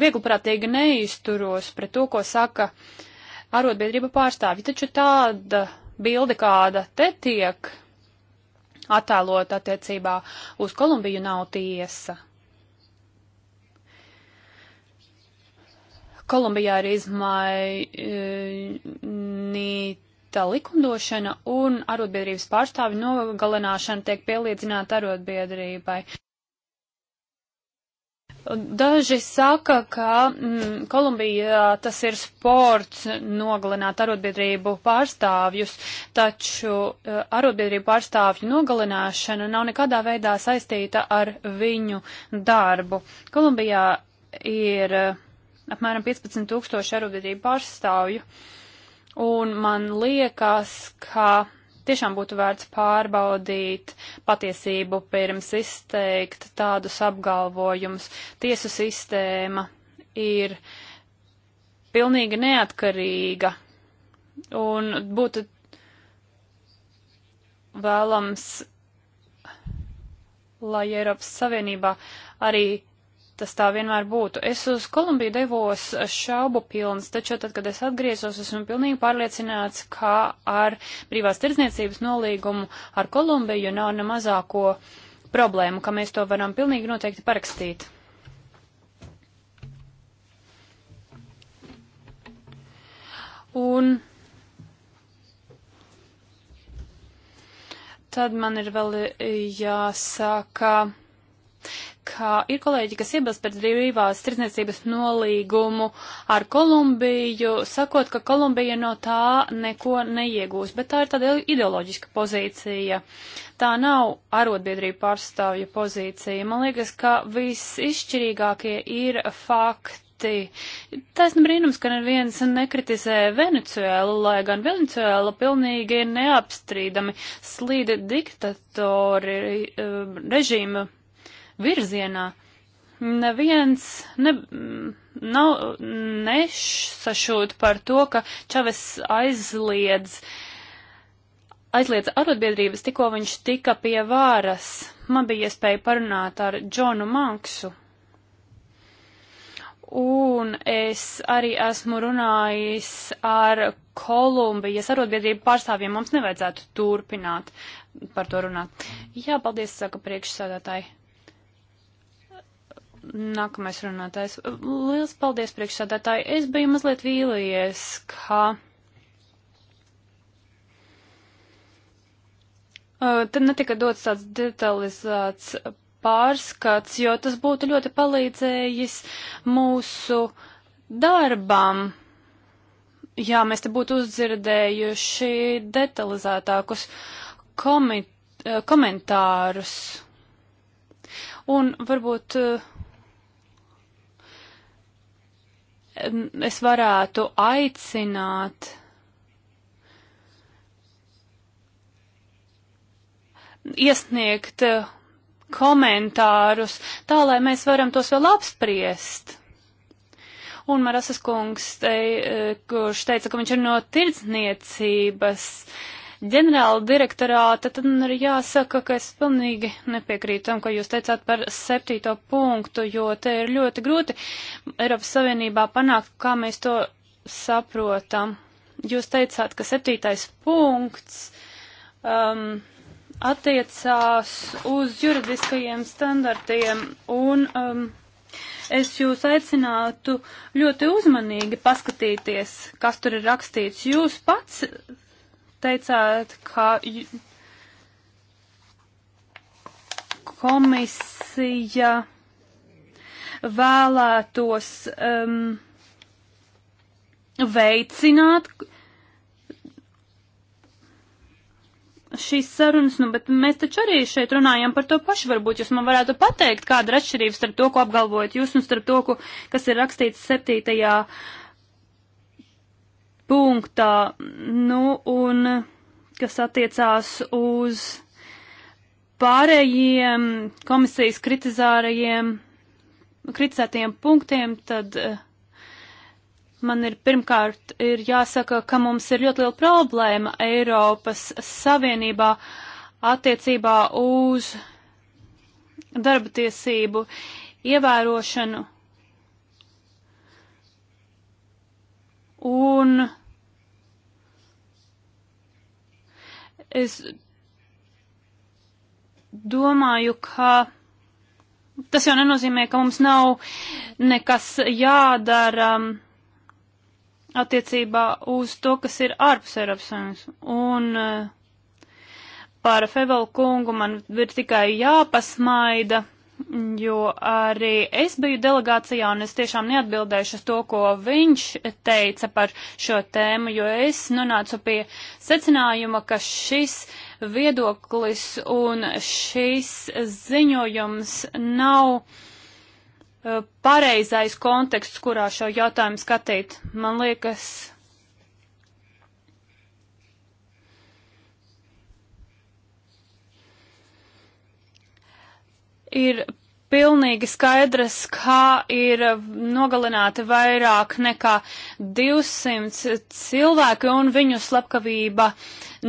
viegliprātīgi neizturos pret to, ko saka uh, arotbiedrību pārstāvji. Taču tāda bilde, kāda te tiek attēlot attiecībā uz Kolumbiju, nav tiesa. Kolumbijā ir izmainīta likumdošana un arotbiedrības pārstāvi nogalināšana tiek pielīdzināta arotbiedrībai. Daži saka, ka mm, Kolumbijā tas ir sports nogalināt arotbiedrību pārstāvjus, taču eh, arotbiedrību pārstāvju nogalināšana nav nekādā veidā saistīta ar viņu darbu. Kolumbijā ir eh, apmēram 15 tūkstoši arotbiedrību pārstāvju, un man liekas, ka Tiešām būtu vērts pārbaudīt patiesību pirms izteikt tādus apgalvojumus. Tiesu sistēma ir pilnīgi neatkarīga un būtu vēlams, lai Eiropas Savienībā arī tas tā vienmēr būtu. Es uz Kolumbiju devos šaubu pilns, taču tad, kad es atgriezos, esmu pilnīgi pārliecināts, ka ar brīvās tirdzniecības nolīgumu ar Kolumbiju nav ne mazāko problēmu, ka mēs to varam pilnīgi noteikti parakstīt. Un tad man ir vēl jāsaka ka ir kolēģi, kas iebilst pret brīvās tirdzniecības nolīgumu ar Kolumbiju, sakot, ka Kolumbija no tā neko neiegūs, bet tā ir tāda ideoloģiska pozīcija. Tā nav arotbiedrība pārstāvja pozīcija. Man liekas, ka visizšķirīgākie ir fakti ļoti. Taisnība brīnums, ka neviens nekritizē Venecuēlu, lai gan Venecuēla pilnīgi neapstrīdami slīda diktatori eh, režīma virzienā. Neviens ne, nav nešašūt par to, ka Čaves aizliedz, aizliedz arotbiedrības, tikko viņš tika pie vāras. Man bija iespēja parunāt ar Džonu Manksu. Un es arī esmu runājis ar Kolumbijas arotbiedrību pārstāvjiem. Mums nevajadzētu turpināt par to runāt. Jā, paldies, saka priekšsēdētāji. Nākamais runātājs. Liels paldies priekšsādātāji. Es biju mazliet vīlies, ka. Te netika dots tāds detalizēts pārskats, jo tas būtu ļoti palīdzējis mūsu darbam. Jā, mēs te būtu uzdzirdējuši detalizētākus komit komentārus. Un varbūt uh, es varētu aicināt iesniegt eh, komentārus, tā lai mēs varam tos vēl apspriest. Un Marasas kungs, te, eh, kurš teica, ka viņš ir no tirdzniecības ģenerāla direktorāta, tad man ir jāsaka, ka es pilnīgi nepiekrītu tam, ko jūs teicāt par septīto punktu, jo te ir ļoti grūti Eiropas Savienībā panākt, kā mēs to saprotam. Jūs teicāt, ka septītais punkts um, attiecās uz juridiskajiem standartiem un. Um, es jūs aicinātu ļoti uzmanīgi paskatīties, kas tur ir rakstīts. Jūs pats teicāt, ka komisija vēlētos um, veicināt šīs sarunas, nu, bet mēs taču arī šeit runājam par to pašu. Varbūt jūs man varētu pateikt, kāda ir atšķirība starp to, ko apgalvojat jūs un starp to, ko, kas ir rakstīts septītajā uh, punktā, nu, un kas attiecās uz pārējiem komisijas kritizārajiem, kritizētajiem punktiem, tad eh, man ir pirmkārt ir jāsaka, ka mums ir ļoti liela problēma Eiropas Savienībā attiecībā uz darba tiesību ievērošanu Un es domāju, ka tas jau nenozīmē, ka mums nav nekas jādara um, attiecībā uz to, kas ir ārpus Eiropas Savienības. Un uh, par Fevalu kungu man ir tikai jāpasmaida jo arī es biju delegācijā un es tiešām neatbildēšu uz to, ko viņš teica par šo tēmu, jo es nonācu pie secinājuma, ka šis viedoklis un šis ziņojums nav eh, pareizais konteksts, kurā šo jautājumu skatīt. Man liekas, ir pilnīgi skaidrs, kā ir nogalināti vairāk nekā 200 cilvēki un viņu slepkavība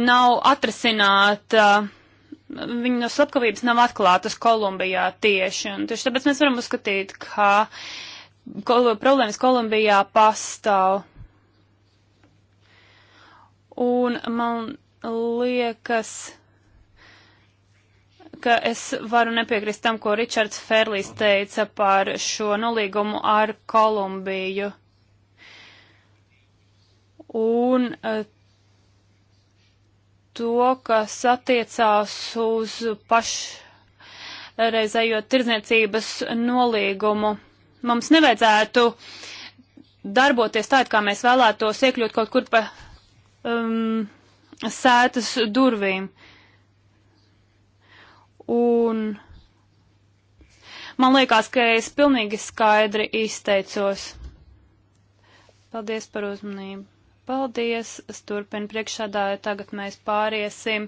nav atrasināta. Viņu no slepkavības nav atklātas Kolumbijā tieši, un tieši tāpēc mēs varam uzskatīt, ka kol problēmas Kolumbijā pastāv. Un man liekas, ka es varu nepiekrist tam, ko Ričards Ferlīs teica par šo nolīgumu ar Kolumbiju. Un eh, to, kas attiecās uz pašreizējo tirdzniecības nolīgumu. Mums nevajadzētu darboties tā, kā mēs vēlētos iekļūt kaut kur pa um, sētas durvīm. Uh, Un man liekas, ka es pilnīgi skaidri izteicos. Paldies par uzmanību. Paldies, es turpinu priekšādāju, tagad mēs pāriesim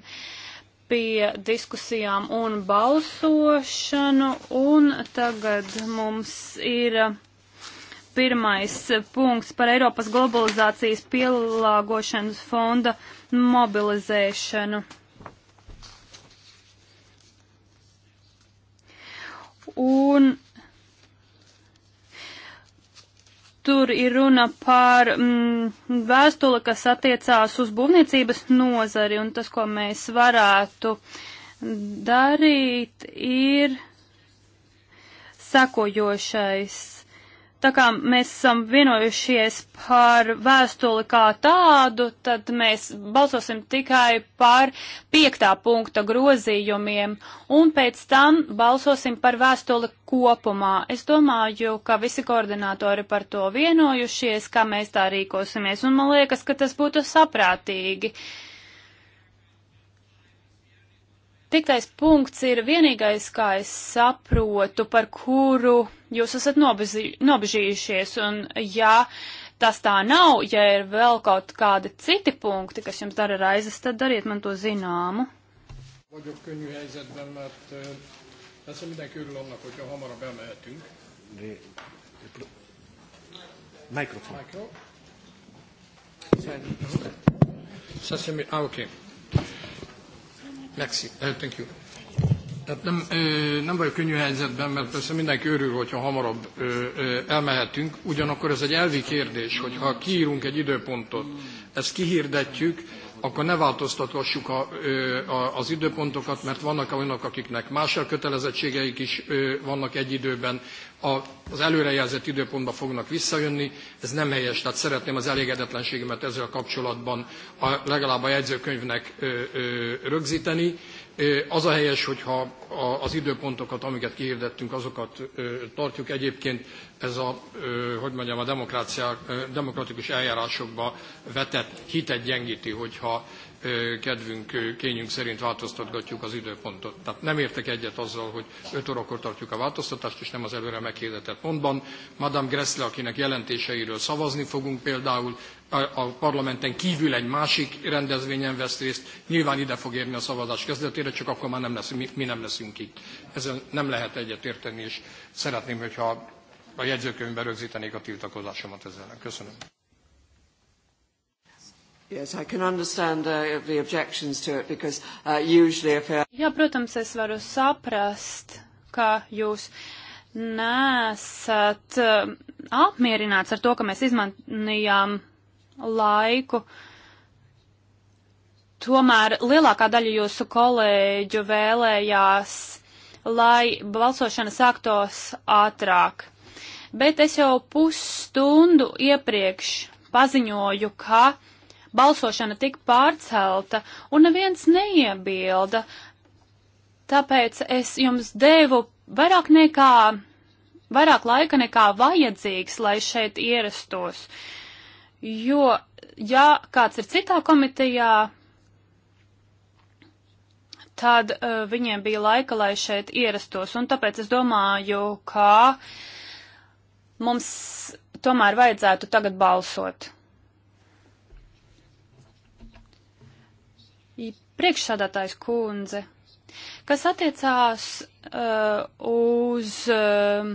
pie diskusijām un balsošanu, un tagad mums ir pirmais punkts par Eiropas globalizācijas pielāgošanas fonda mobilizēšanu. un tur ir runa par mm, vēstuli, kas attiecās uz būvniecības nozari, un tas, ko mēs varētu darīt, ir sekojošais. Tā kā mēs esam vienojušies par vēstuli kā tādu, tad mēs balsosim tikai par piektā punkta grozījumiem un pēc tam balsosim par vēstuli kopumā. Es domāju, ka visi koordinātori par to vienojušies, kā mēs tā rīkosimies, un man liekas, ka tas būtu saprātīgi. Uh, Tiktais punkts ir vienīgais, kā es saprotu, par kuru jūs esat nobežījušies, un ja tas tā nav, ja ir vēl kaut kādi citi punkti, kas jums dara raizes, tad dariet man to zināmu.
Vagyok könnyű helyzetben, mert persze mindenki örül annak, hogyha hamarabb elmehetünk. Mikrofon. Mikro. Ça, c'est mieux. Ah, ok. Merci. Uh, thank you. Tehát uh, nem, ö, uh, nem vagyok könnyű helyzetben, mert persze mindenki örül, hogyha hamarabb ö, uh, ö, elmehetünk. Ugyanakkor ez egy elvi kérdés, hogy ha kiírunk egy időpontot, ezt kihirdetjük, akkor ne változtatgassuk a, a, az időpontokat, mert vannak olyanok, akiknek más elkötelezettségeik is vannak egy időben, a, az előrejelzett időpontba fognak visszajönni, ez nem helyes, tehát szeretném az elégedetlenségemet ezzel kapcsolatban a, legalább a jegyzőkönyvnek ö, ö, rögzíteni. Az a helyes, hogyha az időpontokat, amiket kihirdettünk, azokat tartjuk. Egyébként ez a, hogy mondjam, a demokrácia, demokratikus eljárásokba vetett hitet gyengíti, hogyha kedvünk, kényünk szerint változtatgatjuk az időpontot. Tehát nem értek egyet azzal, hogy 5 órakor tartjuk a változtatást, és nem az előre meghirdetett pontban. Madame Gressle, akinek jelentéseiről szavazni fogunk például, a parlamenten kívül egy másik rendezvényen vesz részt, nyilván ide fog érni a szavazás kezdetére, csak akkor már nem lesz, mi, mi nem leszünk itt. Ezzel nem lehet egyetérteni, és szeretném, hogyha a jegyzőkönyvben rögzítenék a tiltakozásomat ezzel. Köszönöm.
Yes, I can understand uh, the objections to it because uh, usually if I... Uh,
Jā, protams, es varu saprast, ka jūs nesat uh, apmierināts ar to, ka mēs izmantojām laiku. Tomēr lielākā daļa jūsu kolēģu vēlējās, lai balsošana sāktos ātrāk. Bet es jau pusstundu iepriekš paziņoju, ka uh, balsošana tika pārcelta, un neviens neiebilda. Tāpēc es jums devu vairāk nekā, vairāk laika nekā vajadzīgs, lai šeit ierastos. Jo, ja kāds ir citā komitejā, tad uh, viņiem bija laika, lai šeit ierastos, un tāpēc es domāju, ka mums tomēr vajadzētu tagad balsot. priekšsādātājs kundze, kas attiecās uh, uz, uh,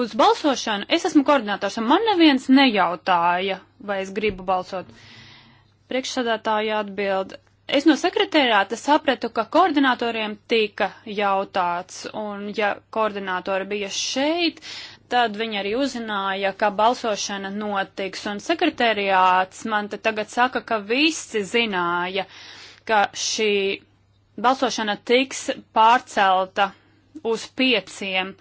uz balsošanu. Es esmu koordinators, un man neviens nejautāja, vai es gribu balsot. Priekšsādātāja atbild. Es no sekretērāta sapratu, ka koordinatoriem tika jautāts, un ja koordinatori bija šeit, tad viņi arī uzzināja, ka balsošana notiks, un sekretariāts man te tagad saka, ka visi zināja, ka šī balsošana tiks pārcelta uz pieciem.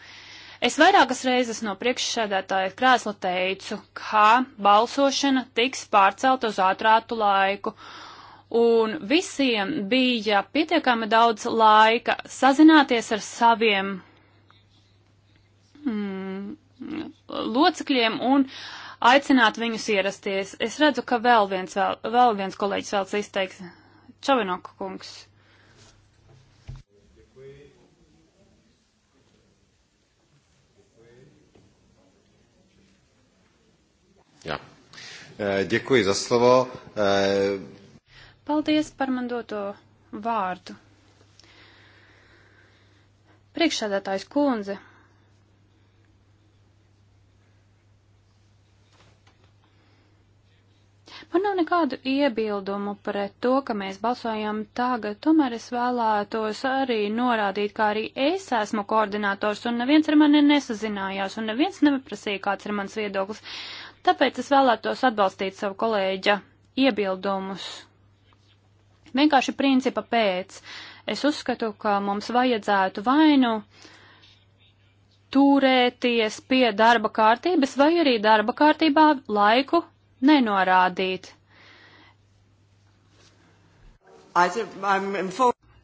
Es vairākas reizes no priekšsēdētāja krēsla teicu, ka balsošana tiks pārcelta uz ātrātu laiku, un visiem bija pietiekami daudz laika sazināties ar saviem mm, locekļiem un aicināt viņus ierasties. Es redzu, ka vēl viens, vēl, vēl viens kolēģis vēlas izteikt. Čavinoka kungs.
Jā. Ďakuj e, za slovo. E,
Paldies par man doto vārdu. Priekšsēdētājs kundze, Man nav nekādu iebildumu pret to, ka mēs balsojam tagad, tomēr es vēlētos arī norādīt, ka arī es esmu koordinators un neviens ar mani nesazinājās un neviens neprasīja, kāds ir mans viedoklis. Tāpēc es vēlētos atbalstīt savu kolēģa iebildumus. Vienkārši principa pēc. Es uzskatu, ka mums vajadzētu vainu turēties pie darba kārtības vai arī darba kārtībā laiku nenorādīt.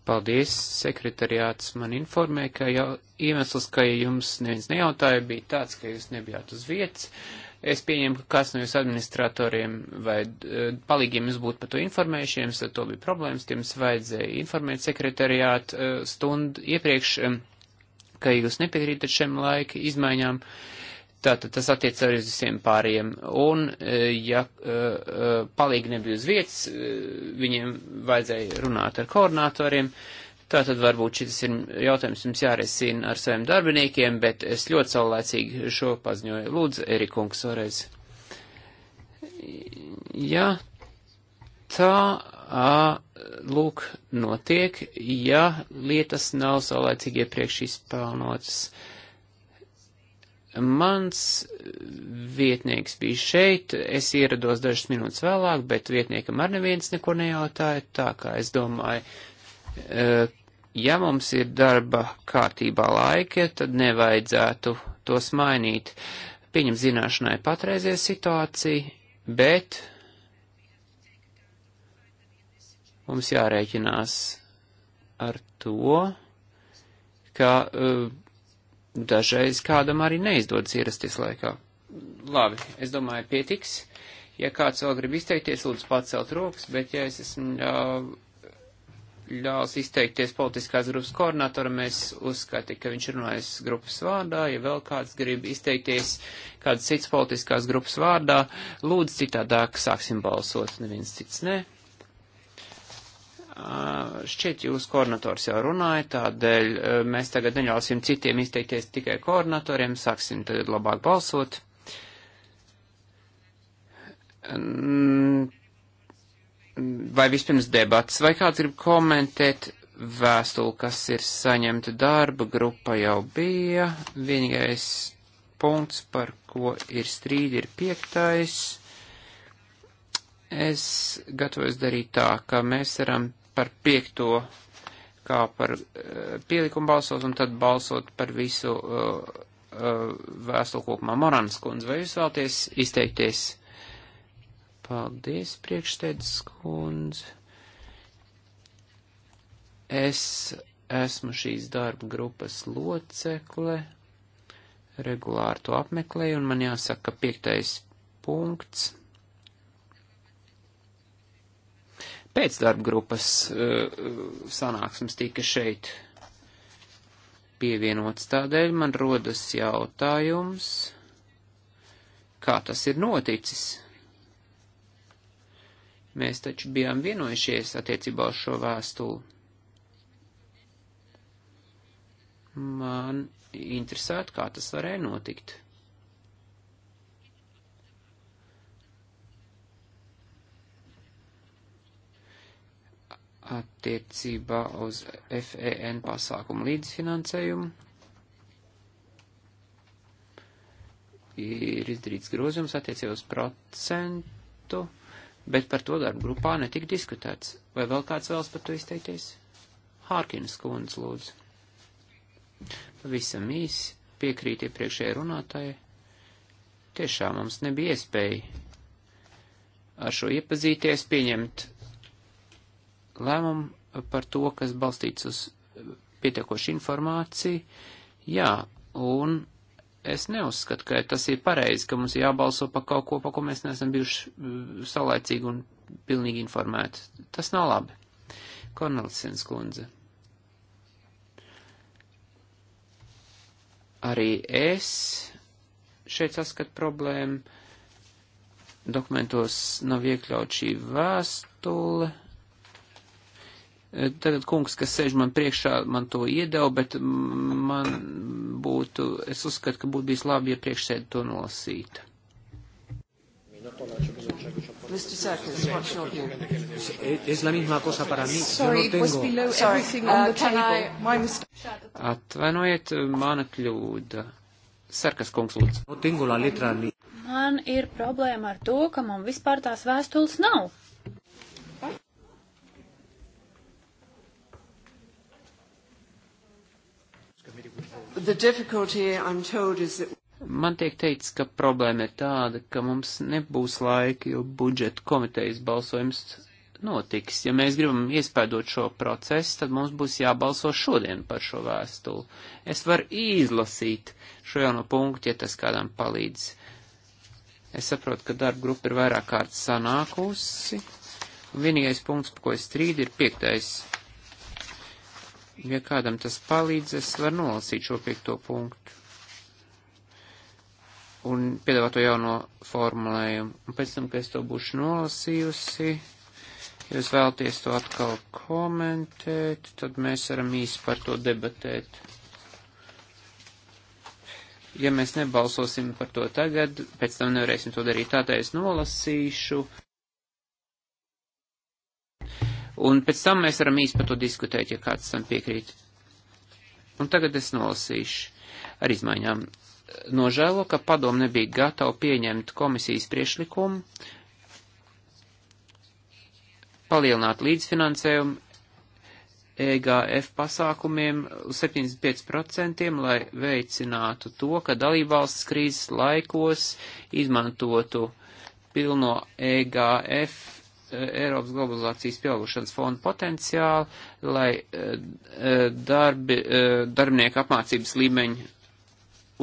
Paldies, sekretariāts man informē, ka jau iemesls, ka jums neviens nejautāja, bija tāds, ka jūs nebijāt uz vietas. Es pieņemu, ka kāds no jūsu administratoriem vai palīgiem jūs būtu par to informējuši, jums ar to bija problēmas, jums vajadzēja informēt sekretariātu eh, stundu iepriekš, eh, ka jūs nepiekrītat šiem laika izmaiņām. Uh, Tātad tas attiec arī uz visiem pāriem. Un, e, ja e, e, palīgi nebija uz vietas, viņiem vajadzēja runāt ar koordinatoriem. Tātad varbūt šis ir jautājums jums jāresina ar saviem darbiniekiem, bet es ļoti saulēcīgi šo paziņoju. Lūdzu, Erikungs, vēlreiz. Jā, tā, a, lūk, notiek, ja lietas nav saulēcīgi iepriekš izpelnotas. Ja Mans vietnieks bija šeit, es ierados dažas minūtes vēlāk, bet vietniekam ar neviens neko nejautāja, tā kā es domāju, eh, ja mums ir darba kārtībā laika, tad nevajadzētu tos mainīt. Pieņem zināšanai patreizie situācija, bet mums jārēķinās ar to, ka uh, dažreiz kādam arī neizdodas ierasties laikā. Labi, es domāju, pietiks. Ja kāds vēl grib izteikties, lūdzu pacelt rokas, bet ja es esmu ļāvis izteikties politiskās grupas koordinatoram, es uzskatu, ka viņš runājas grupas vārdā. Ja vēl kāds grib izteikties kādas cits politiskās grupas vārdā, lūdzu citādāk sāksim balsot, neviens cits ne. Šķiet, jūs koordinators jau runāja, tādēļ mēs tagad neļausim citiem izteikties tikai koordinatoriem, sāksim tad labāk balsot. Vai vispirms debats, vai kāds grib komentēt vēstuli, kas ir saņemta darba grupa jau bija, vienīgais punkts, par ko ir strīdi, ir piektais. Es gatavos darīt tā, ka mēs varam par piekto kā par eh, pielikumu balsos un tad balsot par visu uh, uh, vēstuli kopumā. Morans kundze, vai jūs vēlties izteikties? Paldies, priekšstēdes kundze. Es esmu šīs darba grupas locekle, regulāri to apmeklēju, un man jāsaka, ka piektais punkts pēcdarba grupas eh, sanāksmes tika šeit pievienots. Tādēļ man rodas jautājums, kā tas ir noticis. Mēs taču bijām vienojušies attiecībā uz šo vēstuli. Man interesētu, kā tas varēja notikt. attiecībā uz FEN pasākumu līdzfinansējumu. Ir izdarīts grozījums attiecībā uz procentu, bet par to darbu grupā netika diskutēts. Vai vēl kāds vēlas par to izteikties? Hārkins kundze lūdzu. Pavisam īsi piekrīt iepriekšējai runātājai. Tiešām mums nebija iespēja ar šo iepazīties, pieņemt lēmumu par to, kas balstīts uz pietiekošu informāciju. Jā, un es neuzskatu, ka tas ir pareizi, ka mums jābalso par kaut ko, par ko mēs neesam bijuši mm, saulaicīgi un pilnīgi informēti. Tas nav labi. Kornelisens kundze. Arī es šeit saskatu problēmu. Dokumentos nav iekļaut šī vēstule Eh, tagad kungs, kas sēž man priekšā, man to iedeva, bet man būtu, es uzskatu, ka būtu bijis labi, ja priekšsēdi to nolasītu.
Mr. Serkis, what's your view? Es la misma cosa para mí. Sorry, it was below everything on the uh, table. My
mistake. Atvainojiet, mana kļūda. Serkas kungs, lūdzu.
Man ir problēma ar to, ka man vispār tās vēstules nav.
That...
Man tiek teicis, ka problēma ir tāda, ka mums nebūs laika, jo budžeta komitejas balsojums notiks. Ja mēs gribam iespēdot šo procesu, tad mums būs jābalso šodien par šo vēstuli. Es varu izlasīt šo jauno punktu, ja tas kādam palīdz. Es saprotu, ka darba grupa ir vairāk kārt sanākusi. Vienīgais punkts, par ko es strīdu, ir piektais Ja kādam tas palīdz, es varu nolasīt šo piekto punktu un piedāvāt to jauno formulējumu. Un pēc tam, kad es to būšu nolasījusi, ja jūs vēlaties to atkal komentēt, tad mēs varam īsi par to debatēt. Ja mēs nebalsosim par to tagad, pēc tam nevarēsim to darīt. Tātad es nolasīšu. Un pēc tam mēs varam īsti par to diskutēt, ja kāds tam piekrīt. Un tagad es nolasīšu ar izmaiņām. Nožēlo, ka padomu nebija gatava pieņemt komisijas priešlikumu, palielināt līdzfinansējumu EGF pasākumiem uz 75%, lai veicinātu to, ka dalībvalsts krīzes laikos izmantotu pilno EGF Eiropas globalizācijas pieaugušanas fonda potenciālu, lai eh, darbi, eh, darbinieku apmācības līmeņu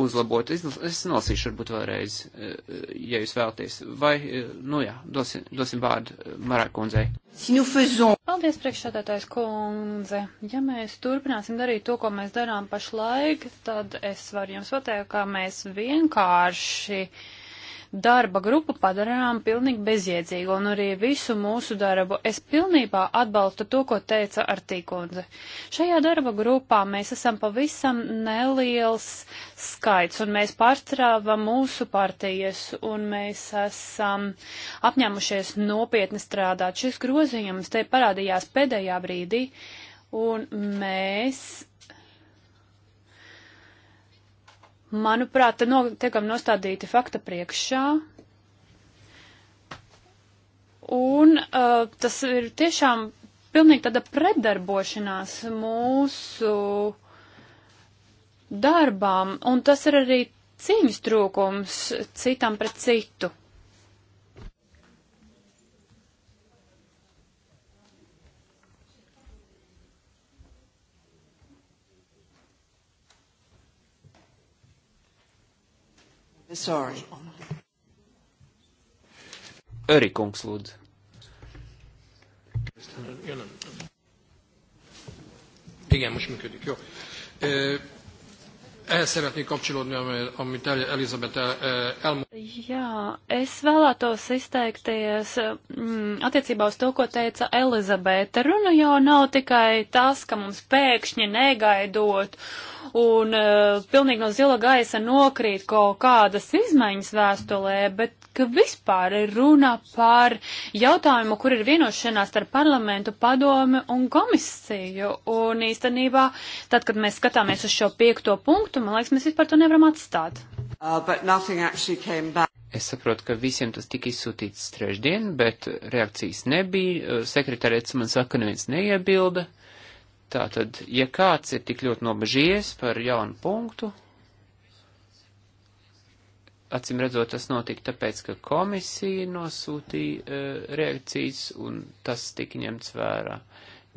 uzlabot. Es, es nolasīšu varbūt vēlreiz, eh, ja jūs vēlaties. Vai, nu jā, dosim, dosim vārdu Marai kundzei.
Paldies, priekšsādātājs kundze. Ja mēs turpināsim darīt to, ko mēs darām pašlaik, tad es varu jums pateikt, ka mēs vienkārši. Uh, darba grupu padarām pilnīgi bezjēdzīgu, un arī visu mūsu darbu es pilnībā atbalstu to, ko teica Artīkundze. Šajā darba grupā mēs esam pavisam neliels skaits, un mēs pārstrāvam mūsu partijas, un mēs esam apņēmušies nopietni strādāt. Šis grozījums te parādījās pēdējā brīdī, un mēs Manuprāt, tad no, tiekam nostādīti fakta priekšā. Un uh, tas ir tiešām pilnīgi tāda predarbošanās mūsu darbām, un tas ir arī cīņas trūkums citam pret citu.
Sorry.
Örikungs lūdzu.
Igen, most működik, jó. Ehhez szeretnék kapcsolódni, amit Elizabeth elmondta.
Jā, es vēlētos izteikties mm, attiecībā uz to, ko teica Elizabete. Runa jau nav tikai tas, ka mums pēkšņi negaidot un uh, pilnīgi no zila gaisa nokrīt kaut kādas izmaiņas vēstulē, bet ka vispār ir runa par jautājumu, kur ir vienošanās starp parlamentu, padomi un komisiju. Un īstenībā, tad, kad mēs skatāmies uz šo piekto punktu, man liekas, mēs vispār to nevaram atstāt. Uh,
Es saprotu, ka visiem tas tika izsūtīts trešdien, bet reakcijas nebija. Uh, Sekretārietis man saka, ka neviens neiebilda. Uh, Tātad, ja kāds ir tik ļoti nobežies par jaunu punktu, acīm redzot, tas notika tāpēc, ka komisija nosūtīja uh, reakcijas un tas tika ņemts vērā.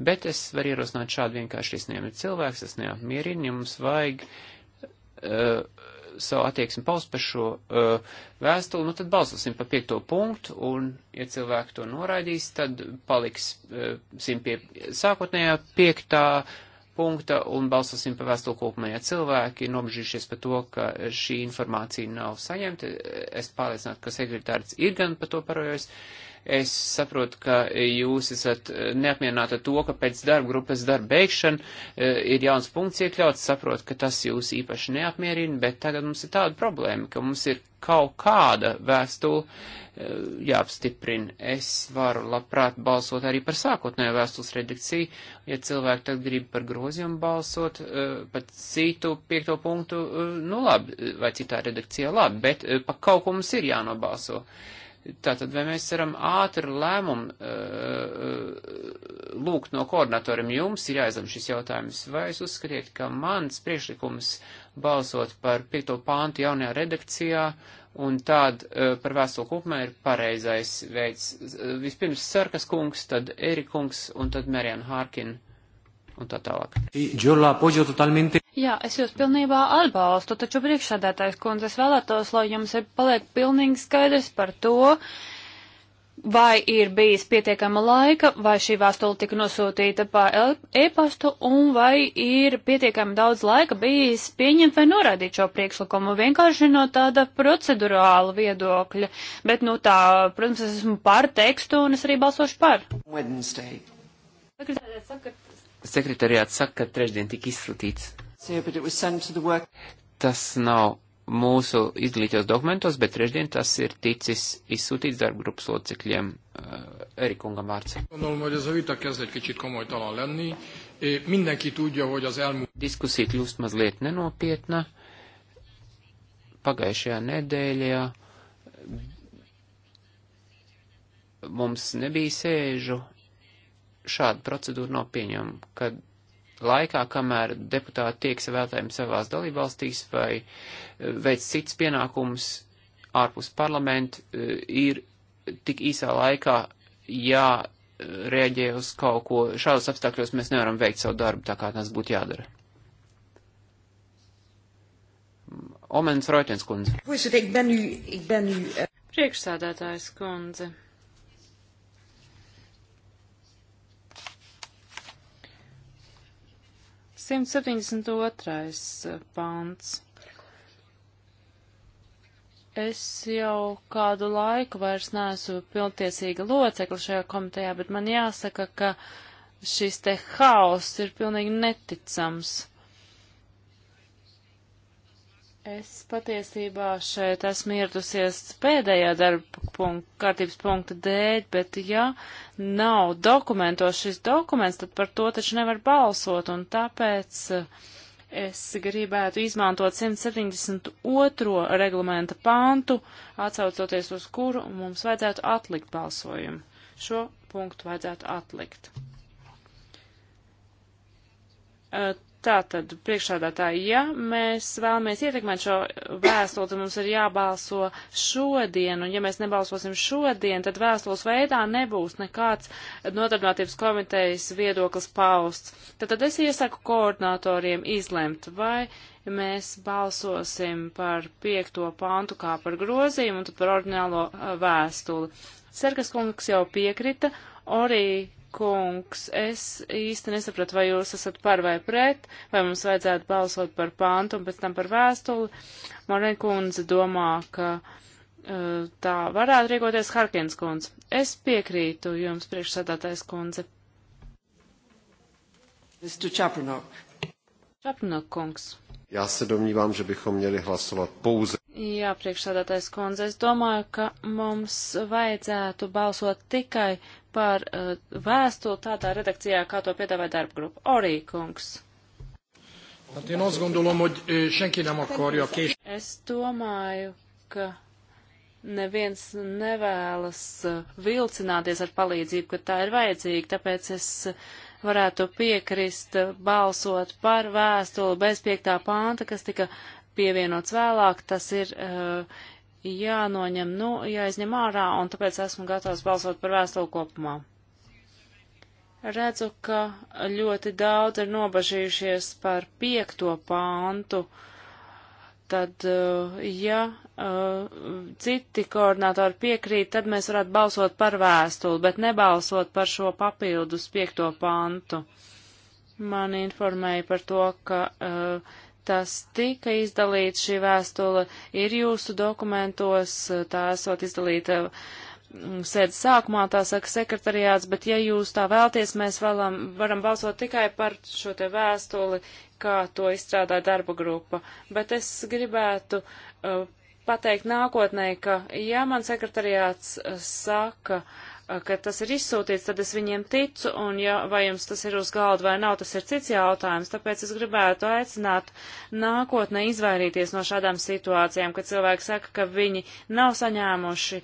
Bet es varu ierosināt šādu vienkārši risinājumu. Cilvēks tas neapmierina, ja mums vajag uh, savu attieksmi paust par šo uh, vēstuli, nu tad balsosim par piekto punktu, un, ja cilvēki to noraidīs, tad paliksim uh, pie sākotnējā piektā punkta un balsosim par vēstuli kopumā. Ja cilvēki nobežījušies par to, ka šī informācija nav saņemta, es pārliecinātu, ka sekretārs ir gan par to parojojis. Uh, Es saprotu, ka jūs esat eh, neapmierināti ar to, ka pēc darba grupas darba beigšana eh, ir jauns punkts iekļauts, saprotu, ka tas jūs īpaši neapmierina, bet tagad mums ir tāda problēma, ka mums ir kaut kāda vēstule eh, jāapstiprina. Es varu labprāt balsot arī par sākotnējo vēstules redakciju, ja cilvēki tad grib par grozījumu balsot, pat citu piekto punktu, nu labi, vai citā redakcijā labi, bet par kaut ko mums ir jānobalso. Uh, Tātad, vai mēs varam ātri lēmumu uh, lūgt no koordinatoriem, jums ir jāizlem šis jautājums, vai es uzskatiet, ka mans priekšlikums balsot par piekto pāntu jaunajā redakcijā un tād uh, eh, par vēstuli kopumā ir pareizais veids. Uh, vispirms Sarkas kungs, tad Erikungs un tad Marian Hārkina un tā
tālāk.
Jā, es jūs pilnībā atbalstu, taču priekšsādātājs kundze, es vēlētos, lai jums ir paliek pilnīgi skaidrs par to, vai ir bijis pietiekama laika, vai šī vēstule tika nosūtīta pa e-pastu, un vai ir pietiekami daudz laika bijis pieņemt vai noraidīt šo priekšlikumu, vienkārši no tāda procedurāla viedokļa. Bet, nu tā, protams, es esmu par tekstu, un es arī balsošu par.
Wednesday.
Sekretārēs saka,
Sekretariāts saka, ka trešdien tika izsūtīts. Tas nav mūsu izglītos dokumentos, bet trešdien tas ir ticis izsūtīts darba grupas locekļiem uh,
Erikungam vārds. Diskusija kļūst mazliet
nenopietna. Pagājušajā nedēļā mums nebija sēžu šāda procedūra nav pieņemama, kad laikā, kamēr deputāti tiek savētājiem savās dalībvalstīs vai eh, veic cits pienākums ārpus parlamentu, eh, ir tik īsā laikā jāreaģē uz kaut ko. Šādos apstākļos mēs nevaram veikt savu darbu tā, kā tas būtu jādara. Omens Roitens kundze.
Priekšsādātājs kundze. 172. pants. Es jau kādu laiku vairs neesmu pilntiesīga locekla šajā komitejā, bet man jāsaka, ka šis te haoss ir pilnīgi neticams. Es patiesībā šeit esmu ieradusies pēdējā darba punktu, kārtības punkta dēļ, bet ja nav dokumentos šis dokuments, tad par to taču nevar balsot, un tāpēc eh, es gribētu izmantot 172. reglamenta pantu, atsaucoties uz kuru mums vajadzētu atlikt balsojumu. Šo punktu vajadzētu atlikt. Uh, Tātad, priekšādātāji, ja mēs vēlamies ietekmēt šo vēstuli, tad mums ir jābalso šodien, un ja mēs nebalsosim šodien, tad vēstules veidā nebūs nekāds nodarbinātības komitejas viedoklis pausts. Tad, tad es iesaku koordinatoriem izlemt, vai mēs balsosim par piekto pantu kā par grozījumu un tad par ordinālo uh, vēstuli. Serkas kungs jau piekrita, arī kungs, es īsti nesapratu, vai jūs esat par vai pret, vai mums vajadzētu balsot par pāntu un pēc tam par vēstuli. Morēna kundze domā, ka uh, tā varētu rīkoties Harkins kundze. Es piekrītu jums priekšsēdātais kundze.
Čaprinok kungs. Já se domnívám, že bychom měli hlasovat pouze.
Jā, priekšsādātais kundze, es domāju, ka mums vajadzētu balsot tikai par uh, vēstuli tādā redakcijā, kā to piedāvāja darba grupa. Orīkungs.
Hát én azt gondolom, hogy eh, senki nem akarja kés...
Es domāju, ka neviens nevēlas eh, vilcināties ar palīdzību, ka tā ir vajadzīga, tāpēc es varētu piekrist balsot par vēstuli bez piektā pānta, kas tika pievienots vēlāk. Tas ir uh, jānoņem, nu, jāizņem ārā, un tāpēc esmu gatavs balsot par vēstuli kopumā. Redzu, ka ļoti daudz ir nobažījušies par piekto pāntu, tad, uh, ja uh, citi koordinātori piekrīt, tad mēs varētu balsot par vēstuli, bet nebalsot par šo papildus piekto pāntu. Man informēja par to, ka uh, Tas tika izdalīts, šī vēstule ir jūsu dokumentos, tā esot izdalīta mm, sēdes sākumā, tā saka sekretariāts, bet ja jūs tā vēlties, mēs vēlam, varam balsot tikai par šo te vēstuli, kā to izstrādā darba grupa. Bet es gribētu uh, pateikt nākotnē, ka ja man sekretariāts uh, saka, uh, Eh, ka tas ir izsūtīts, tad es viņiem ticu, un ja, vai jums tas ir uz galda vai nav, tas ir cits jautājums. Tāpēc es gribētu aicināt nākotnē izvairīties no šādām situācijām, kad cilvēki saka, ka viņi nav saņēmuši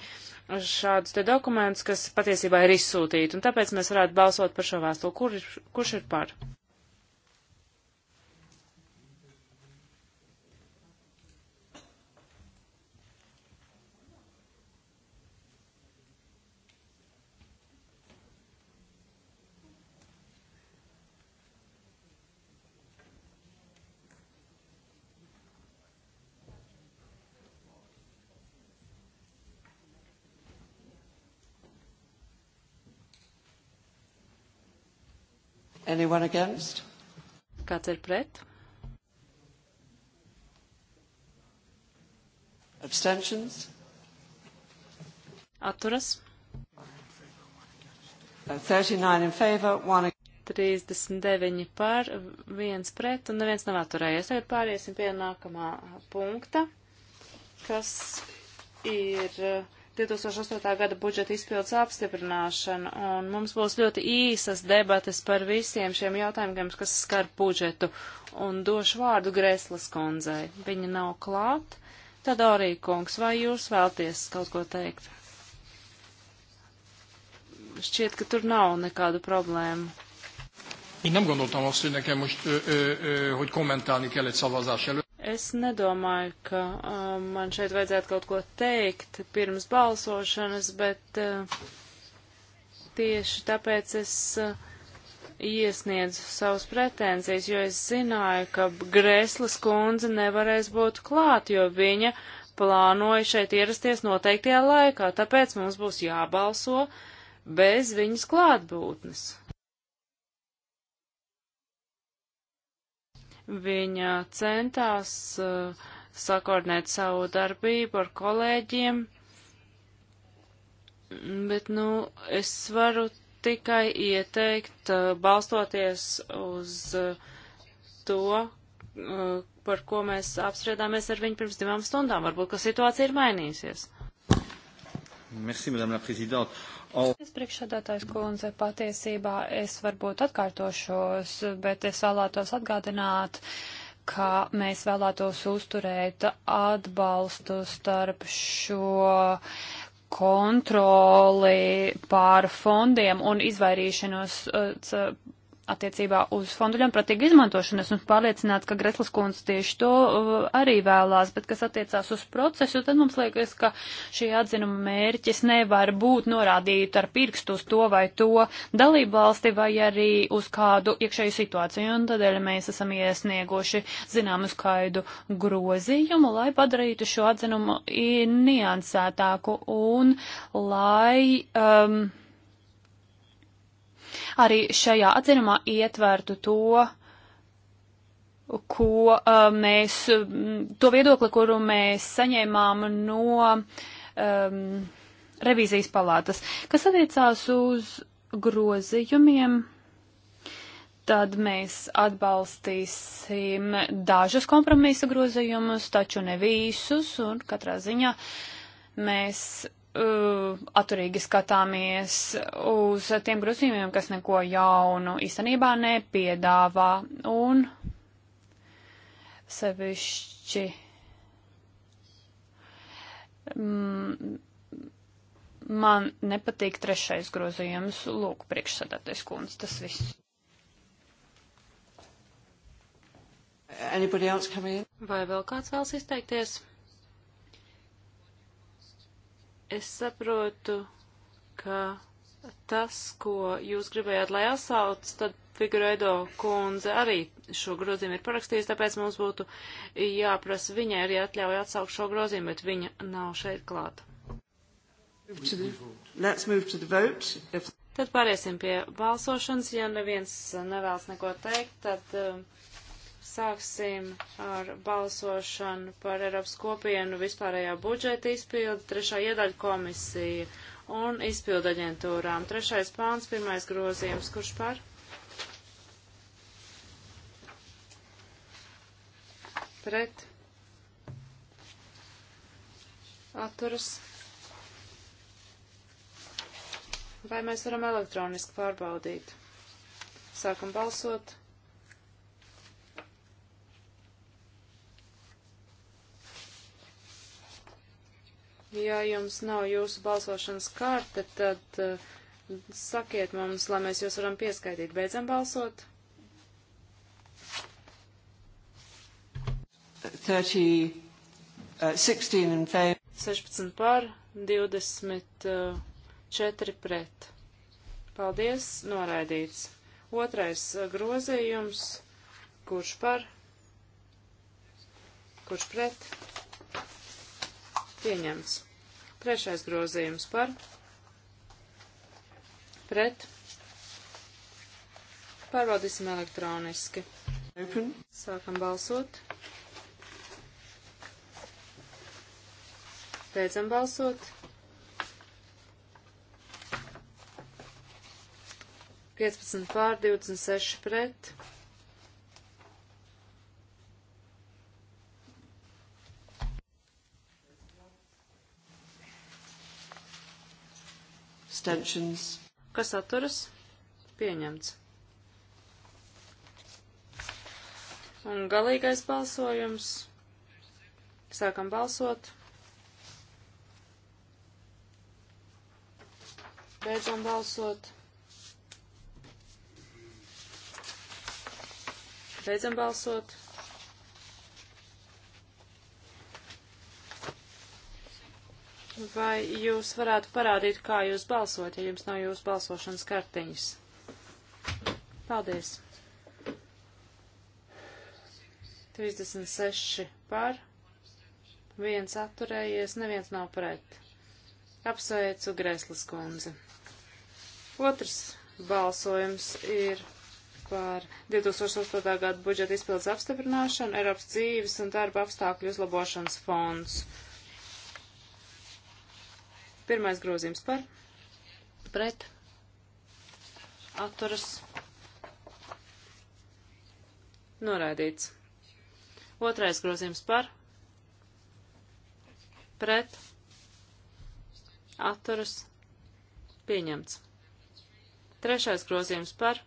šādus te dokumentus, kas patiesībā ir izsūtīti, un tāpēc mēs varētu balsot par šo vēstuli. Kur ir, kurš ir par? Anyone against? Kāds ir pret? Abstentions? Atturas? 39 uh, in favor, 1 39 par, 1 pret un neviens nav atturējies. Tagad pāriesim pie nākamā punkta, kas ir uh, 2008. gada budžeta izpildes apstiprināšanu, un mums būs ļoti īsas debates par visiem šiem jautājumiem, kas skar budžetu, un došu vārdu Grēslas kundzei. Viņa nav klāt. Tad arī, kungs, vai jūs vēlties kaut ko teikt? Šķiet, ka tur nav nekādu problēmu.
Én nem gondoltam azt, hogy nekem most, ö, ö, hogy kommentálni kell egy szavazás előtt.
Es nedomāju, ka um, man šeit vajadzētu kaut ko teikt pirms balsošanas, bet uh, tieši tāpēc es uh, iesniedzu savus pretenzijas, jo es zināju, ka Greslas kundze nevarēs būt klāt, jo viņa plānoja šeit ierasties noteiktajā laikā, tāpēc mums būs jābalso bez viņas klātbūtnes. Viņa centās uh, sakoordinēt savu darbību ar kolēģiem, bet, nu, es varu tikai ieteikt, uh, balstoties uz uh, to, uh, par ko mēs apspriedāmies ar viņu pirms divām stundām. Varbūt, ka situācija ir mainījusies.
Merci, madame la présidente. Es
priekšsēdētājs kundze, patiesībā es varbūt atkārtošos, bet es vēlētos atgādināt, ka mēs vēlētos uzturēt atbalstu starp šo kontroli pār fondiem un izvairīšanos uh, attiecībā uz fondu ļaunprātīgu izmantošanu. Esmu pārliecināts, ka Greslas kundze tieši to uh, arī vēlās, bet kas attiecās uz procesu, tad mums liekas, ka šī atzinuma mērķis nevar būt norādīt ar pirkstu uz to vai to dalību valsti vai arī uz kādu iekšēju situāciju. Un tādēļ mēs esam iesnieguši zināmu skaidu grozījumu, lai padarītu šo atzinumu niansētāku un lai. Um, arī šajā atzinumā ietvertu to, ko uh, mēs, mm, to viedokli, kuru mēs saņēmām no um, revīzijas palātas, kas attiecās uz grozījumiem tad mēs atbalstīsim dažus kompromisa grozījumus, taču ne visus, un katrā ziņā mēs uh, atturīgi skatāmies uz tiem grozījumiem, kas neko jaunu īstenībā nepiedāvā un sevišķi. Mm, man nepatīk trešais grozījums, lūk, priekšsēdētais kundze, tas viss. Vai
vēl kāds vēlas izteikties? Es saprotu, ka tas, ko jūs gribējāt, lai atsauc, tad Figuredo kundze arī šo grozījumu ir parakstījusi, tāpēc mums būtu jāprasa viņai arī atļauja atsaukt šo grozījumu, bet viņa nav šeit klāta. If... Tad pāriesim pie balsošanas. Ja neviens nevēlas neko teikt, tad um, Sāksim ar balsošanu par Eiropas kopienu vispārējā budžeta izpildu, trešā iedaļa komisija un izpildu aģentūrām. Trešais pāns, pirmais grozījums, kurš par? Pret. Atturas. Vai mēs varam elektroniski pārbaudīt? Sākam balsot. Ja jums nav jūsu balsošanas karte, tad uh, sakiet mums, lai mēs jūs varam pieskaitīt. Beidzam balsot. 30, uh, 16, 16 par, 24 eh, pret. Paldies, noraidīts. Otrais eh, grozījums, kurš par, kurš pret pieņemts. Trešais grozījums par pret. Pārbaudīsim elektroniski. Open. Sākam balsot. Beidzam balsot. 15 pār 26 pret. Abstentions. Kas atturas? Pieņemts. Un galīgais balsojums. Sākam balsot. Beidzam balsot. Beidzam balsot. vai jūs varētu parādīt, kā jūs balsot, ja jums nav jūsu balsošanas kartiņas? Paldies! 36 par, viens atturējies, neviens nav pret. Apsveicu Greslas kundzi. Otrs balsojums ir par 2008. gada budžeta izpildes apstiprināšanu, Eiropas dzīves un darba apstākļu uzlabošanas fonds. Pirmais grozījums par pret atturas noraidīts. Otrais grozījums par pret atturas pieņemts. Trešais grozījums par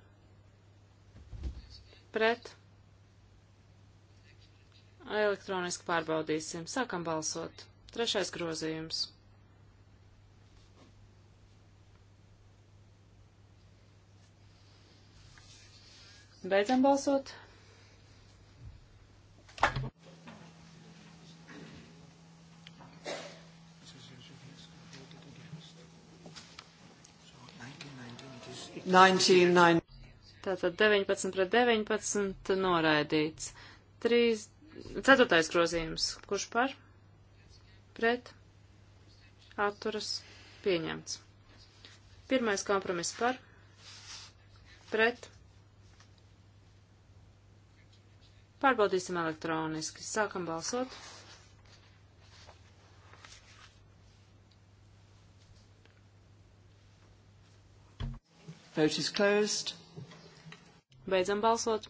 pret elektroniski pārbaudīsim. Sākam balsot. Trešais grozījums. Beidzam balsot.
Nineteen, nine.
Tātad 19 pret 19 noraidīts. 3, 4. grozījums. Kurš par? Pret? Atturas? Pieņemts. Pirmais kompromiss par? Pret? Pārbaudīsim elektroniski. Sākam balsot. Vote is closed. Beidzam balsot.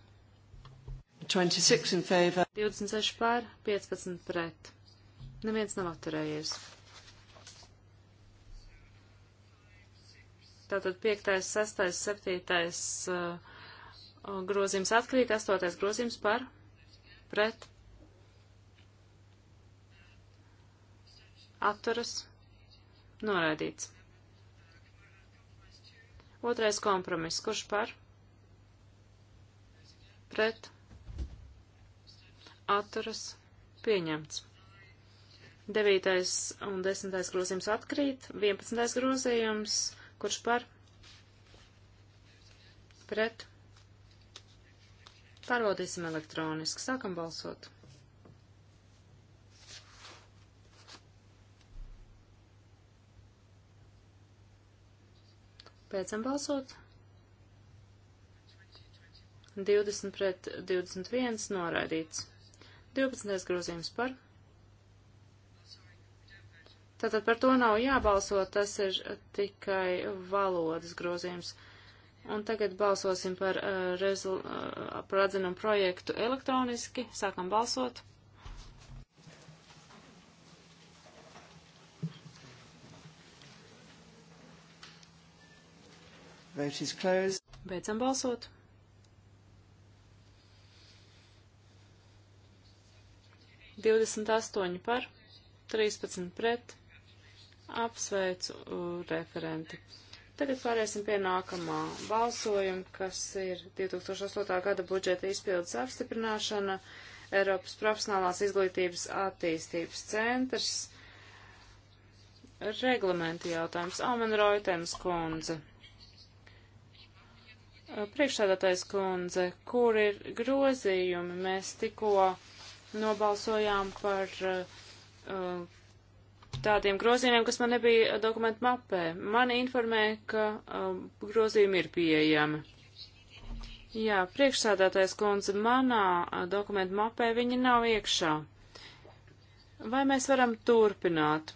26 in favor. 26 pār, 15 pret. Neviens nav atturējies. Tātad 5., 6., 7. grozījums atkrīt, 8. grozījums par pret atturas noraidīts. Otrais kompromiss. Kurš par? Pret atturas pieņemts. Devītais un desmitais grozījums atkrīt. Vienpadsmitais grozījums. Kurš par? Pret Pārbaudīsim elektroniski. Sākam balsot. Pēcam balsot. 20 pret 21 noraidīts. 12. grozījums par. Tātad par to nav jābalso, tas ir tikai valodas grozījums. Un tagad balsosim par, uh, rezul, uh, par atzinumu projektu elektroniski. Sākam balsot. Vote is closed. Beidzam balsot. Divdesmit astoņi par, trīspadsmit pret. Apsveicu uh, referenti. Tagad pāriesim pie nākamā balsojuma, kas ir 2008. gada budžeta izpildes apstiprināšana Eiropas profesionālās izglītības attīstības centrs. Reglamenti jautājums. Amen Roitens kundze. Priekšsēdātais kundze, kur ir grozījumi? Mēs tikko nobalsojām par uh, tādiem grozījumiem, kas man nebija eh, dokumentu mapē. Man informē, ka um, grozījumi ir pieejami. Jā, priekšsādātais kundze, manā eh, dokumentu mapē viņi nav iekšā. Vai mēs varam turpināt?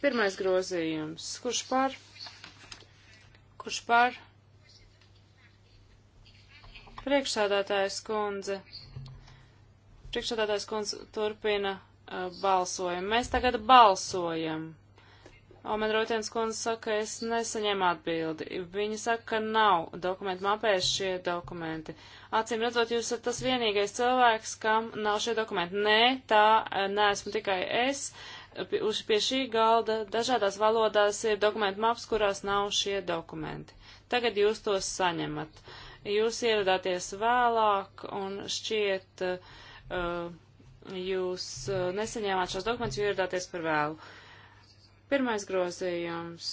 Pirmais grozījums. Kurš par? Kurš par? Priekšsādātājs kundze. Priekšsādātājs kundze turpina Uh, balsojam. Mēs tagad balsojam. Omen Rotēns kundze saka, es nesaņēmu atbildi. Viņa saka, ka nav dokumentu mapēs šie dokumenti. Acīm redzot, jūs esat tas vienīgais cilvēks, kam nav šie dokumenti. Nē, tā uh, neesmu tikai es. Uz pie šī galda dažādās valodās ir dokumentu maps, kurās nav šie dokumenti. Tagad jūs tos saņemat. Jūs ieradāties vēlāk un šķiet. Uh, jūs eh, nesaņēmāt šos dokumentus, jo ieradāties par vēlu. Pirmais grozījums,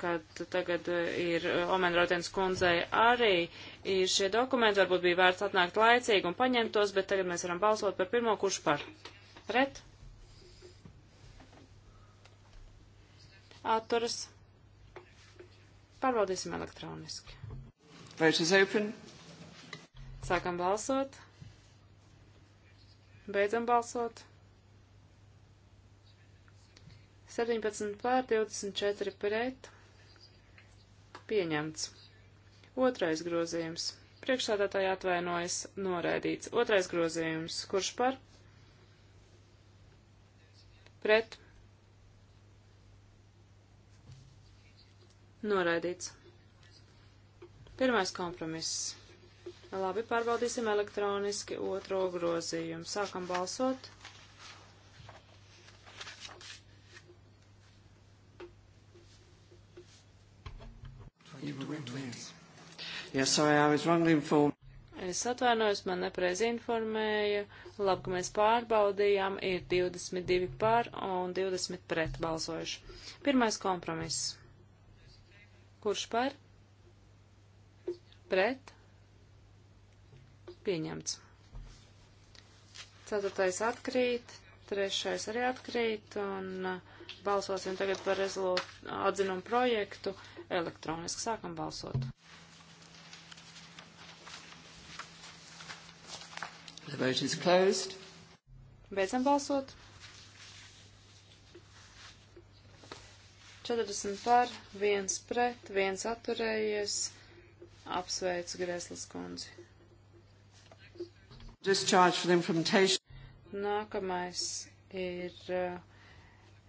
kad tagad eh, ir eh, Omenrotens kundzei arī ir šie dokumenti, varbūt bija vērts atnākt laicīgi un paņemt tos, bet tagad mēs varam balsot par pirmo, kurš par. Pret? Atturas. Pārbaudīsim elektroniski.
Vai šis open?
Sākam balsot. Beidzam balsot. 17 pār 24 pret. Pieņemts. Otrais grozījums. Priekšsādātāji atvainojas noraidīts. Otrais grozījums. Kurš par? Pret. Noraidīts. Pirmais kompromiss. Labi, pārbaudīsim elektroniski otro grozījumu. Sākam balsot.
Yes, sorry, I was wrongly informed.
Es atvainojos, man nepreiz informēja. Labi, ka mēs pārbaudījām, ir 22 par un 20 pret balsojuši. Pirmais kompromiss. Kurš par? Pret? pieņemts. Ceturtais atkrīt, trešais arī atkrīt, un uh, balsosim tagad par atzinumu projektu elektroniski. Sākam balsot.
The vote is closed.
Beidzam balsot. 40 par, 1 pret, 1 atturējies. Apsveicu Greslas kundzi. Nākamais ir uh,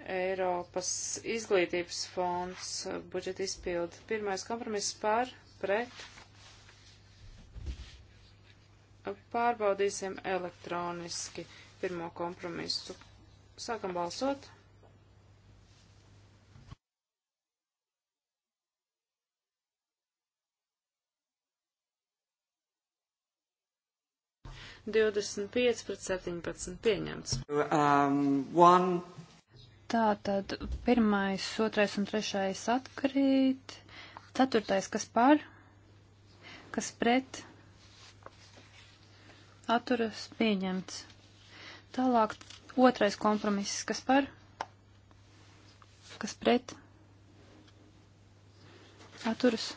Eiropas izglītības fonds uh, budžeta izpildi. Pirmais kompromiss par, pret. Pārbaudīsim elektroniski pirmo kompromisu. Sākam balsot. 25 pret 17
pieņemts. Um, one. Tā tad pirmais, otrais un trešais atkrīt. Ceturtais, kas par, kas pret, atturas pieņemts. Tālāk otrais kompromiss, kas par, kas pret, atturas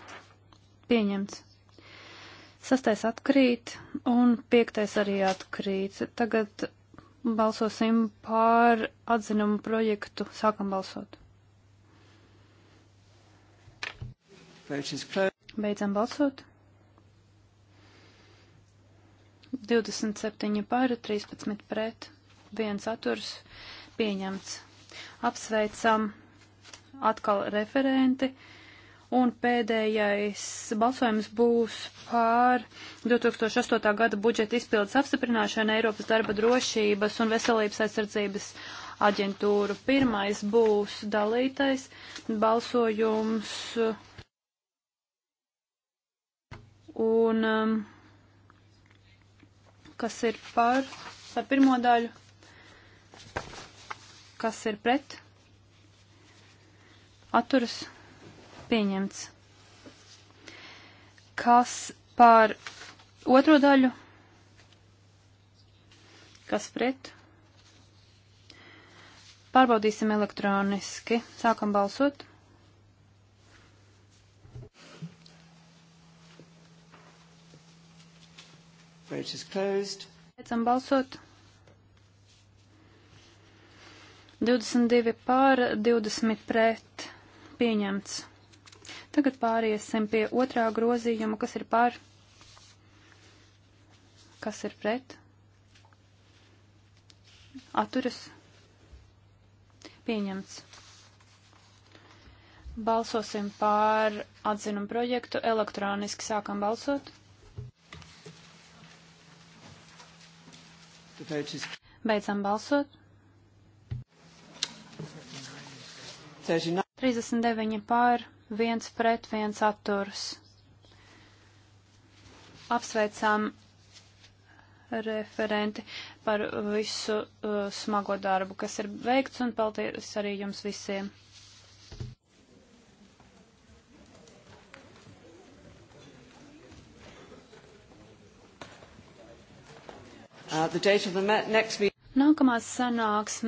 pieņemts. Sastais atkrīt un piektais arī atkrīt. Tagad balsosim pār atzinumu projektu. Sākam balsot.
Beidzam
balsot. 27 pār, 13 pret, 1 saturs pieņemts. Apsveicam atkal referenti. Un pēdējais balsojums būs pār 2008. gada budžeta izpildes apstiprināšanu Eiropas darba drošības un veselības aizsardzības aģentūru. Pirmais būs dalītais balsojums. Un um, kas ir par, par pirmo daļu? Kas ir pret? Atturas pieņemts. Kas par otro daļu? Kas pret? Pārbaudīsim elektroniski. Sākam balsot.
Vote is closed.
Beidzam balsot. 22 pār, 20 pret. Pieņemts. Tagad pāriesim pie otrā grozījuma, kas ir pār, kas ir pret, atturas, pieņemts. Balsosim pār atzinumu projektu, elektroniski sākam balsot. Beidzam balsot. 39 pār viens pret, viens atturs. Apsveicām referenti par visu uh, smago darbu, kas ir veikts, un paldies arī jums visiem. Uh, Nākamā sanāksme